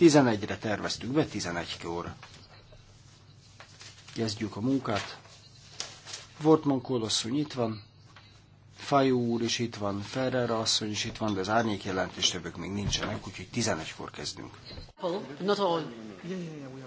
11-re terveztük be, 11-kor kezdjük a munkát. Wortman Kolosszony itt van, Fajó úr is itt van, Ferrer asszony is itt van, de az árnyék jelentéstevők még nincsenek, úgyhogy 11-kor kezdünk. Not all. Yeah, yeah, yeah,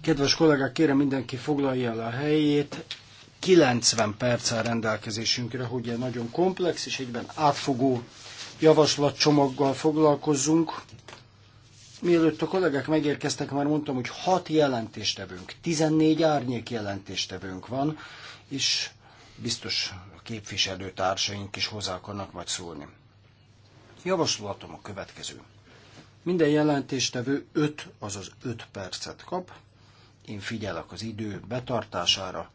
Kedves kollégák, kérem mindenki foglalja el a helyét. 90 perccel rendelkezésünkre, hogy egy nagyon komplex és egyben átfogó javaslatcsomaggal foglalkozzunk. Mielőtt a kollégák megérkeztek, már mondtam, hogy 6 jelentéstevőnk, 14 árnyék jelentéstevőnk van, és biztos a képviselőtársaink is hozzá akarnak majd szólni. Javaslatom a következő. Minden jelentéstevő 5, azaz 5 percet kap. Én figyelek az idő betartására,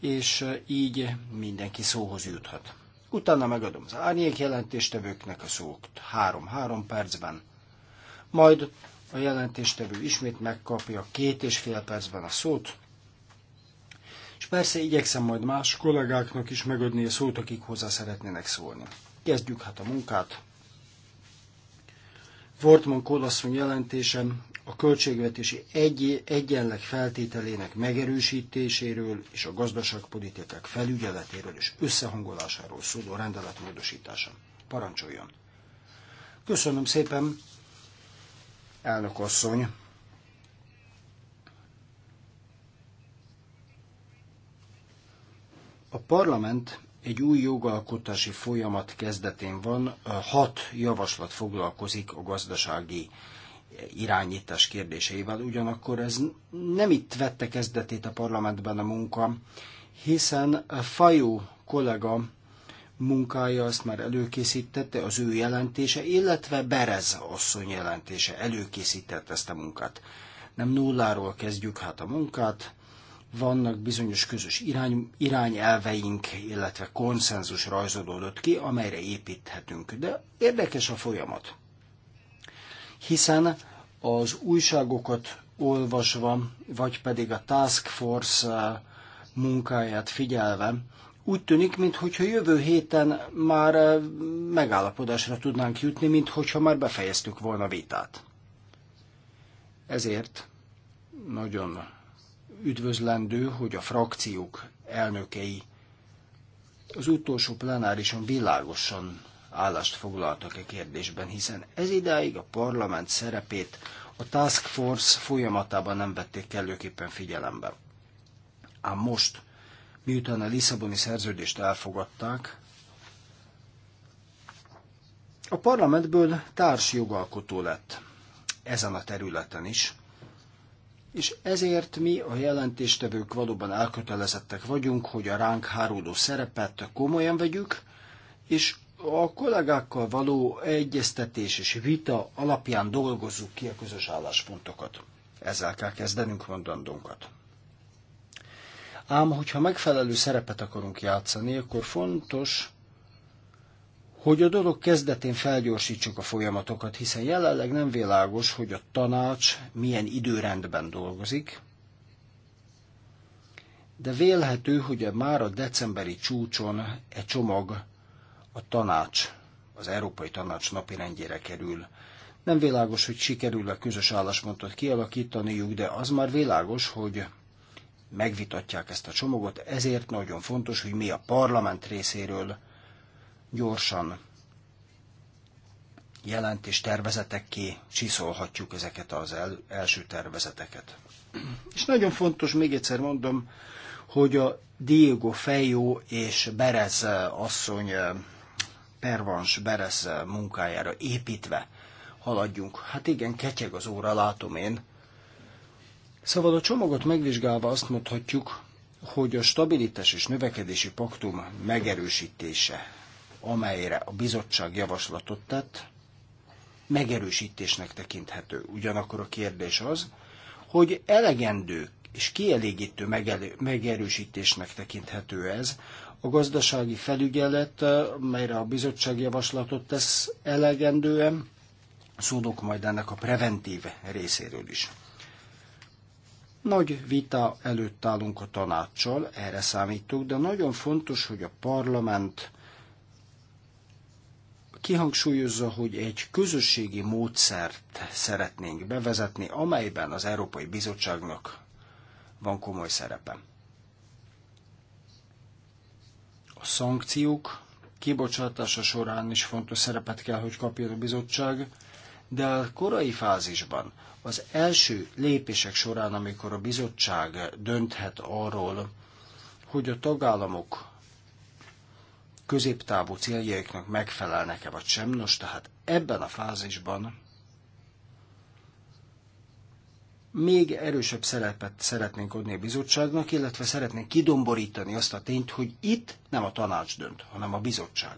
és eh, így mindenki szóhoz juthat. Utána megadom az árnyék jelentéstevőknek a szót 3-3 percben, majd a jelentéstevő ismét megkapja két és fél percben a szót, és persze igyekszem majd más kollégáknak is megadni a szót, akik hozzá szeretnének szólni. Kezdjük hát a munkát. Wortman Kólasszony jelentése a költségvetési egy, egyenleg feltételének megerősítéséről és a gazdaságpolitikák felügyeletéről és összehangolásáról szóló rendelet módosítása. Parancsoljon! Köszönöm szépen, elnök asszony! A parlament egy új jogalkotási folyamat kezdetén van, hat javaslat foglalkozik a gazdasági irányítás kérdéseivel, ugyanakkor ez nem itt vette kezdetét a parlamentben a munka, hiszen Fajó kollega munkája azt már előkészítette, az ő jelentése, illetve Berez asszony jelentése előkészítette ezt a munkát. Nem nulláról kezdjük hát a munkát, vannak bizonyos közös irány, irányelveink, illetve konszenzus rajzolódott ki, amelyre építhetünk. De érdekes a folyamat, hiszen az újságokat olvasva, vagy pedig a Task Force eh, munkáját figyelve, úgy tűnik, mintha jövő héten már eh, megállapodásra tudnánk jutni, mintha már befejeztük volna vitát. Ezért nagyon üdvözlendő, hogy a frakciók elnökei az utolsó plenárison világosan állást foglaltak e kérdésben, hiszen ez idáig a parlament szerepét a Task Force folyamatában nem vették kellőképpen figyelembe. Ám most, miután a Lisszaboni szerződést elfogadták, a parlamentből társjogalkotó lett ezen a területen is, és ezért mi a jelentéstevők valóban elkötelezettek vagyunk, hogy a ránk háruló szerepet komolyan vegyük, és a kollégákkal való egyeztetés és vita alapján dolgozzuk ki a közös álláspontokat. Ezzel kell kezdenünk mondandónkat. Ám, hogyha megfelelő szerepet akarunk játszani, akkor fontos, hogy a dolog kezdetén felgyorsítsuk a folyamatokat, hiszen jelenleg nem világos, hogy a tanács milyen időrendben dolgozik, de vélhető, hogy már a decemberi csúcson e csomag a tanács, az Európai Tanács napi rendjére kerül. Nem világos, hogy sikerül a közös álláspontot kialakítaniuk, de az már világos, hogy megvitatják ezt a csomagot, ezért nagyon fontos, hogy mi a parlament részéről gyorsan jelentés tervezetekké csiszolhatjuk ezeket az el, első tervezeteket. És nagyon fontos, még egyszer mondom, hogy a Diego Fejó és Berez asszony, Pervans Berez munkájára építve haladjunk. Hát igen, ketyeg az óra, látom én. Szóval a csomagot megvizsgálva azt mondhatjuk, hogy a stabilitás és növekedési paktum megerősítése amelyre a bizottság javaslatot tett, megerősítésnek tekinthető. Ugyanakkor a kérdés az, hogy elegendő és kielégítő megerősítésnek tekinthető ez, a gazdasági felügyelet, eh, melyre a bizottság javaslatot tesz elegendően, szólok majd ennek a preventív részéről is. Nagy vita előtt állunk a tanácssal, erre számítok, de nagyon fontos, hogy a parlament kihangsúlyozza, hogy egy közösségi módszert szeretnénk bevezetni, amelyben az Európai Bizottságnak van komoly szerepe. A szankciók kibocsátása során is fontos szerepet kell, hogy kapjon a bizottság, de a korai fázisban, az első lépések során, amikor a bizottság dönthet arról, hogy a tagállamok középtávú céljaiknak megfelelnek-e vagy sem. Nos, tehát ebben a fázisban még erősebb szerepet szeretnénk adni a bizottságnak, illetve szeretnénk kidomborítani azt a tényt, hogy itt nem a tanács dönt, hanem a bizottság.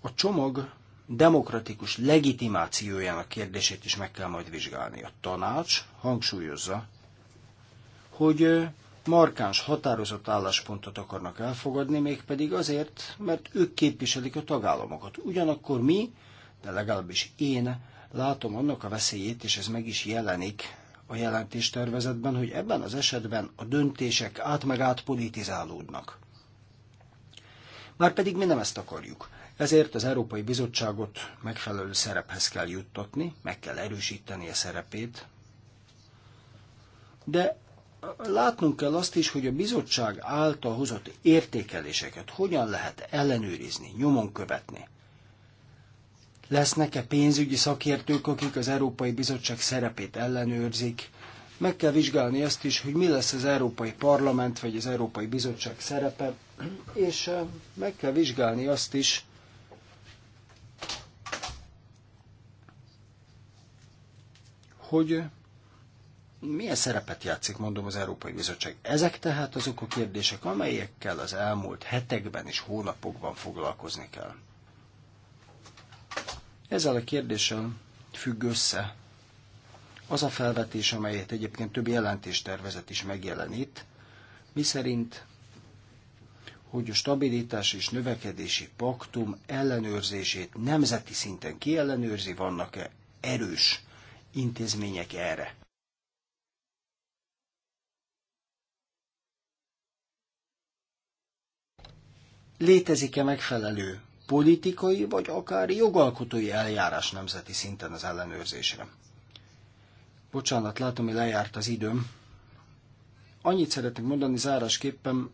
A csomag demokratikus legitimációjának kérdését is meg kell majd vizsgálni. A tanács hangsúlyozza, hogy markáns, határozott álláspontot akarnak elfogadni, mégpedig azért, mert ők képviselik a tagállamokat. Ugyanakkor mi, de legalábbis én látom annak a veszélyét, és ez meg is jelenik a jelentéstervezetben, hogy ebben az esetben a döntések át meg át politizálódnak. Márpedig mi nem ezt akarjuk. Ezért az Európai Bizottságot megfelelő szerephez kell juttatni, meg kell erősíteni a szerepét, de látnunk kell azt is, hogy a bizottság által hozott értékeléseket hogyan lehet ellenőrizni, nyomon követni. Lesznek-e pénzügyi szakértők, akik az Európai Bizottság szerepét ellenőrzik? Meg kell vizsgálni azt is, hogy mi lesz az Európai Parlament vagy az Európai Bizottság szerepe, és eh, meg kell vizsgálni azt is, hogy milyen szerepet játszik, mondom, az Európai Bizottság. Ezek tehát azok a kérdések, amelyekkel az elmúlt hetekben és hónapokban foglalkozni kell. Ezzel a kérdéssel függ össze az a felvetés, amelyet egyébként több jelentéstervezet is megjelenít, miszerint hogy a stabilitás és növekedési paktum ellenőrzését nemzeti szinten kiellenőrzi, vannak-e erős intézmények erre létezik-e megfelelő politikai vagy akár jogalkotói eljárás nemzeti szinten az ellenőrzésre. Bocsánat, látom, hogy lejárt az időm. Annyit szeretnék mondani zárásképpen,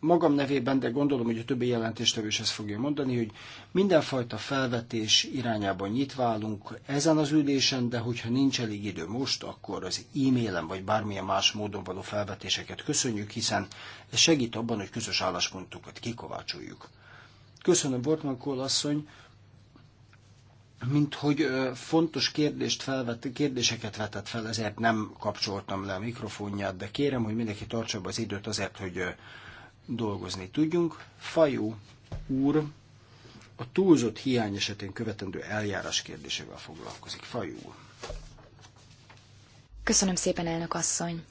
magam nevében, de gondolom, hogy a többi jelentéstevő is ezt fogja mondani, hogy mindenfajta felvetés irányában nyitva állunk ezen az ülésen, de hogyha nincs elég idő most, akkor az e-mailen vagy bármilyen más módon való felvetéseket köszönjük, hiszen ez segít abban, hogy közös álláspontokat kikovácsoljuk. Köszönöm, Bortman Kohl asszony, mint hogy fontos kérdést felvet, kérdéseket vetett fel, ezért nem kapcsoltam le a mikrofonját, de kérem, hogy mindenki tartsa be az időt azért, hogy dolgozni tudjunk. Fajú úr a túlzott hiány esetén követendő eljárás kérdésével foglalkozik. Fajú úr. Köszönöm szépen, elnök asszony.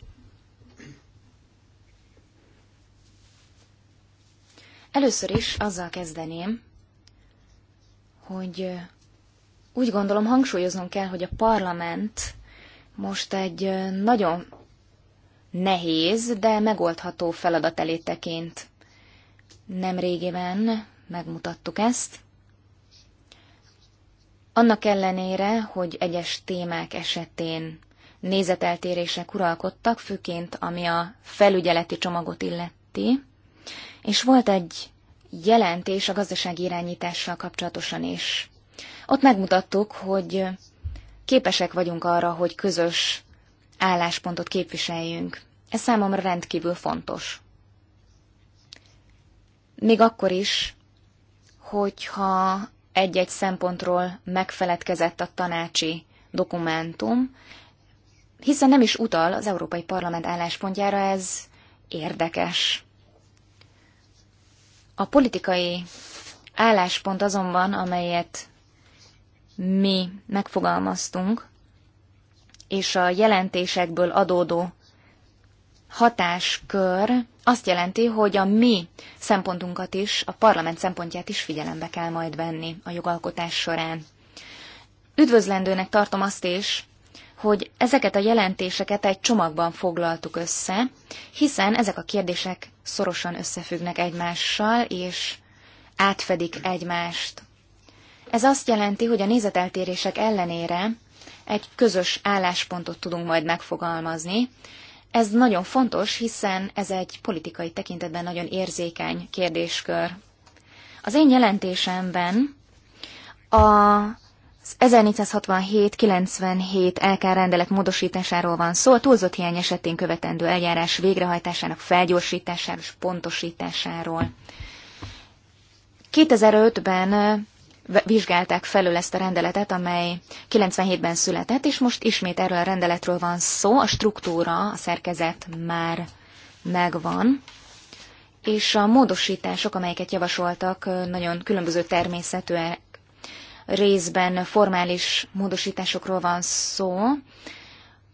Először is azzal kezdeném, hogy úgy gondolom hangsúlyoznom kell, hogy a parlament most egy nagyon nehéz, de megoldható feladat eléteként. Nem régiben megmutattuk ezt. Annak ellenére, hogy egyes témák esetén nézeteltérések uralkodtak, főként ami a felügyeleti csomagot illeti, és volt egy jelentés a gazdasági irányítással kapcsolatosan is. Ott megmutattuk, hogy képesek vagyunk arra, hogy közös álláspontot képviseljünk. Ez számomra rendkívül fontos. Még akkor is, hogyha egy-egy szempontról megfeledkezett a tanácsi dokumentum, hiszen nem is utal az Európai Parlament álláspontjára, ez érdekes. A politikai álláspont azonban, amelyet mi megfogalmaztunk, és a jelentésekből adódó hatáskör azt jelenti, hogy a mi szempontunkat is, a parlament szempontját is figyelembe kell majd venni a jogalkotás során. Üdvözlendőnek tartom azt is, hogy ezeket a jelentéseket egy csomagban foglaltuk össze, hiszen ezek a kérdések szorosan összefüggnek egymással, és átfedik egymást. Ez azt jelenti, hogy a nézeteltérések ellenére egy közös álláspontot tudunk majd megfogalmazni. Ez nagyon fontos, hiszen ez egy politikai tekintetben nagyon érzékeny kérdéskör. Az én jelentésemben a 1467-97 LK rendelet módosításáról van szó, a túlzott hiány esetén követendő eljárás végrehajtásának felgyorsításáról és pontosításáról. 2005-ben vizsgálták felül ezt a rendeletet, amely 97-ben született, és most ismét erről a rendeletről van szó, a struktúra, a szerkezet már megvan, és a módosítások, amelyeket javasoltak, nagyon különböző természetűek. Részben formális módosításokról van szó,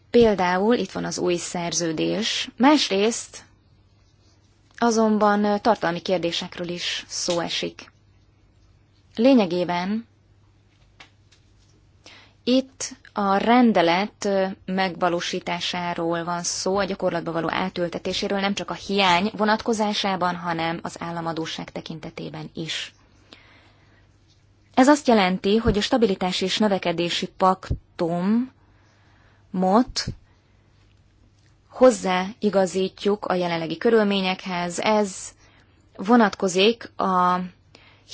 például itt van az új szerződés, másrészt azonban tartalmi kérdésekről is szó esik. Lényegében itt a rendelet megvalósításáról van szó, a gyakorlatba való átültetéséről nem csak a hiány vonatkozásában, hanem az államadóság tekintetében is. Ez azt jelenti, hogy a stabilitási és növekedési paktumot hozzáigazítjuk a jelenlegi körülményekhez. Ez vonatkozik a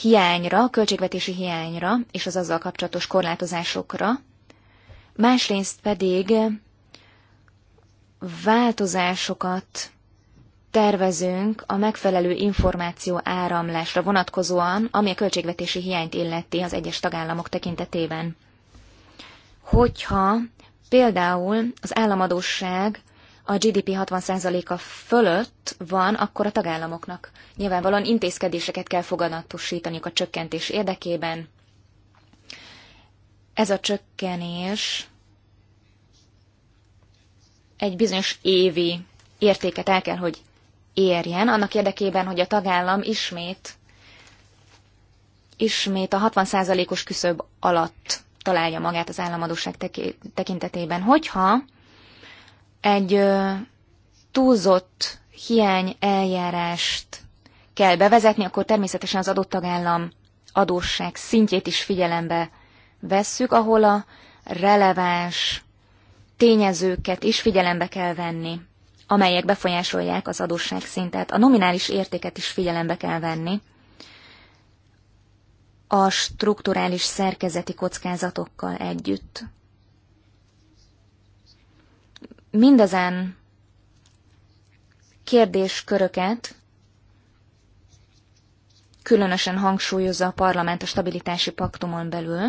hiányra, költségvetési hiányra és az azzal kapcsolatos korlátozásokra, másrészt pedig változásokat tervezünk a megfelelő információ áramlásra vonatkozóan, ami a költségvetési hiányt illeti az egyes tagállamok tekintetében. Hogyha például az államadóság a GDP 60%-a fölött van, akkor a tagállamoknak nyilvánvalóan intézkedéseket kell fogadatosítaniuk a csökkentés érdekében. Ez a csökkenés egy bizonyos évi értéket el kell, hogy érjen, annak érdekében, hogy a tagállam ismét ismét a 60%-os küszöb alatt találja magát az államadóság tekintetében. Hogyha egy túlzott hiány eljárást kell bevezetni, akkor természetesen az adott tagállam adósság szintjét is figyelembe vesszük, ahol a releváns tényezőket is figyelembe kell venni, amelyek befolyásolják az adósság szintet. A nominális értéket is figyelembe kell venni. A strukturális szerkezeti kockázatokkal együtt mindezen kérdésköröket különösen hangsúlyozza a parlament a stabilitási paktumon belül.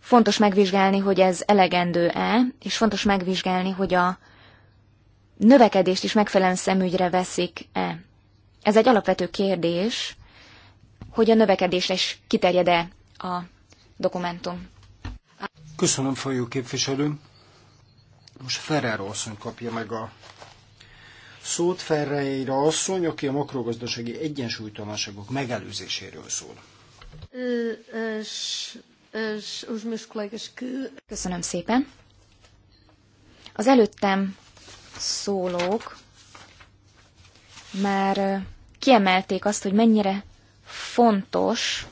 Fontos megvizsgálni, hogy ez elegendő-e, és fontos megvizsgálni, hogy a növekedést is megfelelően szemügyre veszik-e. Ez egy alapvető kérdés, hogy a növekedésre is kiterjed-e a dokumentum. Köszönöm, folyó képviselő. Most Ferrer asszony kapja meg a szót. Ferreira asszony, aki a makrogazdasági egyensúlytalanságok megelőzéséről szól. Köszönöm szépen. Az előttem szólók már kiemelték azt, hogy mennyire fontos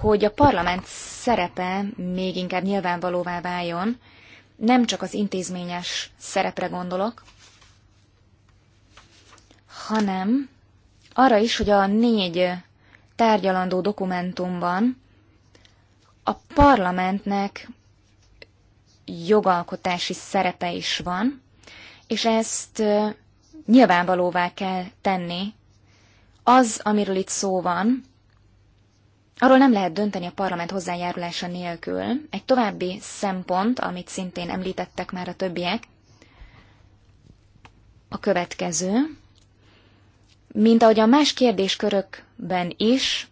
hogy a parlament szerepe még inkább nyilvánvalóvá váljon, nem csak az intézményes szerepre gondolok, hanem arra is, hogy a négy tárgyalandó dokumentumban a parlamentnek jogalkotási szerepe is van, és ezt nyilvánvalóvá kell tenni. Az, amiről itt szó van, Arról nem lehet dönteni a parlament hozzájárulása nélkül. Egy további szempont, amit szintén említettek már a többiek, a következő. Mint ahogy a más kérdéskörökben is,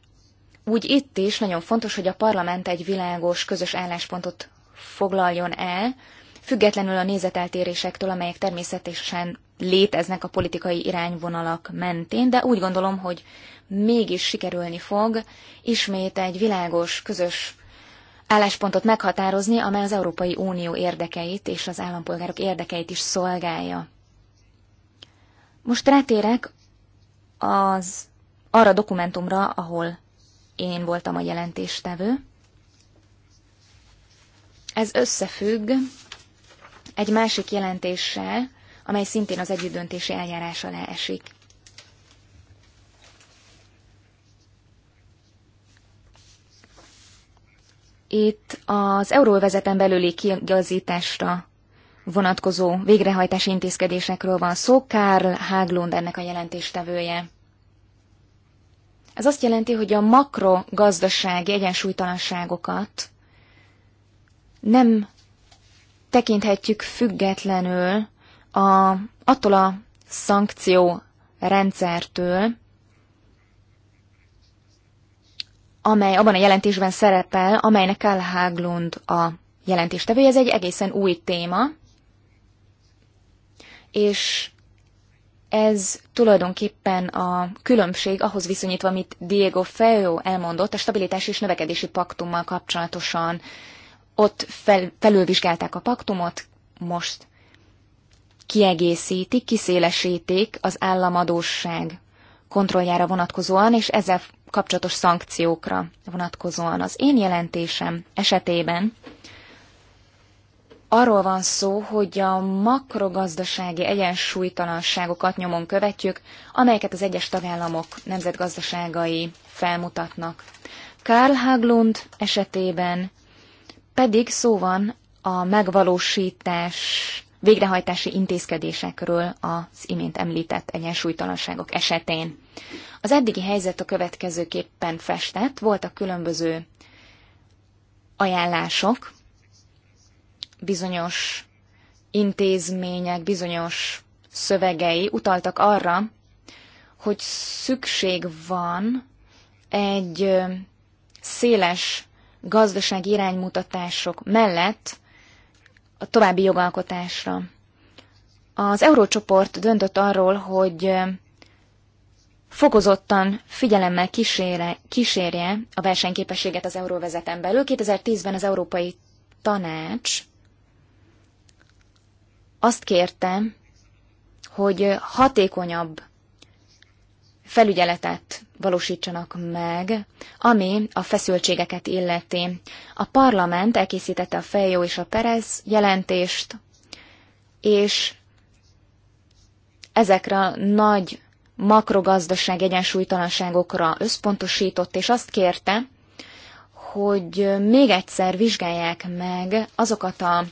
úgy itt is nagyon fontos, hogy a parlament egy világos, közös álláspontot foglaljon el, függetlenül a nézeteltérésektől, amelyek természetesen léteznek a politikai irányvonalak mentén, de úgy gondolom, hogy mégis sikerülni fog ismét egy világos, közös álláspontot meghatározni, amely az Európai Unió érdekeit és az állampolgárok érdekeit is szolgálja. Most rátérek az arra dokumentumra, ahol én voltam a jelentéstevő. Ez összefügg egy másik jelentéssel, amely szintén az együttdöntési eljárás alá esik. Itt az euróvezeten belüli kiigazításra vonatkozó végrehajtási intézkedésekről van szó, Karl Haglund ennek a jelentéstevője. Ez azt jelenti, hogy a makrogazdasági egyensúlytalanságokat nem tekinthetjük függetlenül a, attól a szankció rendszertől, amely abban a jelentésben szerepel, amelynek Karl Haglund a jelentéstevője. Ez egy egészen új téma, és ez tulajdonképpen a különbség ahhoz viszonyítva, amit Diego Feo elmondott a stabilitás és növekedési paktummal kapcsolatosan. Ott fel, felülvizsgálták a paktumot, most kiegészítik, kiszélesítik az államadóság kontrolljára vonatkozóan, és ezzel kapcsolatos szankciókra vonatkozóan. Az én jelentésem esetében arról van szó, hogy a makrogazdasági egyensúlytalanságokat nyomon követjük, amelyeket az egyes tagállamok nemzetgazdaságai felmutatnak. Karl Haglund esetében pedig szó van a megvalósítás végrehajtási intézkedésekről az imént említett egyensúlytalanságok esetén. Az eddigi helyzet a következőképpen festett, voltak különböző ajánlások, bizonyos intézmények, bizonyos szövegei utaltak arra, hogy szükség van egy széles gazdasági iránymutatások mellett a további jogalkotásra. Az eurócsoport döntött arról, hogy fokozottan figyelemmel kísérje, kísérje a versenyképességet az euróvezeten belül. 2010-ben az Európai Tanács azt kérte, hogy hatékonyabb felügyeletet valósítsanak meg, ami a feszültségeket illeti. A parlament elkészítette a Fejó és a Perez jelentést, és ezekre a nagy makrogazdaság egyensúlytalanságokra összpontosított, és azt kérte, hogy még egyszer vizsgálják meg azokat a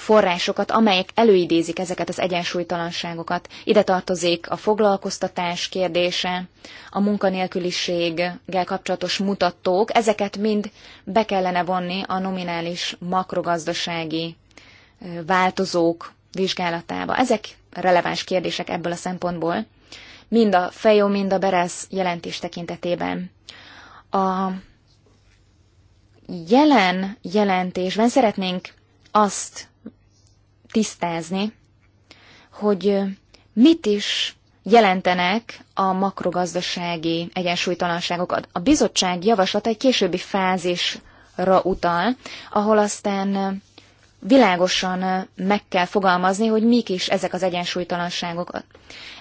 forrásokat, amelyek előidézik ezeket az egyensúlytalanságokat. Ide tartozik a foglalkoztatás kérdése, a munkanélküliséggel kapcsolatos mutatók, ezeket mind be kellene vonni a nominális makrogazdasági változók vizsgálatába. Ezek releváns kérdések ebből a szempontból, mind a fejó, mind a beresz jelentés tekintetében. A jelen jelentésben szeretnénk azt tisztázni, hogy mit is jelentenek a makrogazdasági egyensúlytalanságok. A bizottság javaslata egy későbbi fázisra utal, ahol aztán világosan meg kell fogalmazni, hogy mik is ezek az egyensúlytalanságok.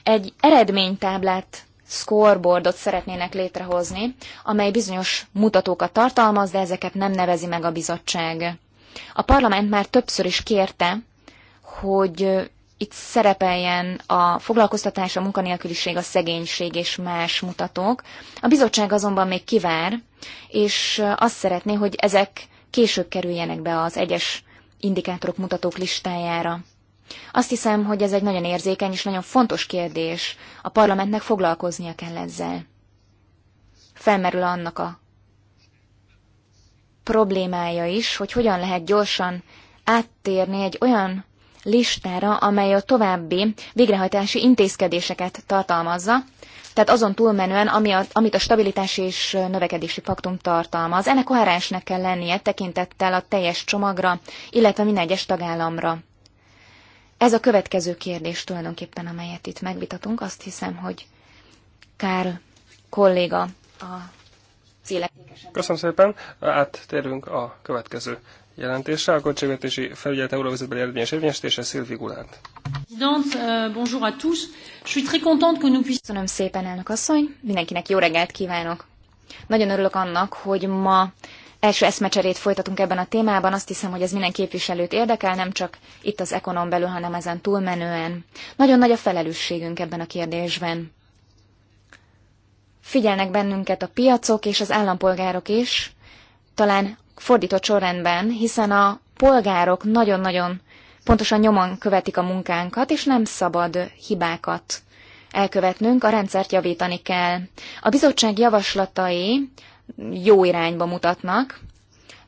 Egy eredménytáblát, scoreboardot szeretnének létrehozni, amely bizonyos mutatókat tartalmaz, de ezeket nem nevezi meg a bizottság. A parlament már többször is kérte, hogy itt szerepeljen a foglalkoztatás, a munkanélküliség, a szegénység és más mutatók. A bizottság azonban még kivár, és azt szeretné, hogy ezek később kerüljenek be az egyes indikátorok mutatók listájára. Azt hiszem, hogy ez egy nagyon érzékeny és nagyon fontos kérdés. A parlamentnek foglalkoznia kell ezzel. Felmerül annak a problémája is, hogy hogyan lehet gyorsan áttérni egy olyan listára, amely a további végrehajtási intézkedéseket tartalmazza, tehát azon túlmenően, ami a, amit a stabilitási és növekedési paktum tartalmaz. Ennek koherensnek kell lennie tekintettel a teljes csomagra, illetve minden egyes tagállamra. Ez a következő kérdés tulajdonképpen, amelyet itt megvitatunk. Azt hiszem, hogy Kár kolléga a Köszönöm szépen, áttérünk a következő jelentéssel, a költségvetési felügyelet euróvezetbeli eredményes érvényesítése Szilvi Gulát. Euh, Köszönöm szépen, elnök asszony. Mindenkinek jó reggelt kívánok. Nagyon örülök annak, hogy ma első eszmecserét folytatunk ebben a témában. Azt hiszem, hogy ez minden képviselőt érdekel, nem csak itt az ekonom belül, hanem ezen túlmenően. Nagyon nagy a felelősségünk ebben a kérdésben. Figyelnek bennünket a piacok és az állampolgárok is, talán fordított sorrendben, hiszen a polgárok nagyon-nagyon pontosan nyomon követik a munkánkat, és nem szabad hibákat elkövetnünk, a rendszert javítani kell. A bizottság javaslatai jó irányba mutatnak,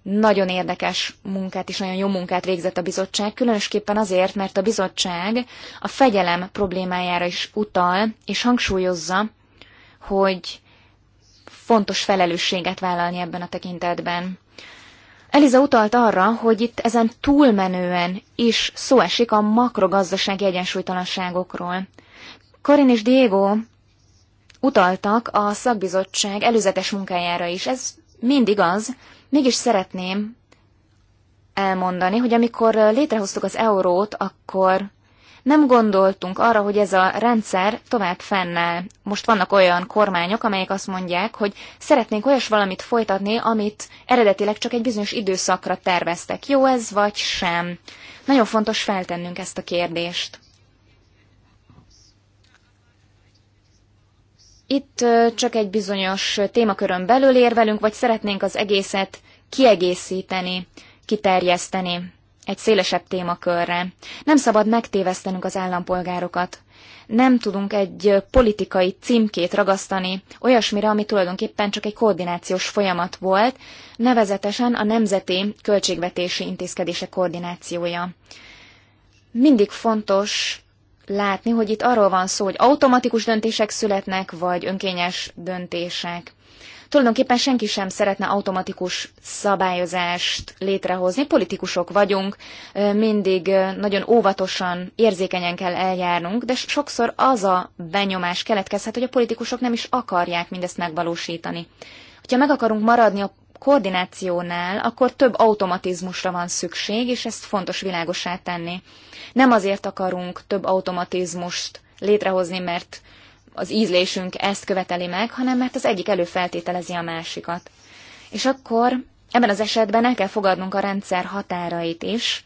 nagyon érdekes munkát és nagyon jó munkát végzett a bizottság, különösképpen azért, mert a bizottság a fegyelem problémájára is utal, és hangsúlyozza, hogy fontos felelősséget vállalni ebben a tekintetben. Eliza utalt arra, hogy itt ezen túlmenően is szó esik a makrogazdasági egyensúlytalanságokról. Karin és Diego utaltak a szakbizottság előzetes munkájára is. Ez mind igaz, mégis szeretném elmondani, hogy amikor létrehoztuk az eurót, akkor nem gondoltunk arra, hogy ez a rendszer tovább fennáll. Most vannak olyan kormányok, amelyek azt mondják, hogy szeretnénk olyas valamit folytatni, amit eredetileg csak egy bizonyos időszakra terveztek. Jó ez, vagy sem? Nagyon fontos feltennünk ezt a kérdést. Itt csak egy bizonyos témakörön belül érvelünk, vagy szeretnénk az egészet kiegészíteni, kiterjeszteni egy szélesebb témakörre. Nem szabad megtévesztenünk az állampolgárokat. Nem tudunk egy politikai címkét ragasztani olyasmire, ami tulajdonképpen csak egy koordinációs folyamat volt, nevezetesen a nemzeti költségvetési intézkedése koordinációja. Mindig fontos látni, hogy itt arról van szó, hogy automatikus döntések születnek, vagy önkényes döntések. Tulajdonképpen senki sem szeretne automatikus szabályozást létrehozni. Politikusok vagyunk, mindig nagyon óvatosan, érzékenyen kell eljárnunk, de sokszor az a benyomás keletkezhet, hogy a politikusok nem is akarják mindezt megvalósítani. Ha meg akarunk maradni a koordinációnál, akkor több automatizmusra van szükség, és ezt fontos világosá tenni. Nem azért akarunk több automatizmust létrehozni, mert az ízlésünk ezt követeli meg, hanem mert az egyik előfeltételezi a másikat. És akkor ebben az esetben el kell fogadnunk a rendszer határait is,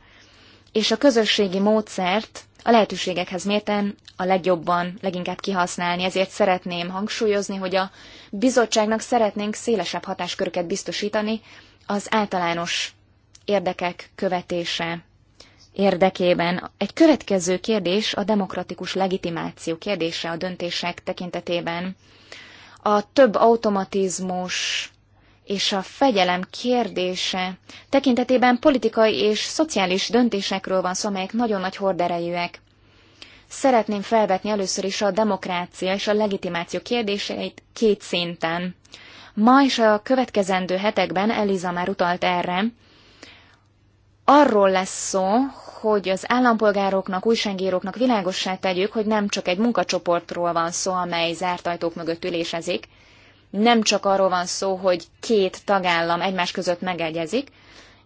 és a közösségi módszert a lehetőségekhez mérten a legjobban, leginkább kihasználni. Ezért szeretném hangsúlyozni, hogy a bizottságnak szeretnénk szélesebb hatásköröket biztosítani az általános érdekek követése érdekében. Egy következő kérdés a demokratikus legitimáció kérdése a döntések tekintetében. A több automatizmus és a fegyelem kérdése tekintetében politikai és szociális döntésekről van szó, amelyek nagyon nagy horderejűek. Szeretném felvetni először is a demokrácia és a legitimáció kérdéseit két szinten. Ma és a következendő hetekben Eliza már utalt erre, arról lesz szó, hogy az állampolgároknak, újságíróknak világossá tegyük, hogy nem csak egy munkacsoportról van szó, amely zárt ajtók mögött ülésezik, nem csak arról van szó, hogy két tagállam egymás között megegyezik,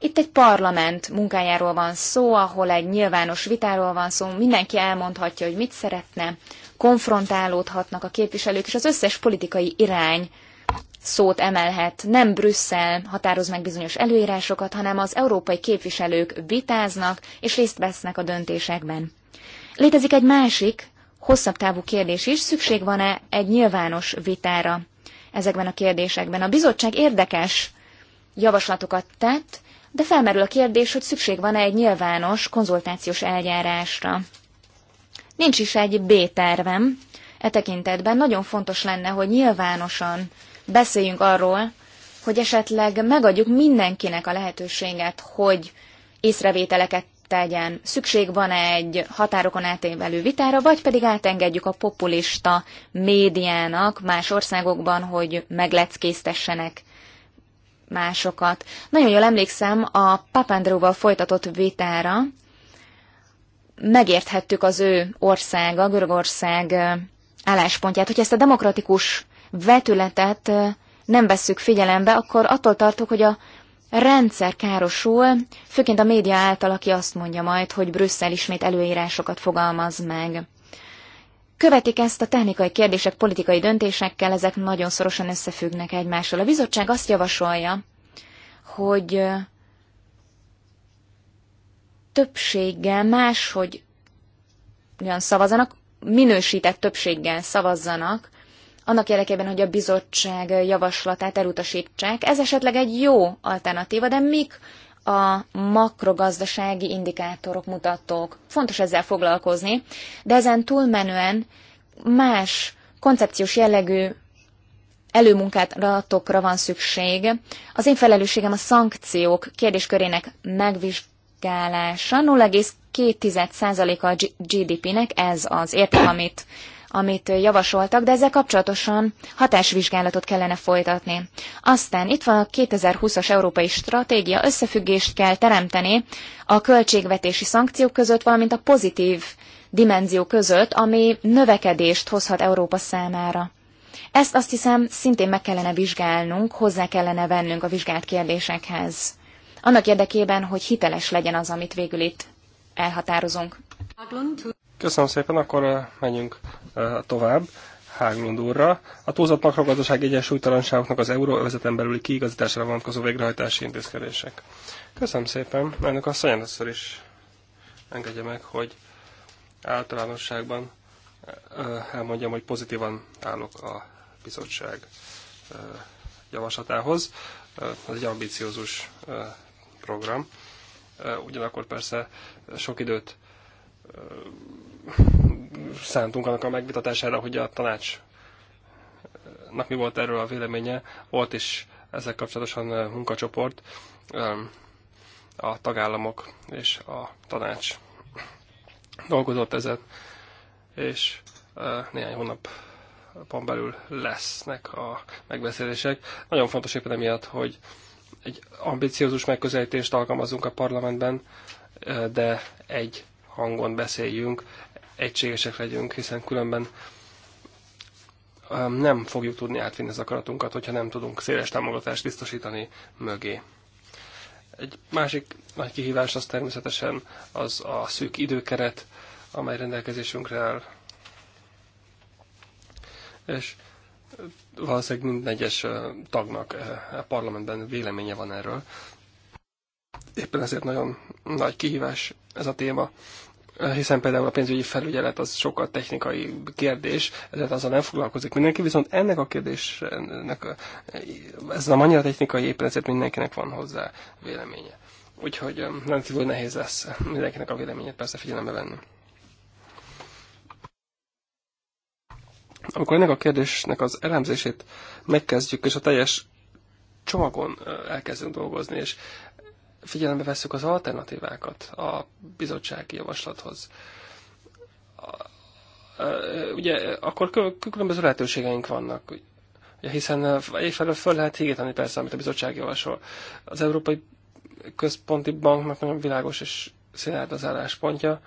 itt egy parlament munkájáról van szó, ahol egy nyilvános vitáról van szó, mindenki elmondhatja, hogy mit szeretne, konfrontálódhatnak a képviselők, és az összes politikai irány szót emelhet. Nem Brüsszel határoz meg bizonyos előírásokat, hanem az európai képviselők vitáznak és részt vesznek a döntésekben. Létezik egy másik, hosszabb távú kérdés is, szükség van-e egy nyilvános vitára ezekben a kérdésekben. A bizottság érdekes javaslatokat tett, de felmerül a kérdés, hogy szükség van-e egy nyilvános konzultációs eljárásra. Nincs is egy B-tervem, E tekintetben nagyon fontos lenne, hogy nyilvánosan beszéljünk arról, hogy esetleg megadjuk mindenkinek a lehetőséget, hogy észrevételeket tegyen. Szükség van egy határokon átévelő vitára, vagy pedig átengedjük a populista médiának más országokban, hogy megleckésztessenek másokat. Nagyon jól emlékszem a Papandróval folytatott vitára, megérthettük az ő országa, Görögország eh, álláspontját, hogy ezt a demokratikus vetületet nem vesszük figyelembe, akkor attól tartok, hogy a rendszer károsul, főként a média által, aki azt mondja majd, hogy Brüsszel ismét előírásokat fogalmaz meg. Követik ezt a technikai kérdések politikai döntésekkel, ezek nagyon szorosan összefüggnek egymással. A bizottság azt javasolja, hogy többséggel máshogy olyan szavazanak, minősített többséggel szavazzanak annak érdekében, hogy a bizottság javaslatát elutasítsák. Ez esetleg egy jó alternatíva, de mik a makrogazdasági indikátorok, mutatók. Fontos ezzel foglalkozni, de ezen túlmenően más koncepciós jellegű előmunkálatokra van szükség. Az én felelősségem a szankciók kérdéskörének megvizsgálása. 0,2%-a a GDP-nek ez az érték, amit amit javasoltak, de ezzel kapcsolatosan hatásvizsgálatot kellene folytatni. Aztán itt van a 2020-as európai stratégia, összefüggést kell teremteni a költségvetési szankciók között, valamint a pozitív dimenzió között, ami növekedést hozhat Európa számára. Ezt azt hiszem szintén meg kellene vizsgálnunk, hozzá kellene vennünk a vizsgált kérdésekhez. Annak érdekében, hogy hiteles legyen az, amit végül itt elhatározunk. Köszönöm szépen, akkor eh, menjünk eh, tovább. Háglund úrra. A túlzott makrogazdaság egyensúlytalanságoknak az euróövezeten belüli kiigazítására vonatkozó végrehajtási intézkedések. Köszönöm szépen. Ennek a először is engedje meg, hogy általánosságban eh, elmondjam, hogy pozitívan állok a bizottság javaslatához. Ez egy ambiciózus program. Ugyanakkor persze sok időt szántunk annak a megvitatására, hogy a tanácsnak mi volt erről a véleménye. Volt is ezzel kapcsolatosan munkacsoport, a tagállamok és a tanács dolgozott ezen, és néhány pont belül lesznek a megbeszélések. Nagyon fontos éppen emiatt, hogy egy ambiciózus megközelítést alkalmazunk a parlamentben, de egy hangon beszéljünk, egységesek legyünk, hiszen különben um, nem fogjuk tudni átvinni az akaratunkat, hogyha nem tudunk széles támogatást biztosítani mögé. Egy másik nagy kihívás az természetesen az a szűk időkeret, amely rendelkezésünkre áll. És valószínűleg minden egyes tagnak a parlamentben véleménye van erről. Éppen ezért nagyon nagy kihívás ez a téma, hiszen például a pénzügyi felügyelet az sokkal technikai kérdés, ezért azzal nem foglalkozik mindenki, viszont ennek a kérdésnek, ez nem annyira technikai éppen, ezért mindenkinek van hozzá véleménye. Úgyhogy nem um, rendkívül nehéz lesz mindenkinek a véleményét persze figyelembe venni. Amikor ennek a kérdésnek az elemzését megkezdjük, és a teljes csomagon elkezdünk dolgozni, és figyelembe vesszük az alternatívákat a bizottsági javaslathoz, ugye akkor különböző lehetőségeink vannak, ugye, hiszen egyfelől föl lehet higítani persze, amit a bizottság javasol. Az Európai Központi Banknak nagyon világos és szilárd az álláspontja,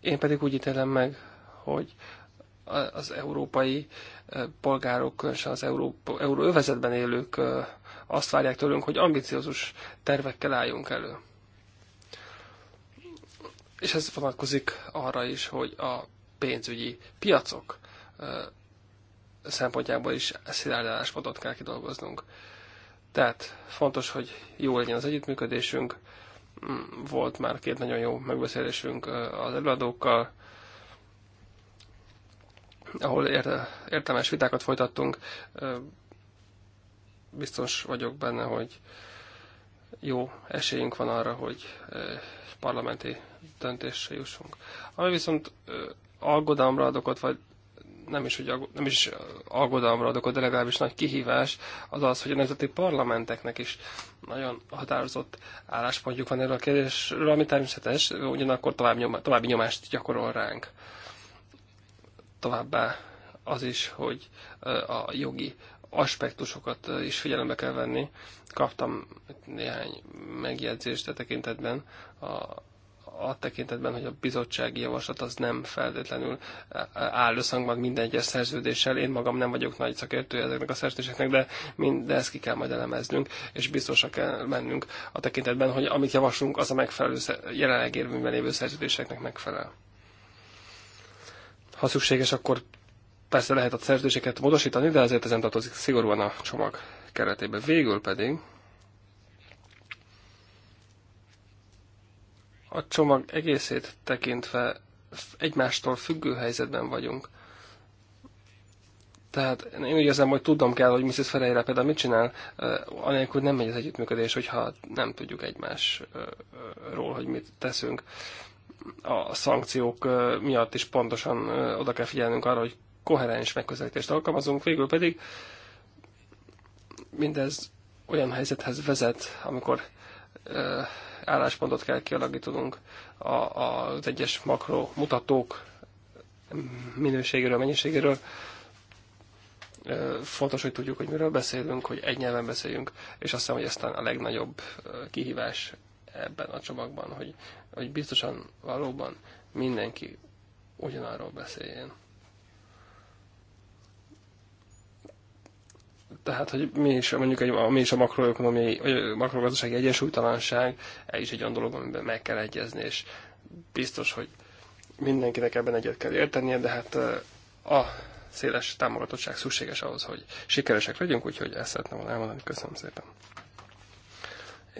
én pedig úgy ítélem meg, hogy az európai polgárok, különösen az euróövezetben élők azt várják tőlünk, hogy ambiciózus tervekkel álljunk elő. És ez vonatkozik arra is, hogy a pénzügyi piacok szempontjából is szilárdálásmódot kell kidolgoznunk. Tehát fontos, hogy jó legyen az együttműködésünk. Mm, volt már két nagyon jó megbeszélésünk az előadókkal, ahol értelmes vitákat folytattunk, biztos vagyok benne, hogy jó esélyünk van arra, hogy eh, parlamenti döntésre jussunk. Ami viszont eh, aggodalomra ad vagy nem is, hogy nem is aggodalomra ad de legalábbis nagy kihívás, az az, hogy a nemzeti parlamenteknek is nagyon határozott álláspontjuk van erről a kérdésről, ami természetes, ugyanakkor tovább nyoma, további nyomást gyakorol ránk. Továbbá az is, hogy eh, a jogi aspektusokat eh, is figyelembe kell venni. Kaptam néhány megjegyzést a e tekintetben, a, a tekintetben, hogy a bizottsági javaslat az nem feltétlenül eh, áll összhangban minden egyes szerződéssel. Én magam nem vagyok nagy szakértő ezeknek a szerződéseknek, de, mind, de ezt ki kell majd elemeznünk, és biztosak kell mennünk a tekintetben, hogy amit javaslunk, az a megfelelő jelenleg érvényben lévő szerződéseknek megfelel. Ha szükséges, akkor Persze lehet a szerződéseket módosítani, de azért ez nem tartozik szigorúan a csomag keretébe. Végül pedig a csomag egészét tekintve egymástól függő helyzetben vagyunk. Tehát én úgy érzem, hogy tudnom kell, hogy Mrs. Ferreira például mit csinál, anélkül nem megy az együttműködés, hogyha nem tudjuk egymásról, hogy mit teszünk. A szankciók miatt is pontosan oda kell figyelnünk arra, hogy koherens megközelítést alkalmazunk, végül pedig mindez olyan helyzethez vezet, amikor ö, álláspontot kell kialakítanunk a, a, az egyes mutatók minőségéről, mennyiségéről. Ö, fontos, hogy tudjuk, hogy miről beszélünk, hogy egy nyelven beszéljünk, és azt hiszem, hogy aztán a legnagyobb kihívás ebben a csomagban, hogy, hogy biztosan valóban mindenki ugyanarról beszéljen. tehát, hogy mi is, mondjuk egy, mi is a makroökonomiai, vagy a makrogazdasági egyensúlytalanság, ez is egy olyan dolog, amiben meg kell egyezni, és biztos, hogy mindenkinek ebben egyet kell értenie, de hát a széles támogatottság szükséges ahhoz, hogy sikeresek legyünk, úgyhogy ezt szeretném volna elmondani. Köszönöm szépen.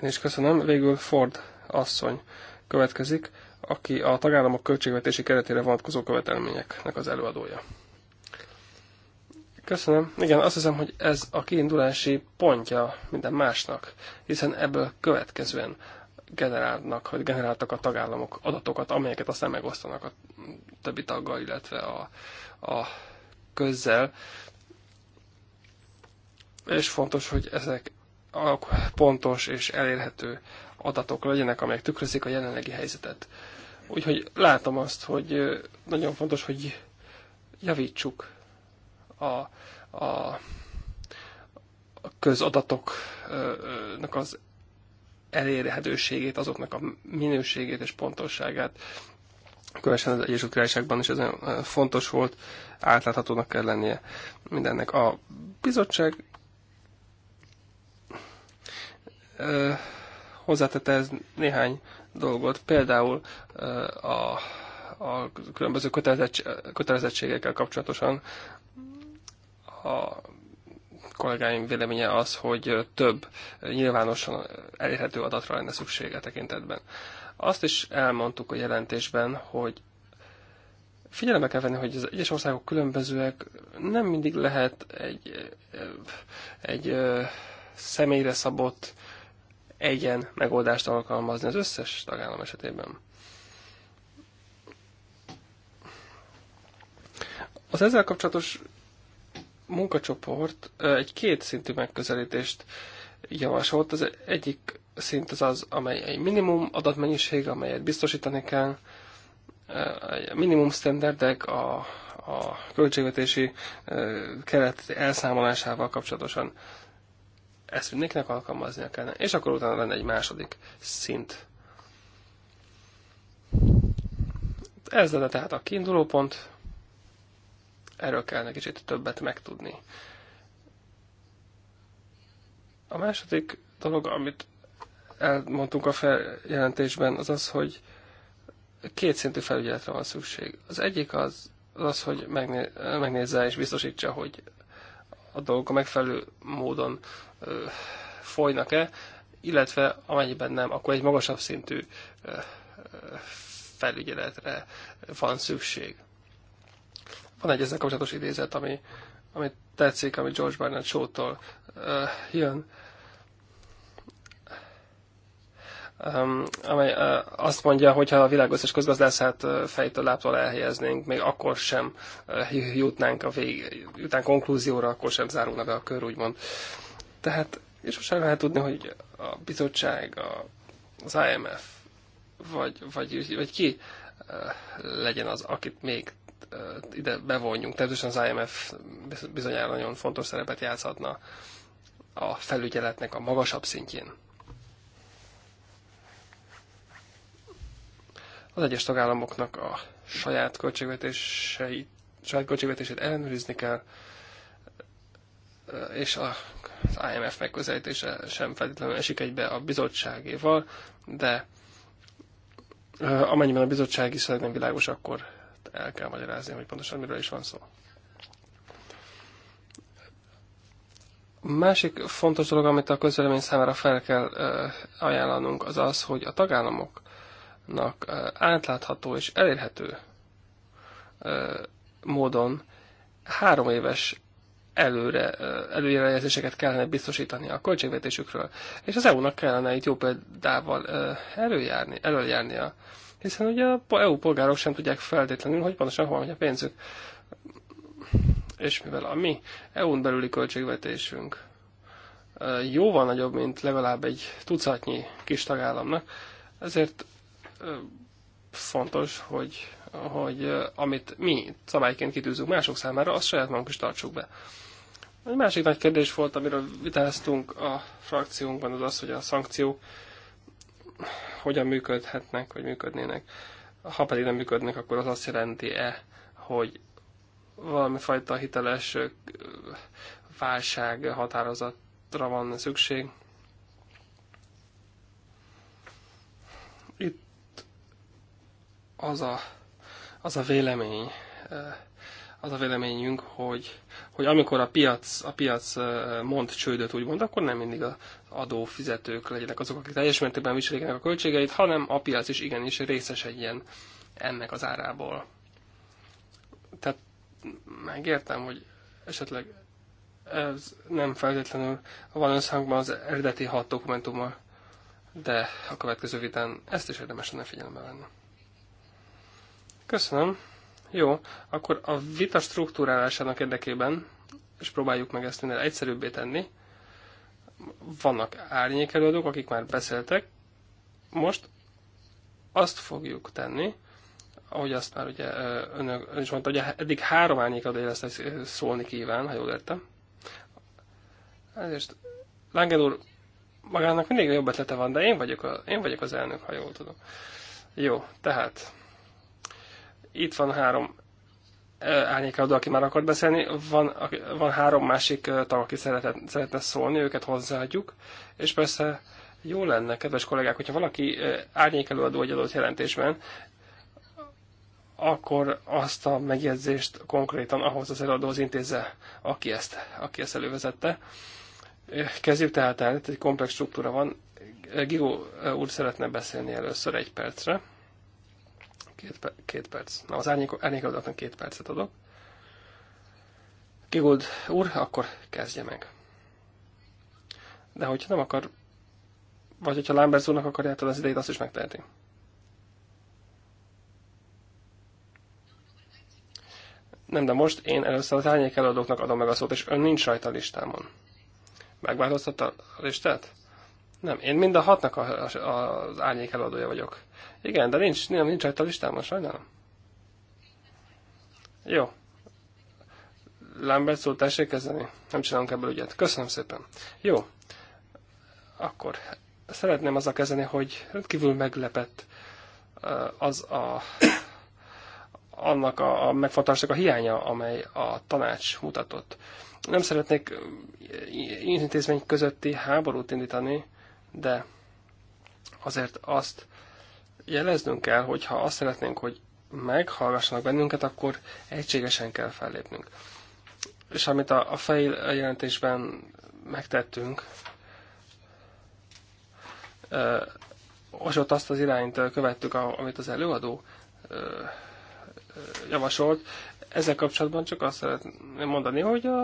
Én is köszönöm. Végül Ford asszony következik, aki a tagállamok költségvetési keretére vonatkozó követelményeknek az előadója. Köszönöm. Igen, azt hiszem, hogy ez a kiindulási pontja minden másnak, hiszen ebből következően generálnak, hogy generáltak a tagállamok adatokat, amelyeket aztán megosztanak a többi taggal, illetve a, a közzel. És fontos, hogy ezek a pontos és elérhető adatok legyenek, amelyek tükrözik a jelenlegi helyzetet. Úgyhogy látom azt, hogy nagyon fontos, hogy javítsuk a, a közadatoknak az elérhetőségét, azoknak a minőségét és pontosságát. Különösen az Egyesült Királyságban is ez fontos volt, átláthatónak kell lennie mindennek. A bizottság hozzátette ez néhány dolgot, például a, a különböző kötelezettségekkel kapcsolatosan a kollégáim véleménye az, hogy több nyilvánosan elérhető adatra lenne szüksége tekintetben. Azt is elmondtuk a jelentésben, hogy figyelembe kell venni, hogy az egyes országok különbözőek, nem mindig lehet egy, egy személyre szabott egyen megoldást alkalmazni az összes tagállam esetében. Az ezzel kapcsolatos munkacsoport egy kétszintű megközelítést javasolt. Az egyik szint az az, amely egy minimum adatmennyiség, amelyet biztosítani kell, a minimum standardek a, a költségvetési keret elszámolásával kapcsolatosan. Ezt mindenkinek alkalmaznia kellene. És akkor utána lenne egy második szint. Ez lenne tehát a kiinduló pont, erről kellene kicsit többet megtudni. A második dolog, amit elmondtunk a feljelentésben, az az, hogy kétszintű felügyeletre van szükség. Az egyik az az, az hogy megné, megnézze és biztosítsa, hogy a dolgok a megfelelő módon ö, folynak-e, illetve amennyiben nem, akkor egy magasabb szintű ö, ö, felügyeletre van szükség. Van egy ezzel kapcsolatos idézet, ami, ami tetszik, ami George Bernard Shaw-tól uh, jön, um, amely uh, azt mondja, hogy ha a világ összes közgazdászát uh, fejtől láptól elhelyeznénk, még akkor sem uh, jutnánk a vég, után konklúzióra, akkor sem zárulna be a kör, úgymond. Tehát, és most lehet tudni, hogy a bizottság, a, az IMF, vagy, vagy, vagy ki uh, legyen az, akit még ide bevonjunk. Természetesen az IMF bizonyára nagyon fontos szerepet játszhatna a felügyeletnek a magasabb szintjén. Az egyes tagállamoknak a saját saját költségvetését ellenőrizni kell, és az IMF megközelítése sem feltétlenül esik egybe a bizottságéval, de amennyiben a bizottság is nem világos, akkor el kell magyarázni, hogy pontosan miről is van szó. Másik fontos dolog, amit a közvélemény számára fel kell ajánlanunk, az az, hogy a tagállamoknak átlátható és elérhető módon három éves előre, előjelezéseket kellene biztosítani a költségvetésükről, és az EU-nak kellene itt jó példával előjárni, előjárnia hiszen ugye a EU polgárok sem tudják feltétlenül, hogy pontosan hol megy a pénzük. És mivel a mi EU-n belüli költségvetésünk jóval nagyobb, mint legalább egy tucatnyi kis tagállamnak, ezért fontos, hogy, hogy amit mi szabályként kitűzünk mások számára, azt saját magunk is tartsuk be. Egy másik nagy kérdés volt, amiről vitáztunk a frakciónkban, az az, hogy a szankciók hogyan működhetnek, vagy működnének. Ha pedig nem működnek, akkor az azt jelenti-e, hogy valami fajta hiteles válság határozatra van szükség. Itt az a, az a vélemény, az a véleményünk, hogy, hogy amikor a piac, a piac mond csődöt úgymond, akkor nem mindig az adófizetők legyenek azok, akik teljes mértékben viselik a költségeit, hanem a piac is igenis részesedjen ennek az árából. Tehát megértem, hogy esetleg ez nem feltétlenül van összhangban az eredeti hat dokumentummal, de a következő vitán ezt is érdemes lenne figyelembe venni. Köszönöm. Jó, akkor a vita struktúrálásának érdekében, és próbáljuk meg ezt minél egyszerűbbé tenni, vannak árnyékelődők, akik már beszéltek. Most azt fogjuk tenni, ahogy azt már ugye önök, ön is mondta, hogy eddig három árnyékadó ezt szólni kíván, ha jól értem. Ezért Langen úr, magának mindig jobb ötlete van, de én vagyok, a, én vagyok az elnök, ha jól tudom. Jó, tehát itt van három árnyékelődő, aki már akart beszélni, van, van három másik tag, aki szeretne, szeretne szólni, őket hozzáadjuk, és persze jó lenne, kedves kollégák, hogyha valaki árnyékelőadó egy adott jelentésben, akkor azt a megjegyzést konkrétan ahhoz az előadóhoz intézze, aki ezt, aki ezt elővezette. Kezdjük tehát el, itt egy komplex struktúra van. Gigó úr szeretne beszélni először egy percre. Két, két perc. Na, az árnyékadóknak két percet adok. Kigold úr, akkor kezdje meg. De hogyha nem akar, vagy hogyha Lambert úrnak akarjától az idejét, azt is megteheti. Nem, de most én először az árnyék előadóknak adom meg a szót, és ön nincs rajta a listámon. Megváltoztatta a listát? Nem, én mind a hatnak a, a, az árnyék előadója vagyok. Igen, de nincs, nem, nincs rajta a listámon, sajnálom. Jó. Lambert szó, tessék kezdeni. Nem csinálunk ebből ügyet. Köszönöm szépen. Jó. Akkor szeretném a kezdeni, hogy rendkívül meglepett eh, az a annak a, a megfontolásnak a hiánya, amely a tanács mutatott. Nem szeretnék eh, intézmény közötti háborút indítani, de azért azt jeleznünk kell, hogy ha azt szeretnénk, hogy meghallgassanak bennünket, akkor egységesen kell fellépnünk. És amit a, a fejl jelentésben megtettünk, és ott azt az irányt követtük, amit az előadó javasolt. Ezzel kapcsolatban csak azt szeretném mondani, hogy a,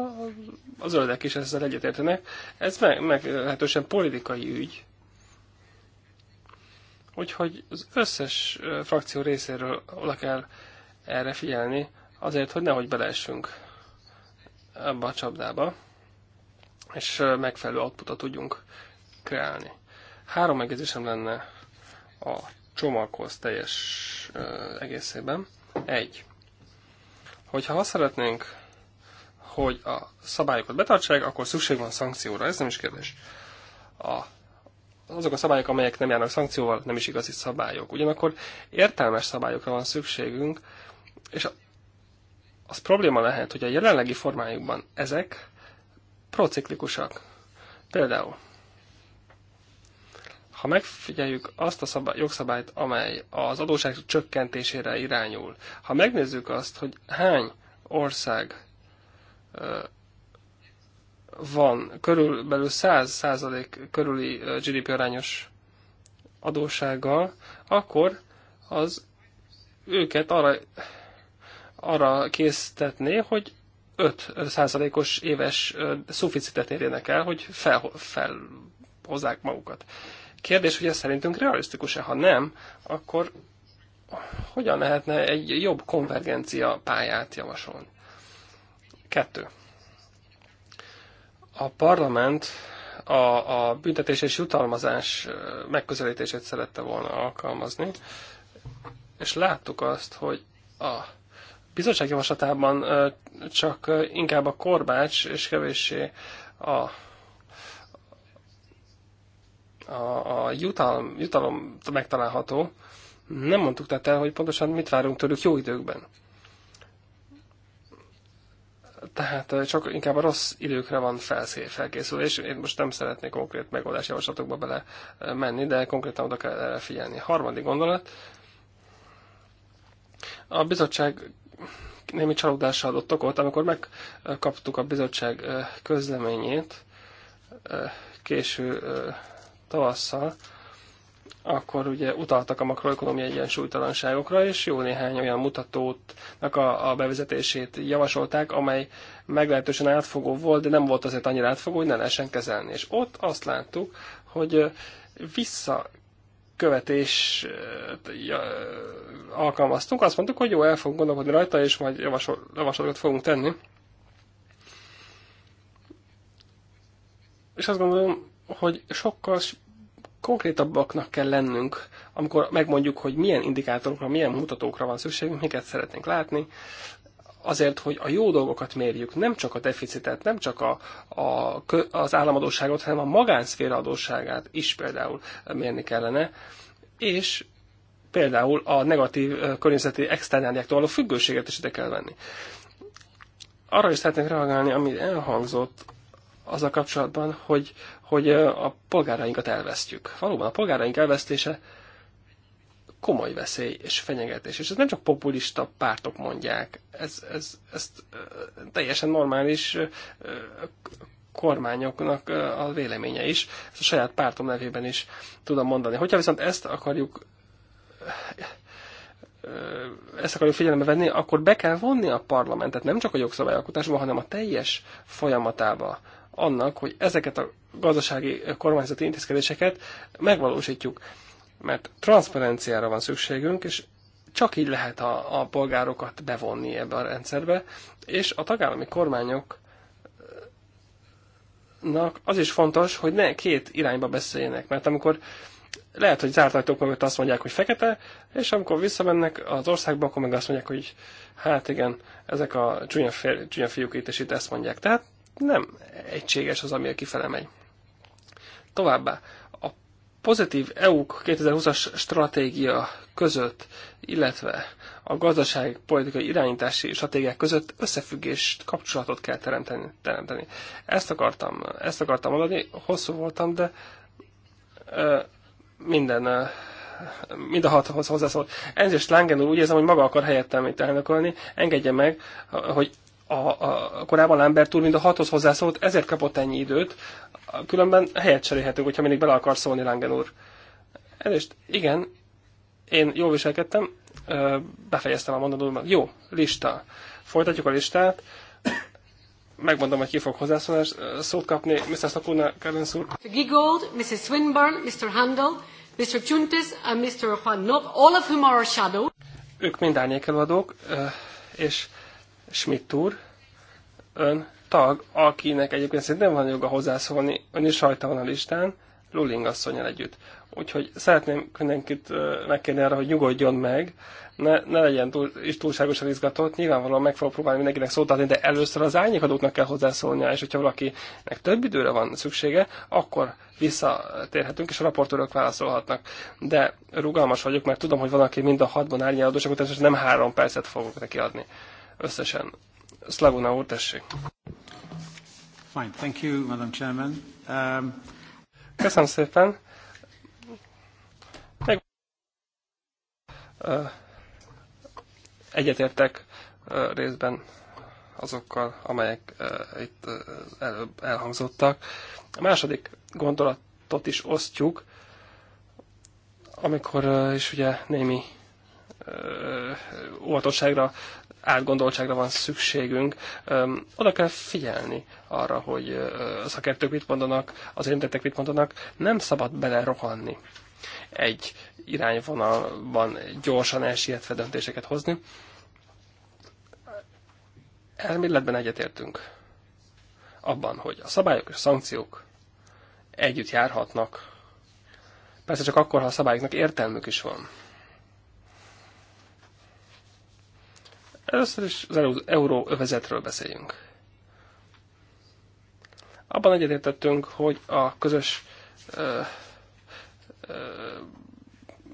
a zöldek is ezzel egyetértenek. Ez meg, meglehetősen politikai ügy, Úgyhogy az összes frakció részéről oda kell erre figyelni, azért, hogy nehogy beleessünk ebbe a csapdába, és megfelelő outputot tudjunk kreálni. Három megjegyzésem lenne a csomaghoz teljes egészében. Egy. Hogyha azt szeretnénk, hogy a szabályokat betartsák, akkor szükség van szankcióra, ez nem is kérdés. A azok a szabályok, amelyek nem járnak szankcióval, nem is igazi szabályok. Ugyanakkor értelmes szabályokra van szükségünk, és az probléma lehet, hogy a jelenlegi formájukban ezek prociklikusak. Például, ha megfigyeljük azt a szabály, jogszabályt, amely az adóság csökkentésére irányul, ha megnézzük azt, hogy hány ország van körülbelül 100% körüli GDP arányos adósággal, akkor az őket arra, arra késztetné, hogy 5%-os éves szuficitet érjenek el, hogy fel, felhozzák magukat. Kérdés, hogy ez szerintünk realisztikus-e? Ha nem, akkor hogyan lehetne egy jobb konvergencia pályát javasolni? Kettő. A parlament a, a büntetés és jutalmazás megközelítését szerette volna alkalmazni, és láttuk azt, hogy a bizottság javaslatában csak inkább a korbács és kevéssé a a, a jutalom, jutalom megtalálható. Nem mondtuk tehát el, hogy pontosan mit várunk tőlük jó időkben. Tehát csak inkább a rossz időkre van felszé, felkészülve, és én most nem szeretnék konkrét megoldási javaslatokba bele menni, de konkrétan oda kell erre figyelni. Harmadik gondolat. A bizottság némi csalódással adott okot, amikor megkaptuk a bizottság közleményét késő tavasszal, akkor ugye utaltak a makroekonomiai egyensúlytalanságokra, és jó néhány olyan mutatótnak a, a bevezetését javasolták, amely meglehetősen átfogó volt, de nem volt azért annyira átfogó, hogy ne lehessen kezelni. És ott azt láttuk, hogy vissza követés alkalmaztunk, azt mondtuk, hogy jó, el fogunk gondolkodni rajta, és majd javasol, javaslatokat fogunk tenni. És azt gondolom, hogy sokkal konkrétabbaknak kell lennünk, amikor megmondjuk, hogy milyen indikátorokra, milyen mutatókra van szükségünk, miket szeretnénk látni, azért, hogy a jó dolgokat mérjük, nem csak a deficitet, nem csak a, a, az államadóságot, hanem a magánszféra adósságát is például mérni kellene, és például a negatív környezeti externáliáktól való függőséget is ide kell venni. Arra is szeretnék reagálni, ami elhangzott az a kapcsolatban, hogy, hogy a polgárainkat elvesztjük. Valóban a polgáraink elvesztése komoly veszély és fenyegetés. És ez nem csak populista pártok mondják, ez, ez, ezt teljesen normális kormányoknak a véleménye is. Ezt a saját pártom nevében is tudom mondani. Hogyha viszont ezt akarjuk ezt akarjuk figyelembe venni, akkor be kell vonni a parlamentet nem csak a jogszabályalkotásba, hanem a teljes folyamatába annak, hogy ezeket a gazdasági kormányzati intézkedéseket megvalósítjuk. Mert transzparenciára van szükségünk, és csak így lehet a, a polgárokat bevonni ebbe a rendszerbe, és a tagállami kormányok az is fontos, hogy ne két irányba beszéljenek, mert amikor lehet, hogy zárt ajtók mögött azt mondják, hogy fekete, és amikor visszamennek az országba, akkor meg azt mondják, hogy hát igen, ezek a csúnya, fél, csúnya fiúk itt és itt ezt mondják. Tehát nem egységes az, ami kifele megy. Továbbá, a pozitív EU 2020-as stratégia között, illetve a gazdaságpolitikai irányítási stratégiák között összefüggést, kapcsolatot kell teremteni. teremteni. Ezt, akartam, ezt akartam mondani, hosszú voltam, de ö, minden ö, mind a hathoz hozzászólt. Enzős Lángen úr úgy érzem, hogy maga akar helyettem itt elnökölni. Engedje meg, hogy a, a korábban Lambert úr mind a hathoz hozzászólt, ezért kapott ennyi időt, különben helyet cserélhetünk, hogyha mindig bele akar szólni Langen úr. Elést, igen, én jól viselkedtem, befejeztem a mondatomat. Jó, lista. Folytatjuk a listát. Megmondom, hogy ki fog hozzászólás szót kapni. Mr. Sakuna, Karenc úr. Mr. Gigold, Mrs. Swinburne, Mr. Handel, Mr. Chuntis and Mr. Juan Nob, all of whom are our shadow. Ők mind árnyékelőadók, és Schmidt úr, ön tag, akinek egyébként szerintem van joga hozzászólni, ön is rajta van a listán, Luling asszonyjal együtt. Úgyhogy szeretném mindenkit megkérni arra, hogy nyugodjon meg, ne, ne legyen túl, is túlságosan izgatott, nyilvánvalóan meg fogok próbálni mindenkinek szót adni, de először az árnyékadóknak kell hozzászólnia, és hogyha valakinek több időre van szüksége, akkor visszatérhetünk, és a raportőrök válaszolhatnak. De rugalmas vagyok, mert tudom, hogy van, aki mind a hatban árnyékadós, akkor nem három percet fogok neki adni összesen. Slavuna úr, tessék. Fine, thank you, Madam Chairman. Um... Köszönöm szépen. Meg... egyetértek részben azokkal, amelyek itt előbb elhangzottak. A második gondolatot is osztjuk, amikor is ugye némi óvatosságra átgondoltságra van szükségünk. Oda kell figyelni arra, hogy a szakértők mit mondanak, az érintettek mit mondanak. Nem szabad belerohanni egy irányvonalban gyorsan elsietve döntéseket hozni. Elméletben egyetértünk abban, hogy a szabályok és a szankciók együtt járhatnak. Persze csak akkor, ha a szabályoknak értelmük is van Először is az euróövezetről beszéljünk. Abban egyetértettünk, hogy a közös ö, ö,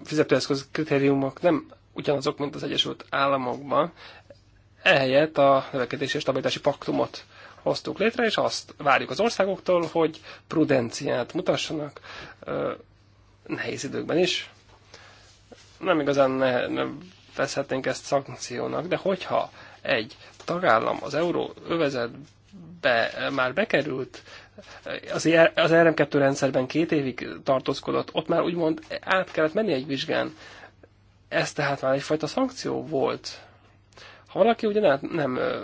fizetőeszköz kritériumok nem ugyanazok, mint az Egyesült Államokban. Ehelyett a növekedési és stabilitási paktumot hoztuk létre, és azt várjuk az országoktól, hogy prudenciát mutassanak ö, nehéz időkben is. Nem igazán ne, nem nevezhetnénk ezt szankciónak, de hogyha egy tagállam az euró övezetbe eh, már bekerült, eh, az, e az e RM2 rendszerben két évig tartózkodott, ott már úgymond át kellett menni egy vizsgán. Ez tehát már egyfajta szankció volt. Ha valaki ugye nem, nem eh,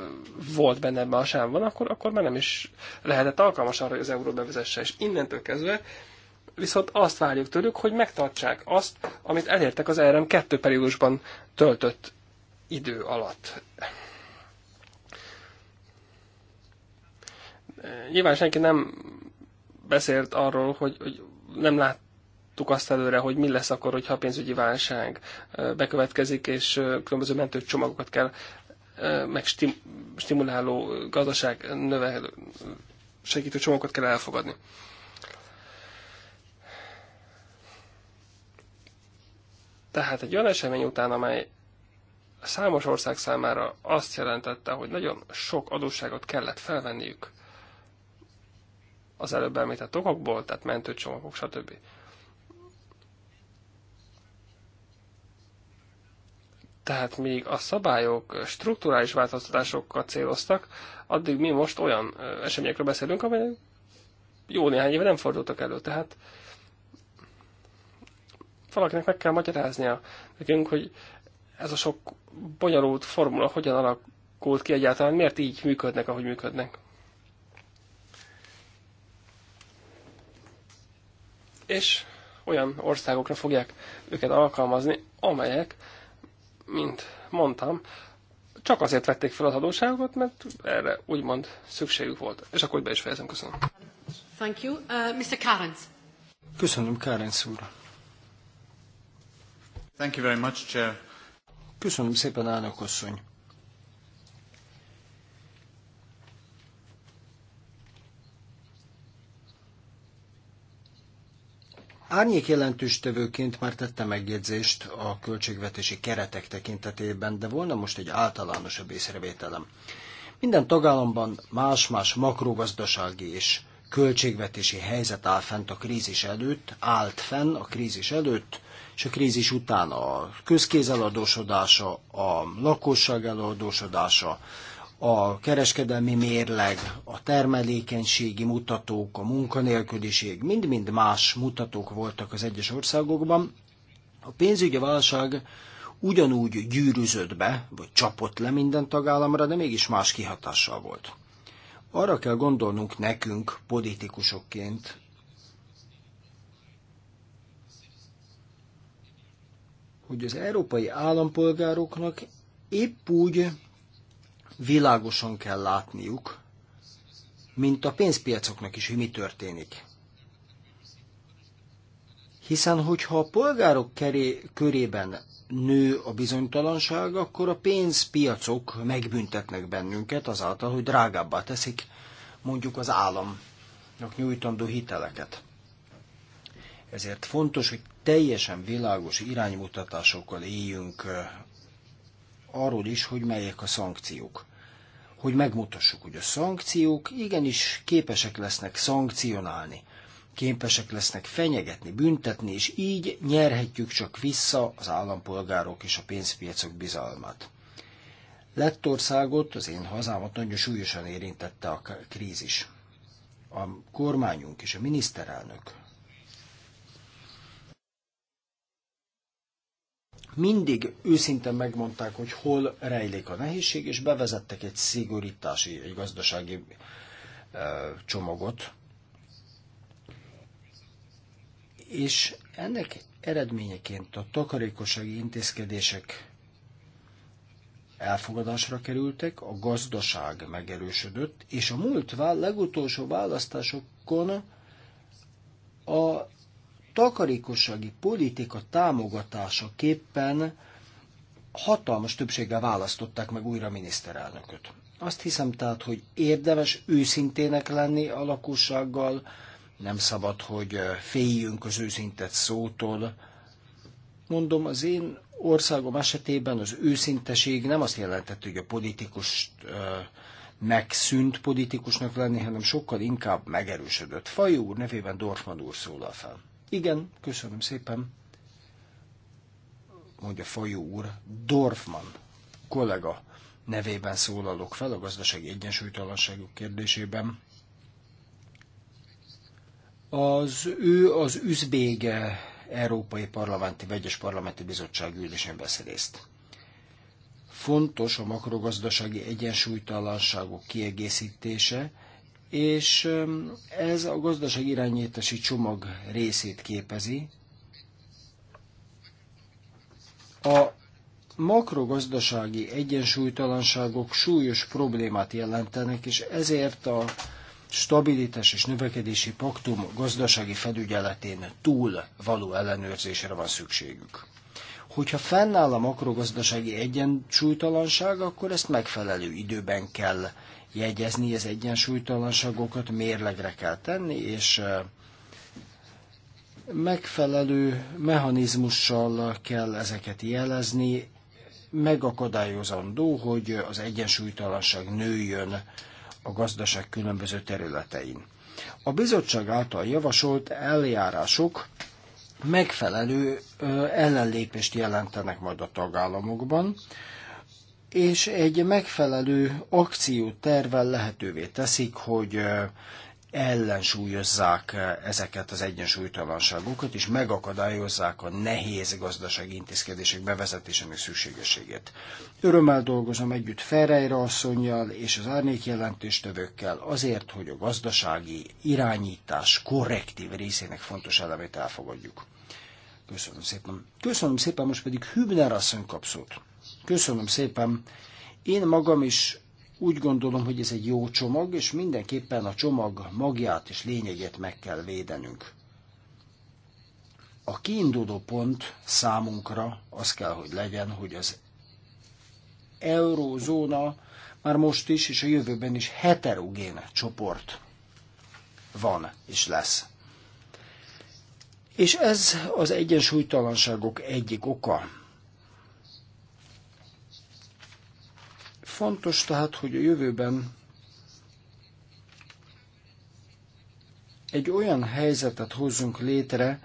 volt benne ebben a sávban, akkor, akkor már nem is lehetett alkalmas arra, hogy az euró bevezesse, és innentől kezdve viszont azt várjuk tőlük, hogy megtartsák azt, amit elértek az e RM 2 periódusban töltött idő alatt. Nyilván senki nem beszélt arról, hogy, hogy nem lát, láttuk azt előre, hogy mi lesz akkor, hogyha a pénzügyi válság bekövetkezik, és különböző mentőcsomagokat kell meg stimuláló gazdaság növelő segítő csomagokat kell elfogadni. Tehát egy olyan esemény után, amely számos ország számára azt jelentette, hogy nagyon sok adósságot kellett felvenniük az előbb említett okokból, tehát mentőcsomagok, stb. Tehát még a szabályok strukturális változtatásokat céloztak, addig mi most olyan eseményekről beszélünk, amelyek jó néhány éve nem fordultak elő. Tehát valakinek meg kell magyaráznia nekünk, hogy ez a sok bonyolult formula hogyan alakult ki egyáltalán, miért így működnek, ahogy működnek. És olyan országokra fogják őket alkalmazni, amelyek, mint mondtam, csak azért vették fel az adóságot, mert erre úgymond szükségük volt. És akkor be is fejezem, köszönöm. Thank you. Uh, Mr. Karenz. Köszönöm, Karenz úr. Thank you very much, Chair. Köszönöm szépen, elnök asszony. Árnyék jelentőstevőként már tettem megjegyzést a költségvetési keretek tekintetében, de volna most egy általánosabb észrevételem. Minden tagállamban más-más makrogazdasági és költségvetési helyzet áll fent a krízis előtt, állt fenn a krízis előtt, és a krízis után a közkéz eladósodása, a lakosság eladósodása, a kereskedelmi mérleg, a termelékenységi mutatók, a munkanélküliség, mind-mind más mutatók voltak az egyes országokban. A pénzügyi válság ugyanúgy gyűrűzött be, vagy csapott le minden tagállamra, de mégis más kihatással volt. Arra kell gondolnunk nekünk, politikusokként, hogy az európai állampolgároknak épp úgy világosan kell látniuk, mint a pénzpiacoknak is, hogy mi történik. Hiszen, hogyha a polgárok keré, körében nő a bizonytalanság, akkor a pénzpiacok megbüntetnek bennünket azáltal, hogy drágábbá teszik mondjuk az államnak nyújtandó hiteleket. Ezért fontos, hogy teljesen világos iránymutatásokkal éljünk arról is, hogy melyek a szankciók. Hogy megmutassuk, hogy a szankciók igenis képesek lesznek szankcionálni, képesek lesznek fenyegetni, büntetni, és így nyerhetjük csak vissza az állampolgárok és a pénzpiacok bizalmát. Lettországot, az én hazámat nagyon súlyosan érintette a krízis. A kormányunk és a miniszterelnök mindig őszintén megmondták, hogy hol rejlik a nehézség, és bevezettek egy szigorítási, egy gazdasági csomagot. És ennek eredményeként a takarékossági intézkedések elfogadásra kerültek, a gazdaság megerősödött, és a múlt vál, legutolsó választásokon a takarékossági politika támogatásaképpen hatalmas többséggel választották meg újra miniszterelnököt. Azt hiszem tehát, hogy érdemes őszintének lenni a lakossággal, nem szabad, hogy féljünk az őszintett szótól. Mondom, az én országom esetében az őszinteség nem azt jelentett, hogy a politikus megszűnt politikusnak lenni, hanem sokkal inkább megerősödött. Fajú úr nevében Dorfman úr szólal fel. Igen, köszönöm szépen, mondja Fajó úr, Dorfman kollega nevében szólalok fel a gazdasági egyensúlytalanságok kérdésében. Az ő az üzbége Európai Parlamenti Vegyes Parlamenti Bizottság ülésén vesz részt. Fontos a makrogazdasági egyensúlytalanságok kiegészítése, és ez a gazdaság irányítási csomag részét képezi. A makrogazdasági egyensúlytalanságok súlyos problémát jelentenek, és ezért a stabilitás és növekedési paktum gazdasági felügyeletén túl való ellenőrzésre van szükségük. Hogyha fennáll a makrogazdasági egyensúlytalanság, akkor ezt megfelelő időben kell jegyezni, az egyensúlytalanságokat mérlegre kell tenni, és megfelelő mechanizmussal kell ezeket jelezni, megakadályozandó, hogy az egyensúlytalanság nőjön a gazdaság különböző területein. A bizottság által javasolt eljárások megfelelő ellenlépést jelentenek majd a tagállamokban, és egy megfelelő akciótervel lehetővé teszik, hogy ellensúlyozzák eh, ezeket az egyensúlytalanságokat, és megakadályozzák a nehéz gazdasági intézkedések bevezetésének szükségességét. Örömmel dolgozom együtt Ferreira asszonyjal és az árnék jelentéstövőkkel azért, hogy a gazdasági irányítás korrektív részének fontos elemét elfogadjuk. Köszönöm szépen. Köszönöm szépen, most pedig Hübner asszony kapszót. Köszönöm szépen. Én magam is úgy gondolom, hogy ez egy jó csomag, és mindenképpen a csomag magját és lényegét meg kell védenünk. A kiinduló pont számunkra az kell, hogy legyen, hogy az eurózóna már most is és a jövőben is heterogén csoport van és lesz. És ez az egyensúlytalanságok egyik oka, Fontos tehát, hogy a jövőben egy olyan helyzetet hozzunk létre,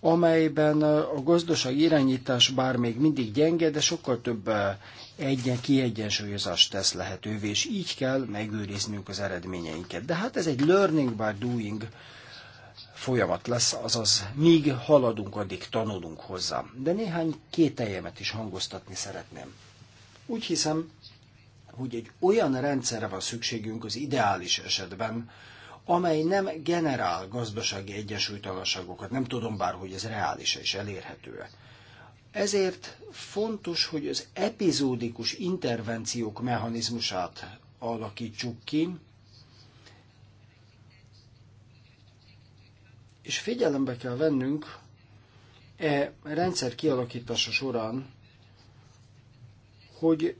amelyben a gazdaság irányítás bár még mindig gyenge, de sokkal több eh, egyen kiegyensúlyozást tesz lehetővé, és így kell megőriznünk az eredményeinket. De hát ez egy learning by doing folyamat lesz, azaz míg haladunk, addig tanulunk hozzá. De néhány kételjemet is hangoztatni szeretném. Úgy hiszem, hogy egy olyan rendszerre van szükségünk az ideális esetben, amely nem generál gazdasági egyensúlytalanságokat. Nem tudom bár, hogy ez reális és elérhető -e. Ezért fontos, hogy az epizódikus intervenciók mechanizmusát alakítsuk ki, és figyelembe kell vennünk e rendszer kialakítása során, hogy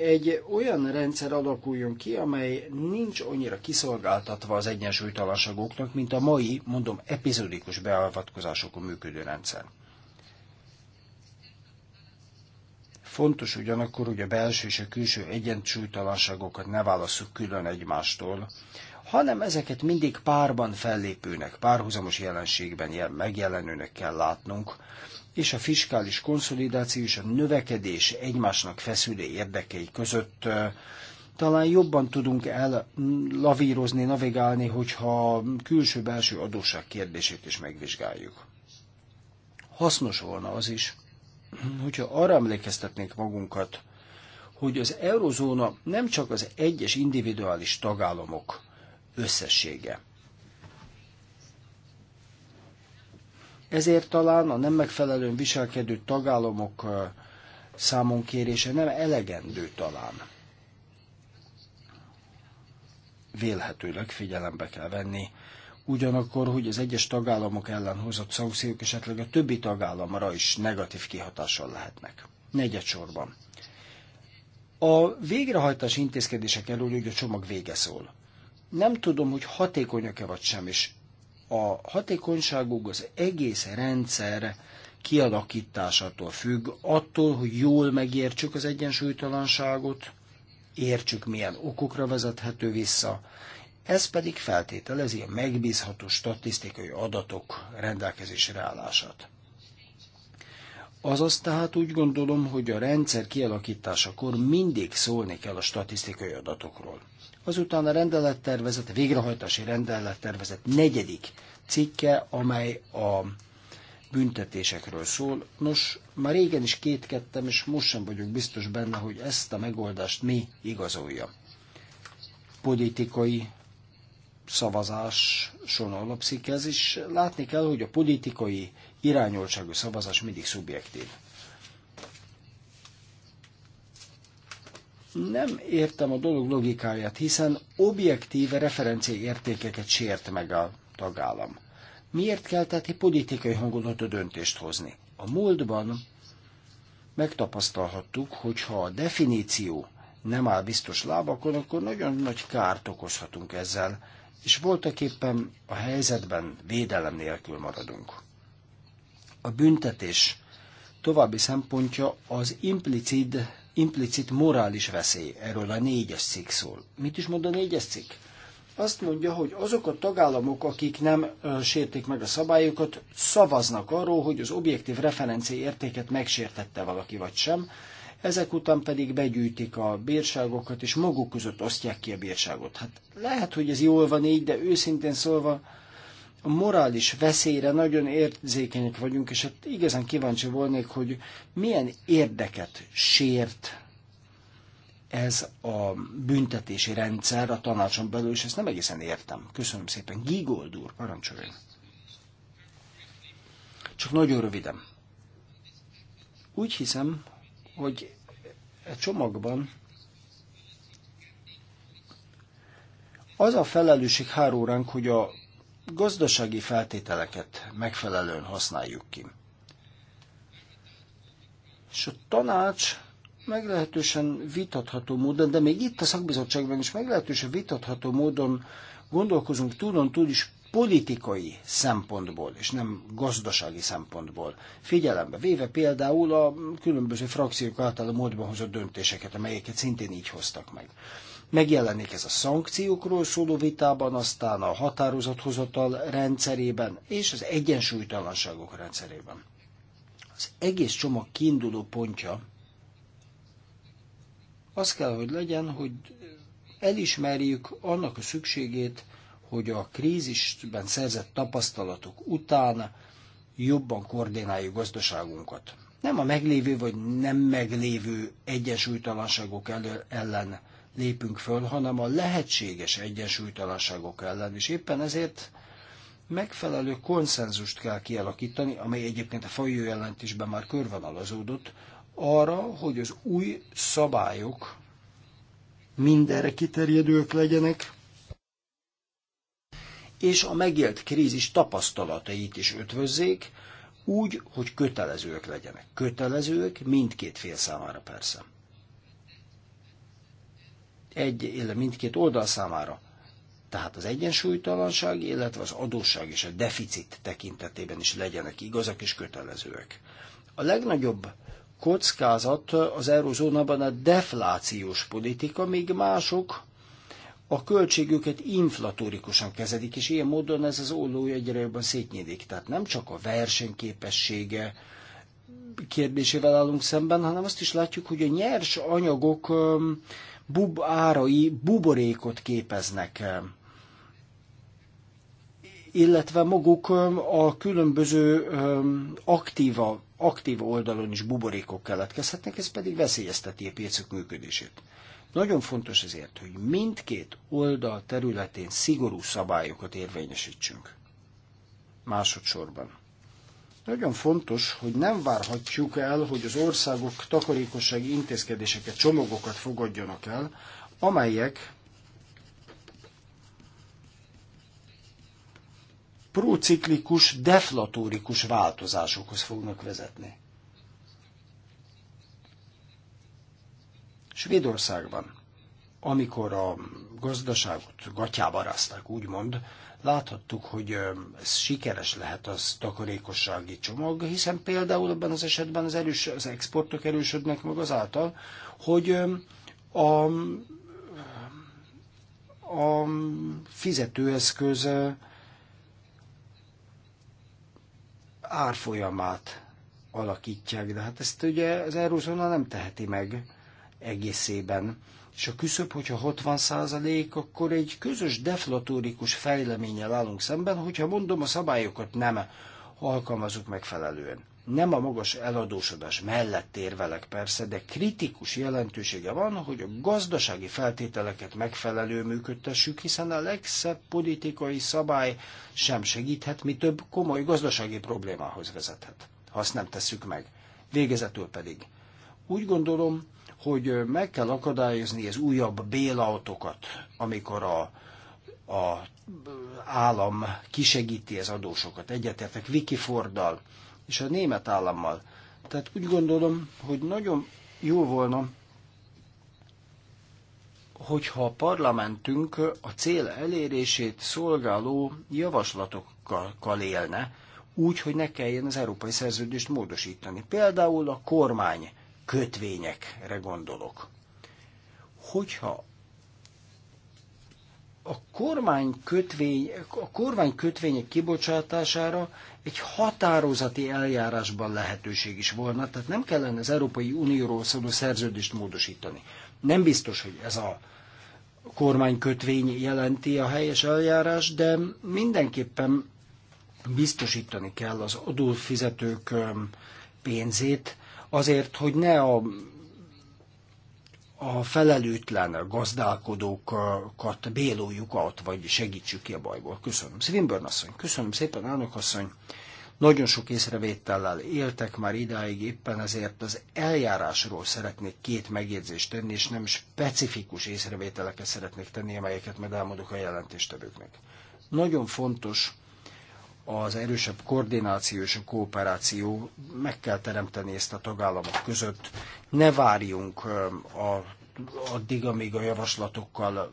egy olyan rendszer alakuljon ki, amely nincs annyira kiszolgáltatva az egyensúlytalanságoknak, mint a mai, mondom, epizódikus beavatkozásokon működő rendszer. Fontos ugyanakkor, hogy a belső és a külső egyensúlytalanságokat ne válasszuk külön egymástól, hanem ezeket mindig párban fellépőnek, párhuzamos jelenségben megjelenőnek kell látnunk, és a fiskális konszolidáció és a növekedés egymásnak feszülő érdekei között talán jobban tudunk ellavírozni, navigálni, hogyha külső-belső adósság kérdését is megvizsgáljuk. Hasznos volna az is, hogyha arra emlékeztetnénk magunkat, hogy az eurozóna nem csak az egyes individuális tagállamok összessége. Ezért talán a nem megfelelően viselkedő tagállamok számonkérése nem elegendő talán. Vélhetőleg figyelembe kell venni, ugyanakkor, hogy az egyes tagállamok ellen hozott szankciók esetleg a többi tagállamra is negatív kihatással lehetnek. Negyedsorban. A végrehajtás intézkedések elől hogy a csomag vége szól. Nem tudom, hogy hatékonyak-e vagy sem, és a hatékonyságuk az egész rendszer kialakításától függ, attól, hogy jól megértsük az egyensúlytalanságot, értsük, milyen okokra vezethető vissza, ez pedig feltételezi a megbízható statisztikai adatok rendelkezésre állását. Azaz tehát úgy gondolom, hogy a rendszer kialakításakor mindig szólni kell a statisztikai adatokról. Azután a rendelettervezet, a végrehajtási rendelettervezet negyedik cikke, amely a büntetésekről szól. Nos, már régen is kétkedtem, és most sem vagyok biztos benne, hogy ezt a megoldást mi igazolja. Politikai szavazáson alapszik ez, és látni kell, hogy a politikai irányoltságú szavazás mindig szubjektív. nem értem a dolog logikáját, hiszen objektív értékeket sért meg a tagállam. Miért kell tehát politikai hangulatú döntést hozni? A múltban megtapasztalhattuk, hogy ha a definíció nem áll biztos lábakon, akkor nagyon nagy kárt okozhatunk ezzel, és voltak éppen a helyzetben védelem nélkül maradunk. A büntetés további szempontja az implicit implicit morális veszély, erről a négyes cikk szól. Mit is mond a négyes cikk? Azt mondja, hogy azok a tagállamok, akik nem sérték meg a szabályokat, szavaznak arról, hogy az objektív referencia értéket megsértette valaki vagy sem, ezek után pedig begyűjtik a bírságokat, és maguk között osztják ki a bírságot. Hát lehet, hogy ez jól van így, de őszintén szólva, a morális veszélyre nagyon érzékenyek vagyunk, és hát igazán kíváncsi volnék, hogy milyen érdeket sért ez a büntetési rendszer a tanácson belül, és ezt nem egészen értem. Köszönöm szépen. Gigold úr, parancsoljon. Csak nagyon röviden. Úgy hiszem, hogy a e csomagban az a felelősség háróránk, hogy a gazdasági feltételeket megfelelően használjuk ki. És a tanács meglehetősen vitatható módon, de még itt a szakbizottságban is meglehetősen vitatható módon gondolkozunk túlon túl is politikai szempontból, és nem gazdasági szempontból. Figyelembe véve például a különböző frakciók által a módban hozott döntéseket, amelyeket szintén így hoztak meg megjelenik ez a szankciókról szóló vitában, aztán a határozathozatal rendszerében és az egyensúlytalanságok rendszerében. Az egész csomag kiinduló pontja az kell, hogy legyen, hogy elismerjük annak a szükségét, hogy a krízisben szerzett tapasztalatok után jobban koordináljuk gazdaságunkat. Nem a meglévő vagy nem meglévő egyensúlytalanságok ellen lépünk föl, hanem a lehetséges egyensúlytalanságok ellen, és éppen ezért megfelelő konszenzust kell kialakítani, amely egyébként a folyó jelentésben már körvonalazódott, arra, hogy az új szabályok mindenre kiterjedők legyenek, és a megélt krízis tapasztalatait is ötvözzék, úgy, hogy kötelezőek legyenek. Kötelezőek mindkét fél számára persze egy, illetve mindkét oldal számára. Tehát az egyensúlytalanság, illetve az adósság és a deficit tekintetében is legyenek igazak és kötelezőek. A legnagyobb kockázat az eurozónában a deflációs politika, míg mások a költségüket inflatórikusan kezelik, és ilyen módon ez az olló egyre jobban szétnyílik. Tehát nem csak a versenyképessége kérdésével állunk szemben, hanem azt is látjuk, hogy a nyers anyagok bub árai buborékot képeznek eh, illetve maguk eh, a különböző eh, aktíva, aktíva oldalon is buborékok keletkezhetnek, ez pedig veszélyezteti a piacok működését. Nagyon fontos ezért, hogy mindkét oldal területén szigorú szabályokat érvényesítsünk. Másodszorban. Nagyon fontos, hogy nem várhatjuk el, hogy az országok takarékossági intézkedéseket, csomagokat fogadjanak el, amelyek prociklikus, deflatórikus változásokhoz fognak vezetni. Svédországban, amikor a gazdaságot gatyába rázták, úgymond, Láthattuk, hogy ez sikeres lehet az takarékossági csomag, hiszen például ebben az esetben az, erős, az exportok erősödnek meg azáltal, hogy a, a fizetőeszköz árfolyamát alakítják, de hát ezt ugye az Eurózóna nem teheti meg egészében és a küszöb, hogyha 60 százalék, akkor egy közös deflatórikus fejleménnyel állunk szemben, hogyha mondom, a szabályokat nem alkalmazunk megfelelően. Nem a magas eladósodás mellett érvelek persze, de kritikus jelentősége van, hogy a gazdasági feltételeket megfelelő működtessük, hiszen a legszebb politikai szabály sem segíthet, mi több komoly gazdasági problémához vezethet, ha azt nem tesszük meg. Végezetül pedig. Úgy gondolom, hogy meg kell akadályozni az újabb bélautokat, amikor a, a állam kisegíti az adósokat. Egyetértek Viki Forddal és a német állammal. Tehát úgy gondolom, hogy nagyon jó volna, hogyha a parlamentünk a cél elérését szolgáló javaslatokkal élne, úgy, hogy ne kelljen az európai szerződést módosítani. Például a kormány kötvényekre gondolok. Hogyha a kormány, kötvény, a kormány kötvények kibocsátására egy határozati eljárásban lehetőség is volna, tehát nem kellene az Európai Unióról szóló szerződést módosítani. Nem biztos, hogy ez a kormánykötvény jelenti a helyes eljárás, de mindenképpen biztosítani kell az adófizetők pénzét, azért, hogy ne a a felelőtlen gazdálkodókat béloljuk át, vagy segítsük ki a bajból. Köszönöm. Swinburne asszony, köszönöm szépen, elnök asszony. Nagyon sok észrevétellel éltek már idáig, éppen ezért az eljárásról szeretnék két megjegyzést tenni, és nem specifikus észrevételeket szeretnék tenni, amelyeket majd elmondok a jelentéstevőknek. Nagyon fontos, az erősebb koordináció és a kooperáció meg kell teremteni ezt a tagállamok között. Ne várjunk a, addig, amíg a javaslatokkal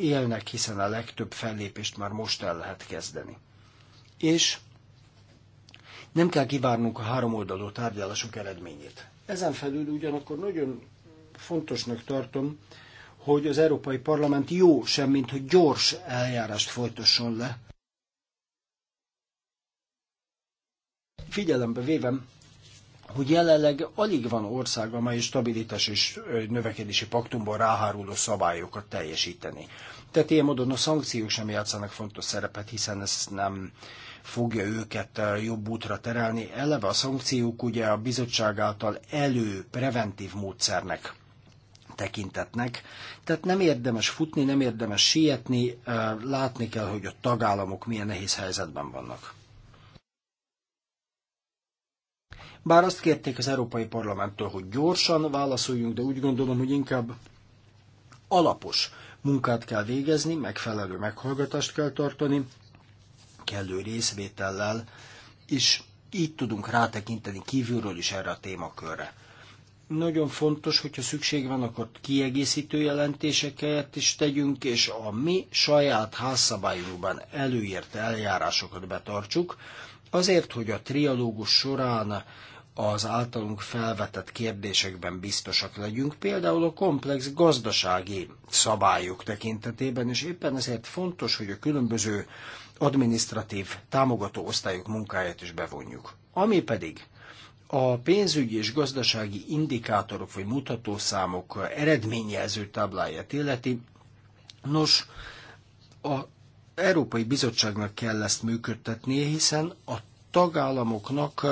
élnek, hiszen a legtöbb fellépést már most el lehet kezdeni. És nem kell kivárnunk a háromoldalú tárgyalások eredményét. Ezen felül ugyanakkor nagyon fontosnak tartom, hogy az Európai Parlament jó, semmint hogy gyors eljárást folytasson le, figyelembe vévem, hogy jelenleg alig van ország, amely stabilitás és növekedési paktumban ráháruló szabályokat teljesíteni. Tehát ilyen módon a szankciók sem játszanak fontos szerepet, hiszen ez nem fogja őket jobb útra terelni. Eleve a szankciók ugye a bizottság által elő preventív módszernek tekintetnek. Tehát nem érdemes futni, nem érdemes sietni, látni kell, hogy a tagállamok milyen nehéz helyzetben vannak. Bár azt kérték az Európai Parlamenttől, hogy gyorsan válaszoljunk, de úgy gondolom, hogy inkább alapos munkát kell végezni, megfelelő meghallgatást kell tartani, kellő részvétellel, és így tudunk rátekinteni kívülről is erre a témakörre. Nagyon fontos, hogyha szükség van, akkor kiegészítő jelentéseket is tegyünk, és a mi saját házszabályunkban előírt eljárásokat betartsuk, azért, hogy a trialógus során az általunk felvetett kérdésekben biztosak legyünk, például a komplex gazdasági szabályok tekintetében, és éppen ezért fontos, hogy a különböző administratív támogató osztályok munkáját is bevonjuk. Ami pedig a pénzügyi és gazdasági indikátorok vagy mutatószámok eredményjelző tábláját illeti, nos, a Európai Bizottságnak kell ezt működtetnie, hiszen a tagállamoknak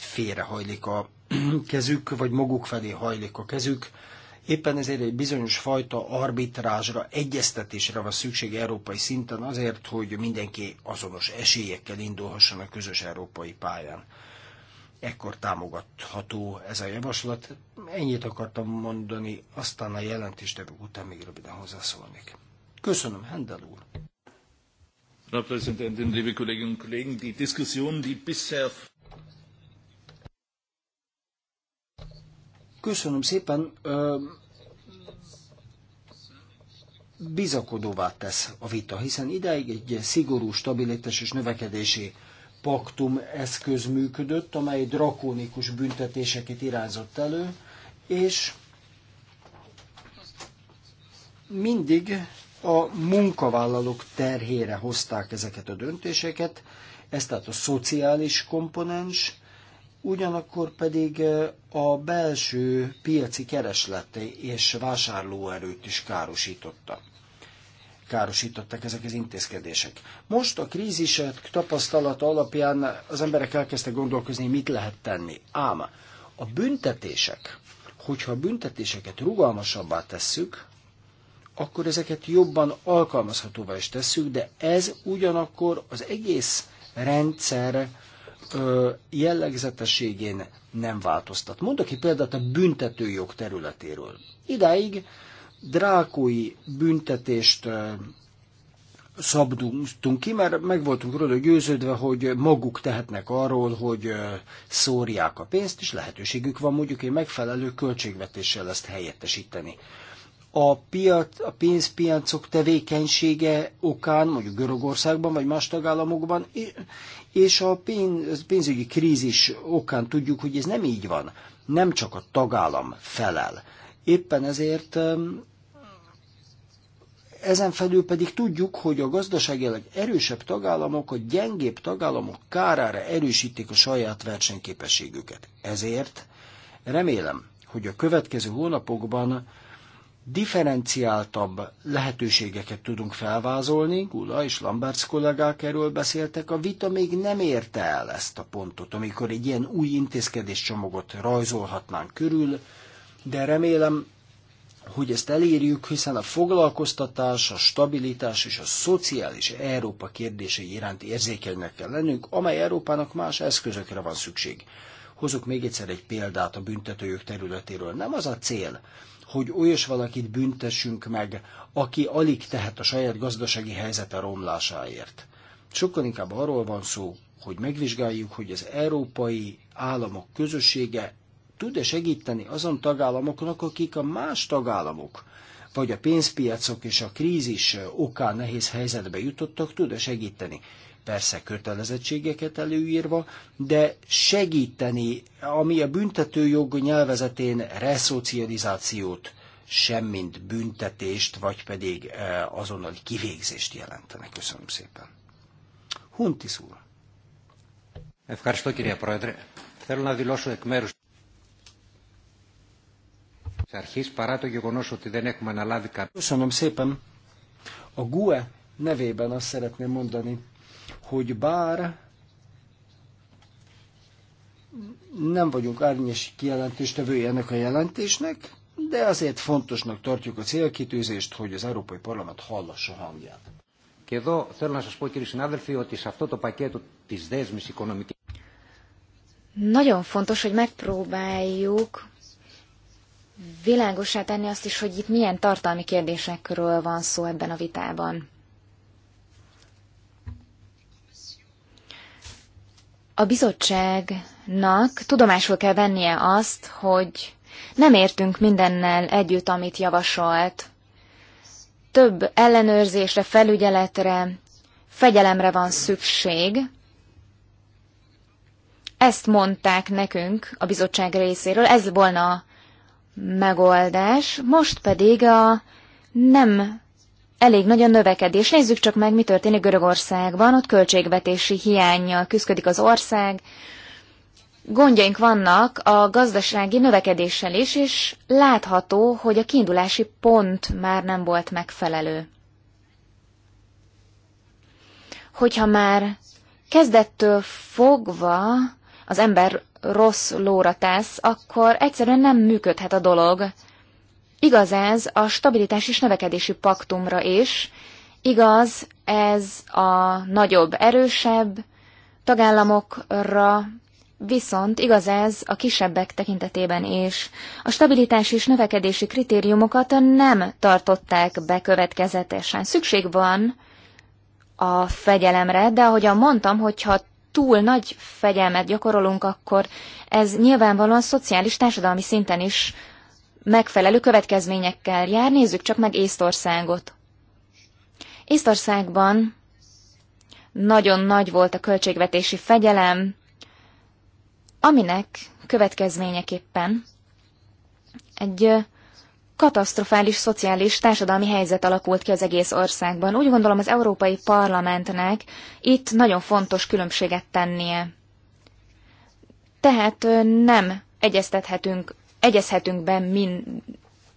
félrehajlik a *clears throat* kezük, vagy maguk felé hajlik a kezük. Éppen ezért egy bizonyos fajta arbitrázsra, egyeztetésre van szükség európai szinten azért, hogy mindenki azonos esélyekkel indulhasson a közös európai pályán. Ekkor támogatható ez a javaslat. Ennyit akartam mondani, aztán a jelentéstevő után még röviden hozzászólnék. Köszönöm, Hendel úr! Frau Präsidentin, liebe Kolleginnen und Kollegen, die Diskussion, die bisher Köszönöm szépen, bizakodóvá tesz a vita, hiszen ideig egy szigorú stabilitás és növekedési paktum eszköz működött, amely drakónikus büntetéseket irányzott elő, és mindig a munkavállalók terhére hozták ezeket a döntéseket, ez tehát a szociális komponens, ugyanakkor pedig a belső piaci keresleti és vásárlóerőt is károsította. Károsítottak ezek az intézkedések. Most a krízisek tapasztalata alapján az emberek elkezdtek gondolkozni, mit lehet tenni. Ám a büntetések, hogyha a büntetéseket rugalmasabbá tesszük, akkor ezeket jobban alkalmazhatóvá is tesszük, de ez ugyanakkor az egész rendszer jellegzetességén nem változtat. Mondok egy példát a büntetőjog területéről. Idáig drákói büntetést szabdultunk ki, mert meg voltunk róla győződve, hogy maguk tehetnek arról, hogy szórják a pénzt, és lehetőségük van mondjuk egy megfelelő költségvetéssel ezt helyettesíteni. A, piac, a pénzpiacok tevékenysége okán, mondjuk Görögországban vagy más tagállamokban és a pénz, pénzügyi krízis okán tudjuk, hogy ez nem így van. Nem csak a tagállam felel. Éppen ezért ezen felül pedig tudjuk, hogy a gazdaságilag erősebb tagállamok a gyengébb tagállamok kárára erősítik a saját versenyképességüket. Ezért remélem, hogy a következő hónapokban differenciáltabb lehetőségeket tudunk felvázolni, Gula és Lamberts kollégák erről beszéltek, a vita még nem érte el ezt a pontot, amikor egy ilyen új intézkedéscsomagot rajzolhatnánk körül, de remélem, hogy ezt elérjük, hiszen a foglalkoztatás, a stabilitás és a szociális Európa kérdései iránt érzékenynek kell lennünk, amely Európának más eszközökre van szükség. Hozok még egyszer egy példát a büntetőjog területéről. Nem az a cél, hogy olyas valakit büntessünk meg, aki alig tehet a saját gazdasági helyzete romlásáért. Sokkal inkább arról van szó, hogy megvizsgáljuk, hogy az európai államok közössége tud-e segíteni azon tagállamoknak, akik a más tagállamok, vagy a pénzpiacok és a krízis okán nehéz helyzetbe jutottak, tud-e segíteni persze kötelezettségeket előírva, de segíteni, ami a büntetőjog nyelvezetén reszocializációt, semmint büntetést, vagy pedig eh, azonnali kivégzést jelentene. Köszönöm szépen. Huntis úr. Köszönöm szépen. A GUE nevében azt szeretném mondani, hogy bár nem vagyunk árnyes kijelentéstevői ennek a jelentésnek, de azért fontosnak tartjuk a célkitűzést, hogy az Európai Parlament hallassa hangját. Nagyon fontos, hogy megpróbáljuk világosá tenni azt is, hogy itt milyen tartalmi kérdésekről van szó ebben a vitában. A bizottságnak tudomásul kell vennie azt, hogy nem értünk mindennel együtt, amit javasolt. Több ellenőrzésre, felügyeletre, fegyelemre van szükség. Ezt mondták nekünk a bizottság részéről, ez volna a megoldás, most pedig a nem elég nagy a növekedés. Nézzük csak meg, mi történik Görögországban. Ott költségvetési hiányjal küzdik az ország. Gondjaink vannak a gazdasági növekedéssel is, és látható, hogy a kiindulási pont már nem volt megfelelő. Hogyha már kezdettől fogva az ember rossz lóra tesz, akkor egyszerűen nem működhet a dolog. Igaz ez a stabilitás és növekedési paktumra is, igaz ez a nagyobb, erősebb tagállamokra, viszont igaz ez a kisebbek tekintetében is. A stabilitás és növekedési kritériumokat nem tartották be következetesen. Szükség van a fegyelemre, de ahogyan mondtam, hogyha túl nagy fegyelmet gyakorolunk, akkor ez nyilvánvalóan szociális, társadalmi szinten is megfelelő következményekkel jár. Nézzük csak meg Észtországot. Észtországban nagyon nagy volt a költségvetési fegyelem, aminek következményeképpen egy katasztrofális szociális társadalmi helyzet alakult ki az egész országban. Úgy gondolom az Európai Parlamentnek itt nagyon fontos különbséget tennie. Tehát nem egyeztethetünk egyezhetünk be min,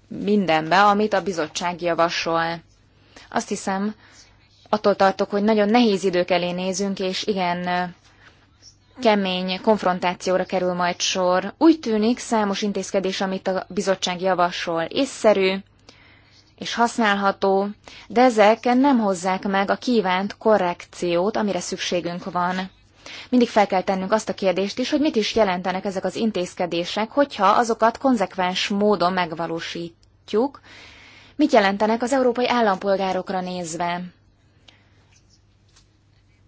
mindenbe, amit a bizottság javasol. Azt hiszem, attól tartok, hogy nagyon nehéz idők elé nézünk, és igen, kemény konfrontációra kerül majd sor. Úgy tűnik, számos intézkedés, amit a bizottság javasol, észszerű és használható, de ezek nem hozzák meg a kívánt korrekciót, amire szükségünk van mindig fel kell tennünk azt a kérdést is, hogy mit is jelentenek ezek az intézkedések, hogyha azokat konzekvens módon megvalósítjuk, mit jelentenek az európai állampolgárokra nézve.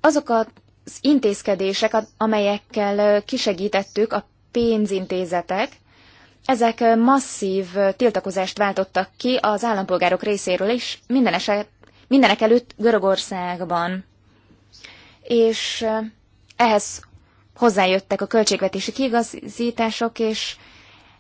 Azok az intézkedések, amelyekkel kisegítettük a pénzintézetek, ezek masszív tiltakozást váltottak ki az állampolgárok részéről is, minden eset, mindenek előtt Görögországban. És ehhez hozzájöttek a költségvetési kiigazítások, és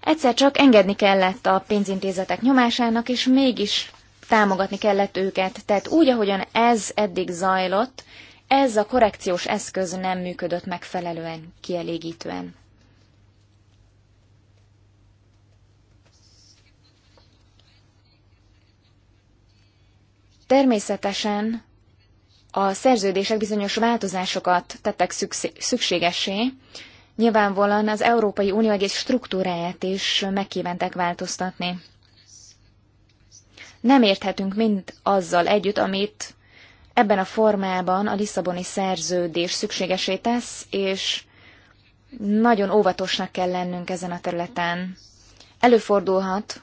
egyszer csak engedni kellett a pénzintézetek nyomásának, és mégis támogatni kellett őket. Tehát úgy, ahogyan ez eddig zajlott, ez a korrekciós eszköz nem működött megfelelően, kielégítően. Természetesen a szerződések bizonyos változásokat tettek szükségessé, nyilvánvalóan az Európai Unió egész struktúráját is megkívántak változtatni. Nem érthetünk mind azzal együtt, amit ebben a formában a Lisszaboni szerződés szükségesé tesz, és nagyon óvatosnak kell lennünk ezen a területen. Előfordulhat,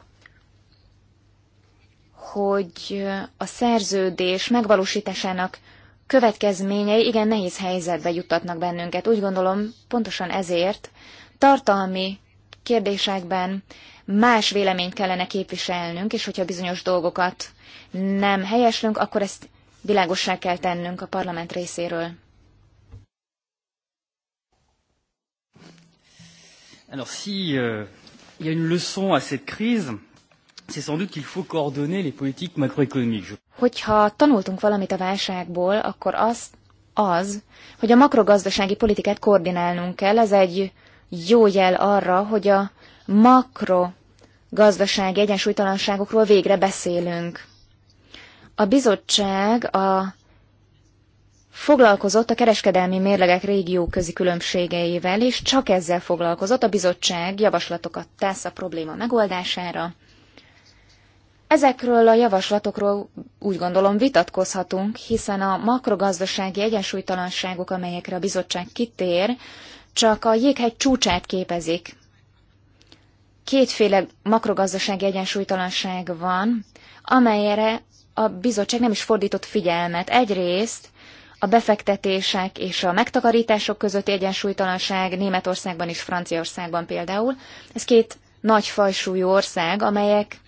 hogy a szerződés megvalósításának következményei igen nehéz helyzetbe juttatnak bennünket. Úgy gondolom, pontosan ezért tartalmi kérdésekben más véleményt kellene képviselnünk, és hogyha bizonyos dolgokat nem helyeslünk, akkor ezt világossá kell tennünk a parlament részéről. Alors si euh, il y a une leçon à cette crise, Hogyha tanultunk valamit a válságból, akkor az, az, hogy a makrogazdasági politikát koordinálnunk kell, ez egy jó jel arra, hogy a makro gazdasági egyensúlytalanságokról végre beszélünk. A bizottság a foglalkozott a kereskedelmi mérlegek régió közi különbségeivel, és csak ezzel foglalkozott. A bizottság javaslatokat tesz a probléma megoldására, Ezekről a javaslatokról úgy gondolom vitatkozhatunk, hiszen a makrogazdasági egyensúlytalanságok, amelyekre a bizottság kitér, csak a jéghegy csúcsát képezik. Kétféle makrogazdasági egyensúlytalanság van, amelyre a bizottság nem is fordított figyelmet. Egyrészt a befektetések és a megtakarítások közötti egyensúlytalanság Németországban és Franciaországban például. Ez két nagy fajsúlyú ország, amelyek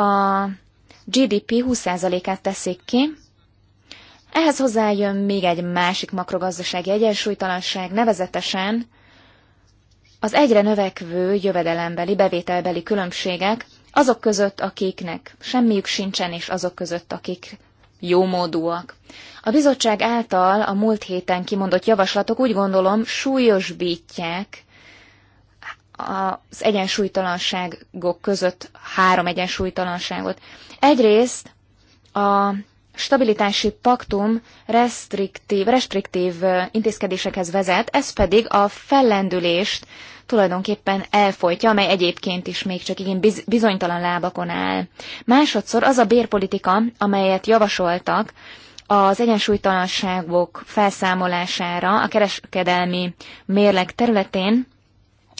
a GDP 20%-át teszik ki. Ehhez hozzájön még egy másik makrogazdasági egyensúlytalanság, nevezetesen az egyre növekvő jövedelembeli, bevételbeli különbségek azok között, akiknek semmiük sincsen, és azok között, akik módúak. A bizottság által a múlt héten kimondott javaslatok úgy gondolom súlyosbítják az egyensúlytalanságok között három egyensúlytalanságot. Egyrészt a stabilitási paktum restriktív, restriktív intézkedésekhez vezet, ez pedig a fellendülést tulajdonképpen elfolytja, amely egyébként is még csak igen bizonytalan lábakon áll. Másodszor az a bérpolitika, amelyet javasoltak az egyensúlytalanságok felszámolására a kereskedelmi mérleg területén,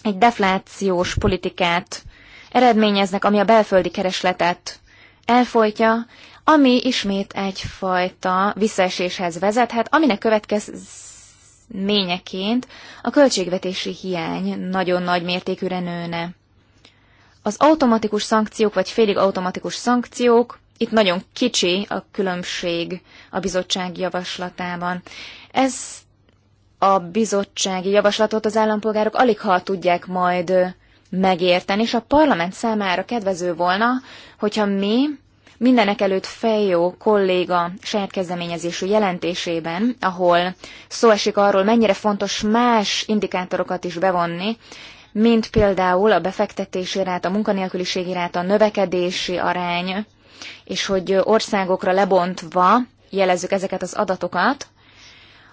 egy deflációs politikát eredményeznek, ami a belföldi keresletet elfolytja, ami ismét egyfajta visszaeséshez vezethet, aminek következményeként a költségvetési hiány nagyon nagy mértékűre nőne. Az automatikus szankciók vagy félig automatikus szankciók, itt nagyon kicsi a különbség a bizottság javaslatában. Ezt a bizottsági javaslatot az állampolgárok alig ha tudják majd megérteni, és a parlament számára kedvező volna, hogyha mi mindenek előtt Fejó kolléga saját kezdeményezésű jelentésében, ahol szó esik arról, mennyire fontos más indikátorokat is bevonni, mint például a befektetési ráta, a munkanélküliségi ráta, a növekedési arány, és hogy országokra lebontva jelezzük ezeket az adatokat,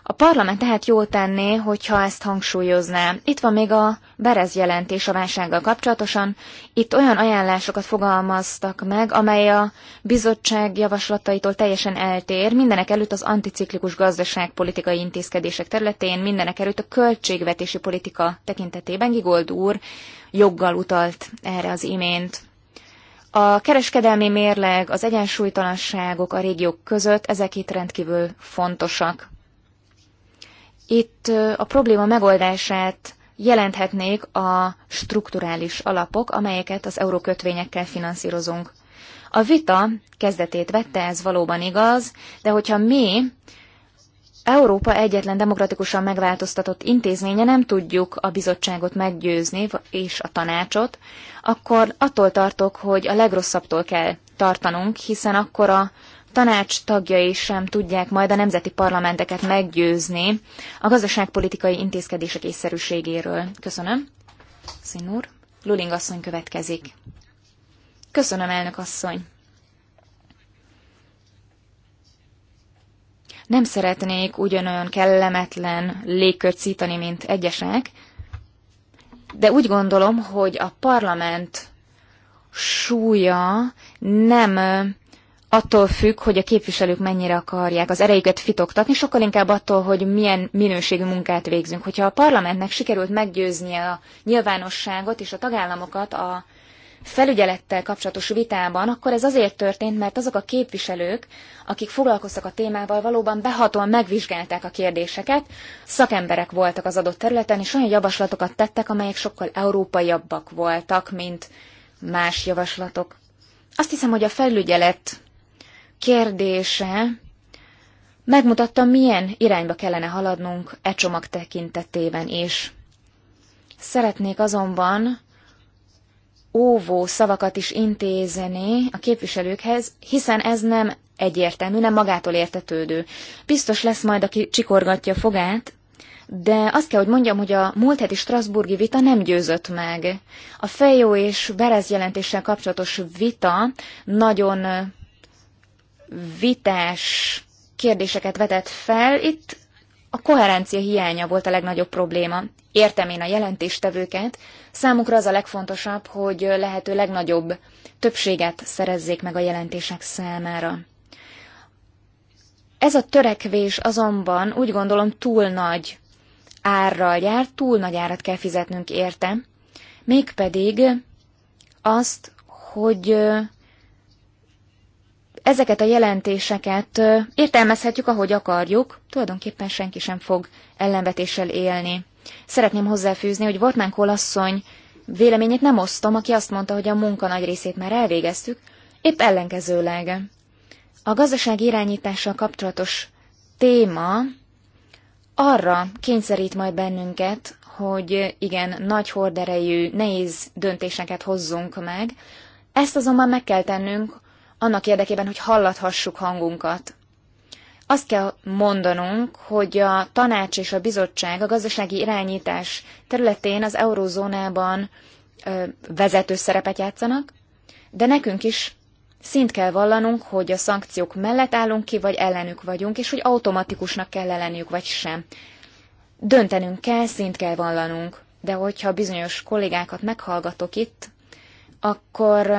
a parlament tehát jól tenné, hogyha ezt hangsúlyozná. Itt van még a Berez jelentés a válsággal kapcsolatosan. Itt olyan ajánlásokat fogalmaztak meg, amely a bizottság javaslataitól teljesen eltér, mindenek előtt az anticiklikus gazdaságpolitikai intézkedések területén, mindenek előtt a költségvetési politika tekintetében Gigold úr joggal utalt erre az imént. A kereskedelmi mérleg, az egyensúlytalanságok a régiók között, ezek itt rendkívül fontosak. Itt a probléma megoldását jelenthetnék a strukturális alapok, amelyeket az eurókötvényekkel finanszírozunk. A vita kezdetét vette, ez valóban igaz, de hogyha mi Európa egyetlen demokratikusan megváltoztatott intézménye nem tudjuk a bizottságot meggyőzni, és a tanácsot, akkor attól tartok, hogy a legrosszabbtól kell tartanunk, hiszen akkor a tanács tagjai sem tudják majd a nemzeti parlamenteket meggyőzni a gazdaságpolitikai intézkedések észszerűségéről. Köszönöm. úr. Luling asszony következik. Köszönöm, elnök asszony. Nem szeretnék ugyanolyan kellemetlen légkört szítani, mint egyesek, de úgy gondolom, hogy a parlament súlya nem attól függ, hogy a képviselők mennyire akarják az erejüket fitoktatni, sokkal inkább attól, hogy milyen minőségű munkát végzünk. Hogyha a parlamentnek sikerült meggyőznie a nyilvánosságot és a tagállamokat a felügyelettel kapcsolatos vitában, akkor ez azért történt, mert azok a képviselők, akik foglalkoztak a témával, valóban behatóan megvizsgálták a kérdéseket, szakemberek voltak az adott területen, és olyan javaslatokat tettek, amelyek sokkal európaiabbak voltak, mint más javaslatok. Azt hiszem, hogy a felügyelet kérdése megmutatta, milyen irányba kellene haladnunk e csomag tekintetében is. Szeretnék azonban óvó szavakat is intézeni a képviselőkhez, hiszen ez nem egyértelmű, nem magától értetődő. Biztos lesz majd, aki csikorgatja fogát, de azt kell, hogy mondjam, hogy a múlt heti Strasburgi vita nem győzött meg. A Fejó és Berez jelentéssel kapcsolatos vita nagyon vitás kérdéseket vetett fel, itt a koherencia hiánya volt a legnagyobb probléma. Értem én a jelentéstevőket, számukra az a legfontosabb, hogy lehető legnagyobb többséget szerezzék meg a jelentések számára. Ez a törekvés azonban úgy gondolom túl nagy árral jár, túl nagy árat kell fizetnünk érte, mégpedig azt, hogy ezeket a jelentéseket értelmezhetjük, ahogy akarjuk, tulajdonképpen senki sem fog ellenvetéssel élni. Szeretném hozzáfűzni, hogy Vortmán Kolasszony véleményét nem osztom, aki azt mondta, hogy a munka nagy részét már elvégeztük, épp ellenkezőleg. A gazdaság irányítással kapcsolatos téma arra kényszerít majd bennünket, hogy igen, nagy horderejű, nehéz döntéseket hozzunk meg, ezt azonban meg kell tennünk, annak érdekében, hogy hallathassuk hangunkat. Azt kell mondanunk, hogy a tanács és a bizottság a gazdasági irányítás területén az eurózónában vezető szerepet játszanak, de nekünk is szint kell vallanunk, hogy a szankciók mellett állunk ki, vagy ellenük vagyunk, és hogy automatikusnak kell lenniük, vagy sem. Döntenünk kell, szint kell vallanunk, de hogyha bizonyos kollégákat meghallgatok itt, akkor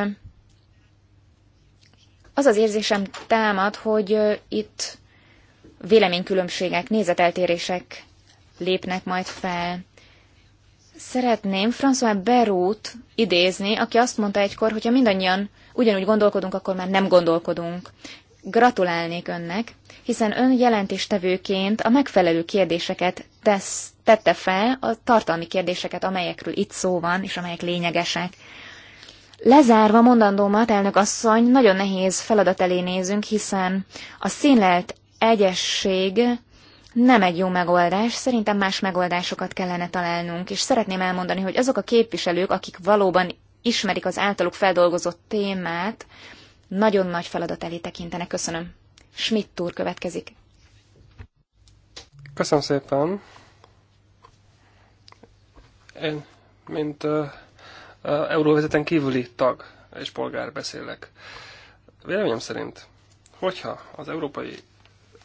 az az érzésem támad, hogy itt véleménykülönbségek, nézeteltérések lépnek majd fel. Szeretném François Berút idézni, aki azt mondta egykor, ha mindannyian ugyanúgy gondolkodunk, akkor már nem gondolkodunk. Gratulálnék önnek, hiszen ön jelentéstevőként a megfelelő kérdéseket tesz, tette fel, a tartalmi kérdéseket, amelyekről itt szó van, és amelyek lényegesek. Lezárva mondandómat, elnök asszony, nagyon nehéz feladat elé nézünk, hiszen a színlelt egyesség nem egy jó megoldás, szerintem más megoldásokat kellene találnunk, és szeretném elmondani, hogy azok a képviselők, akik valóban ismerik az általuk feldolgozott témát, nagyon nagy feladat elé tekintenek. Köszönöm. Schmidt úr következik. Köszönöm szépen. Én, mint uh euróvezeten kívüli tag és polgár beszélek. Véleményem szerint, hogyha az európai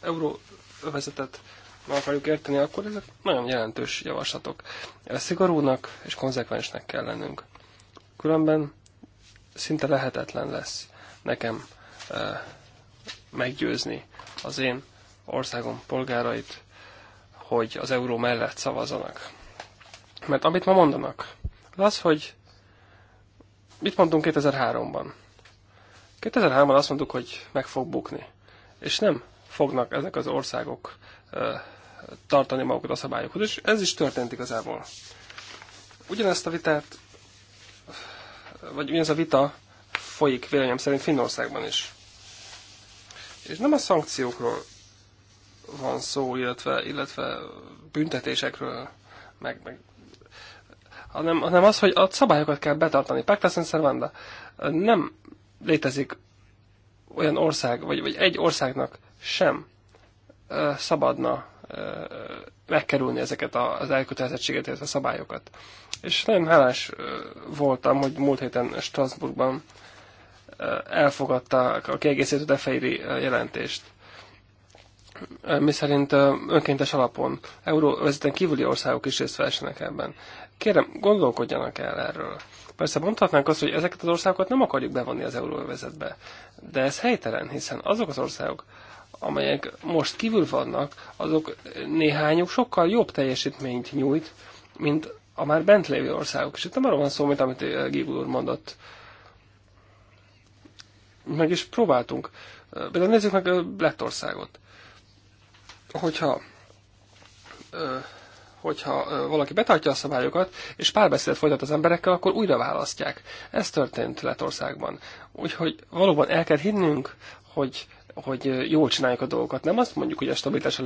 euróvezetet meg akarjuk érteni, akkor ezek nagyon jelentős javaslatok. Szigorúnak és konzekvensnek kell lennünk. Különben szinte lehetetlen lesz nekem e, meggyőzni az én országom polgárait, hogy az euró mellett szavazanak. Mert amit ma mondanak, az az, hogy mit mondtunk 2003-ban? 2003-ban azt mondtuk, hogy meg fog bukni. És nem fognak ezek az országok tartani magukat a szabályokhoz. És ez is történt igazából. Ugyanezt a vitát, vagy ugyanez a vita folyik véleményem szerint Finnországban is. És nem a szankciókról van szó, illetve, illetve büntetésekről, meg, meg hanem, hanem az, hogy a szabályokat kell betartani. Pacta sunt servanda. Nem létezik olyan ország, vagy, vagy egy országnak sem szabadna megkerülni ezeket az elkötelezettséget, illetve a szabályokat. És nagyon hálás voltam, hogy múlt héten Strasbourgban elfogadta a kiegészítő defeiri jelentést miszerint önkéntes alapon euróvezeten kívüli országok is részt vessenek ebben. Kérem, gondolkodjanak el erről. Persze mondhatnánk azt, hogy ezeket az országokat nem akarjuk bevonni az euróvezetbe, de ez helytelen, hiszen azok az országok, amelyek most kívül vannak, azok néhányuk sokkal jobb teljesítményt nyújt, mint a már bent lévő országok. És itt nem arról van szó, mint amit eh, Gigul úr mondott. Meg is próbáltunk. Eh, például nézzük meg eh, Lettországot. Hogyha hogyha valaki betartja a szabályokat, és párbeszédet folytat az emberekkel, akkor újra választják. Ez történt Letországban. Úgyhogy valóban el kell hinnünk, hogy hogy jól csináljuk a dolgokat. Nem azt mondjuk, hogy a stabilitás a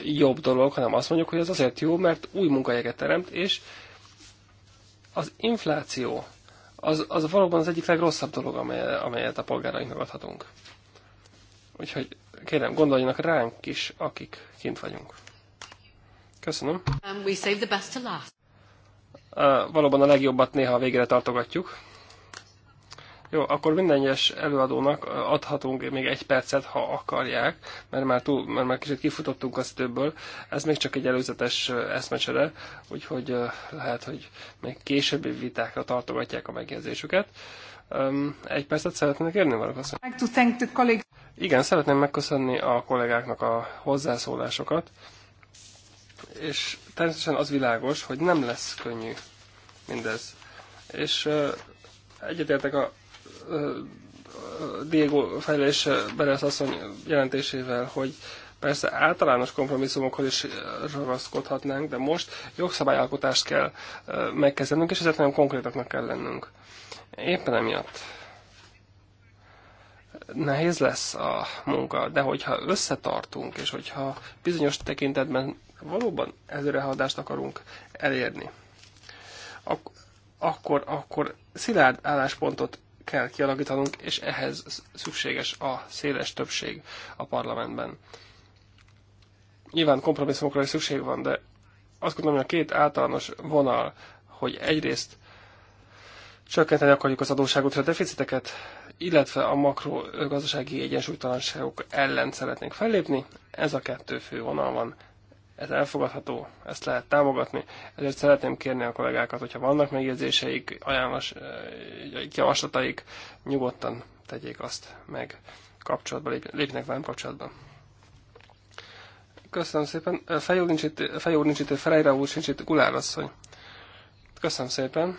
legjobb dolog, hanem azt mondjuk, hogy ez azért jó, mert új munkahelyeket teremt, és az infláció az, az valóban az egyik legrosszabb dolog, amelyet a polgárainknak adhatunk. Úgyhogy kérem, gondoljanak ránk is, akik kint vagyunk. Köszönöm. Um, we save the best to last. Uh, valóban a legjobbat néha a végére tartogatjuk. Jó, akkor minden egyes előadónak adhatunk még egy percet, ha akarják, mert már, túl, mert már kicsit kifutottunk az többből. Ez még csak egy előzetes uh, eszmecsere, úgyhogy uh, lehet, hogy még későbbi vitákra tartogatják a megjegyzésüket. Um, egy percet szeretnék érni valaki Igen, szeretném megköszönni a kollégáknak a hozzászólásokat és természetesen az világos, hogy nem lesz könnyű mindez. És uh, egyetértek a uh, Diego Fejlés Beres asszony jelentésével, hogy persze általános kompromisszumokhoz is ragaszkodhatnánk, de most jogszabályalkotást kell uh, megkezdenünk, és ezért nagyon konkrétaknak kell lennünk. Éppen emiatt nehéz lesz a munka, de hogyha összetartunk, és hogyha bizonyos tekintetben valóban előrehaladást akarunk elérni, ak- akkor, akkor szilárd álláspontot kell kialakítanunk, és ehhez szükséges a széles többség a parlamentben. Nyilván kompromisszumokra is szükség van, de azt gondolom, hogy a két általános vonal, hogy egyrészt csökkenteni akarjuk az adósságot, a deficiteket, illetve a makrogazdasági egyensúlytalanságok ellen szeretnénk fellépni. Ez a kettő fő vonal van. Ez elfogadható, ezt lehet támogatni. Ezért szeretném kérni a kollégákat, hogyha vannak megjegyzéseik, ajánlás, javaslataik, nyugodtan tegyék azt meg kapcsolatba, lépnek velem kapcsolatban. Köszönöm szépen. Fejó nincs itt, Fejó itt, úr sincs itt, Gulár asszony. Köszönöm szépen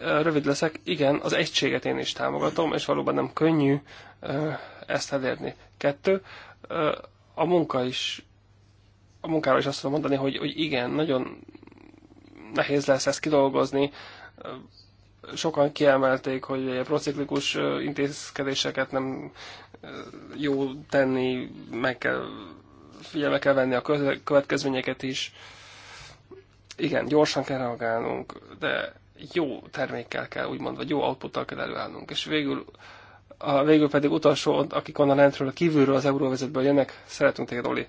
rövid leszek, igen, az egységet én is támogatom, és valóban nem könnyű ezt elérni. Kettő, a munka is a munkáról is azt tudom mondani, hogy, hogy igen, nagyon nehéz lesz ezt kidolgozni. Sokan kiemelték, hogy a prociklikus intézkedéseket nem jó tenni, meg kell, figyelme kell venni a következményeket is. Igen, gyorsan kell reagálnunk, de jó termékkel kell, úgymond, vagy jó outputtal kell előállnunk. És végül, a, végül pedig utolsó, akik onnan lentről, kívülről az euróvezetből jönnek, szeretünk téged, Oli.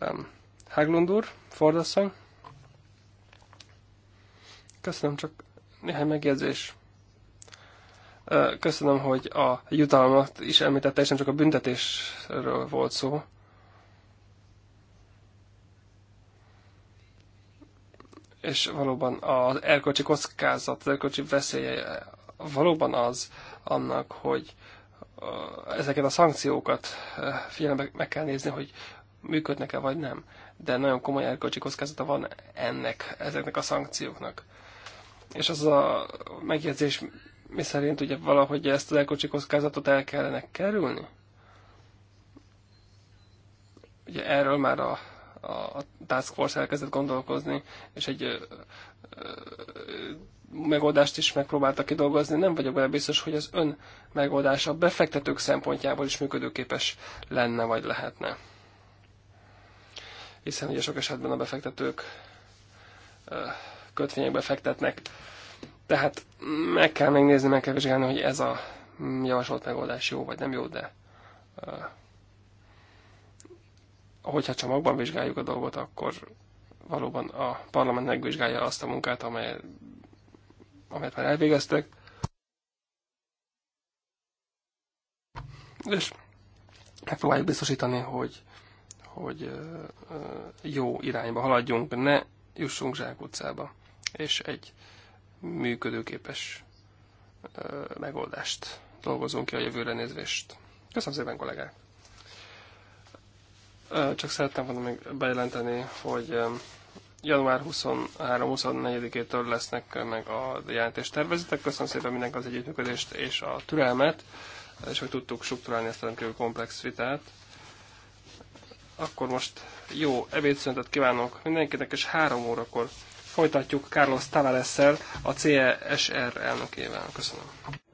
Um, Haglund úr, Ford asszony. Köszönöm, csak néhány megjegyzés. Köszönöm, hogy a jutalmat is említette, és nem csak a büntetésről volt szó. És valóban az erkölcsi kockázat, az erkölcsi veszélye valóban az annak, hogy ezeket a szankciókat figyelembe meg kell nézni, hogy működnek-e vagy nem. De nagyon komoly erkölcsi kockázata van ennek, ezeknek a szankcióknak. És az a megjegyzés, mi szerint ugye valahogy ezt az erkölcsi kockázatot el kellene kerülni? Ugye erről már a, a, a Task Force elkezdett gondolkozni, és egy ö, ö, megoldást is megpróbáltak kidolgozni. Nem vagyok benne biztos, hogy az ön megoldása a befektetők szempontjából is működőképes lenne vagy lehetne hiszen ugye sok esetben a befektetők kötvényekbe fektetnek. Tehát meg kell megnézni, meg kell vizsgálni, hogy ez a javasolt megoldás jó vagy nem jó, de hogyha csomagban vizsgáljuk a dolgot, akkor valóban a parlament megvizsgálja azt a munkát, amely, amelyet már elvégeztek. És megpróbáljuk biztosítani, hogy hogy jó irányba haladjunk, ne jussunk zsákutcába, és egy működőképes megoldást dolgozunk ki a jövőre nézvést. Köszönöm szépen, kollégák! Csak szerettem volna még bejelenteni, hogy január 23-24-től lesznek meg a jelentést tervezetek. Köszönöm szépen mindenk az együttműködést és a türelmet, és hogy tudtuk struktúrálni ezt a rendkívül komplex vitát. Akkor most jó ebédszünetet kívánok mindenkinek, és három órakor folytatjuk Carlos tavares a CSR e elnökével. Köszönöm.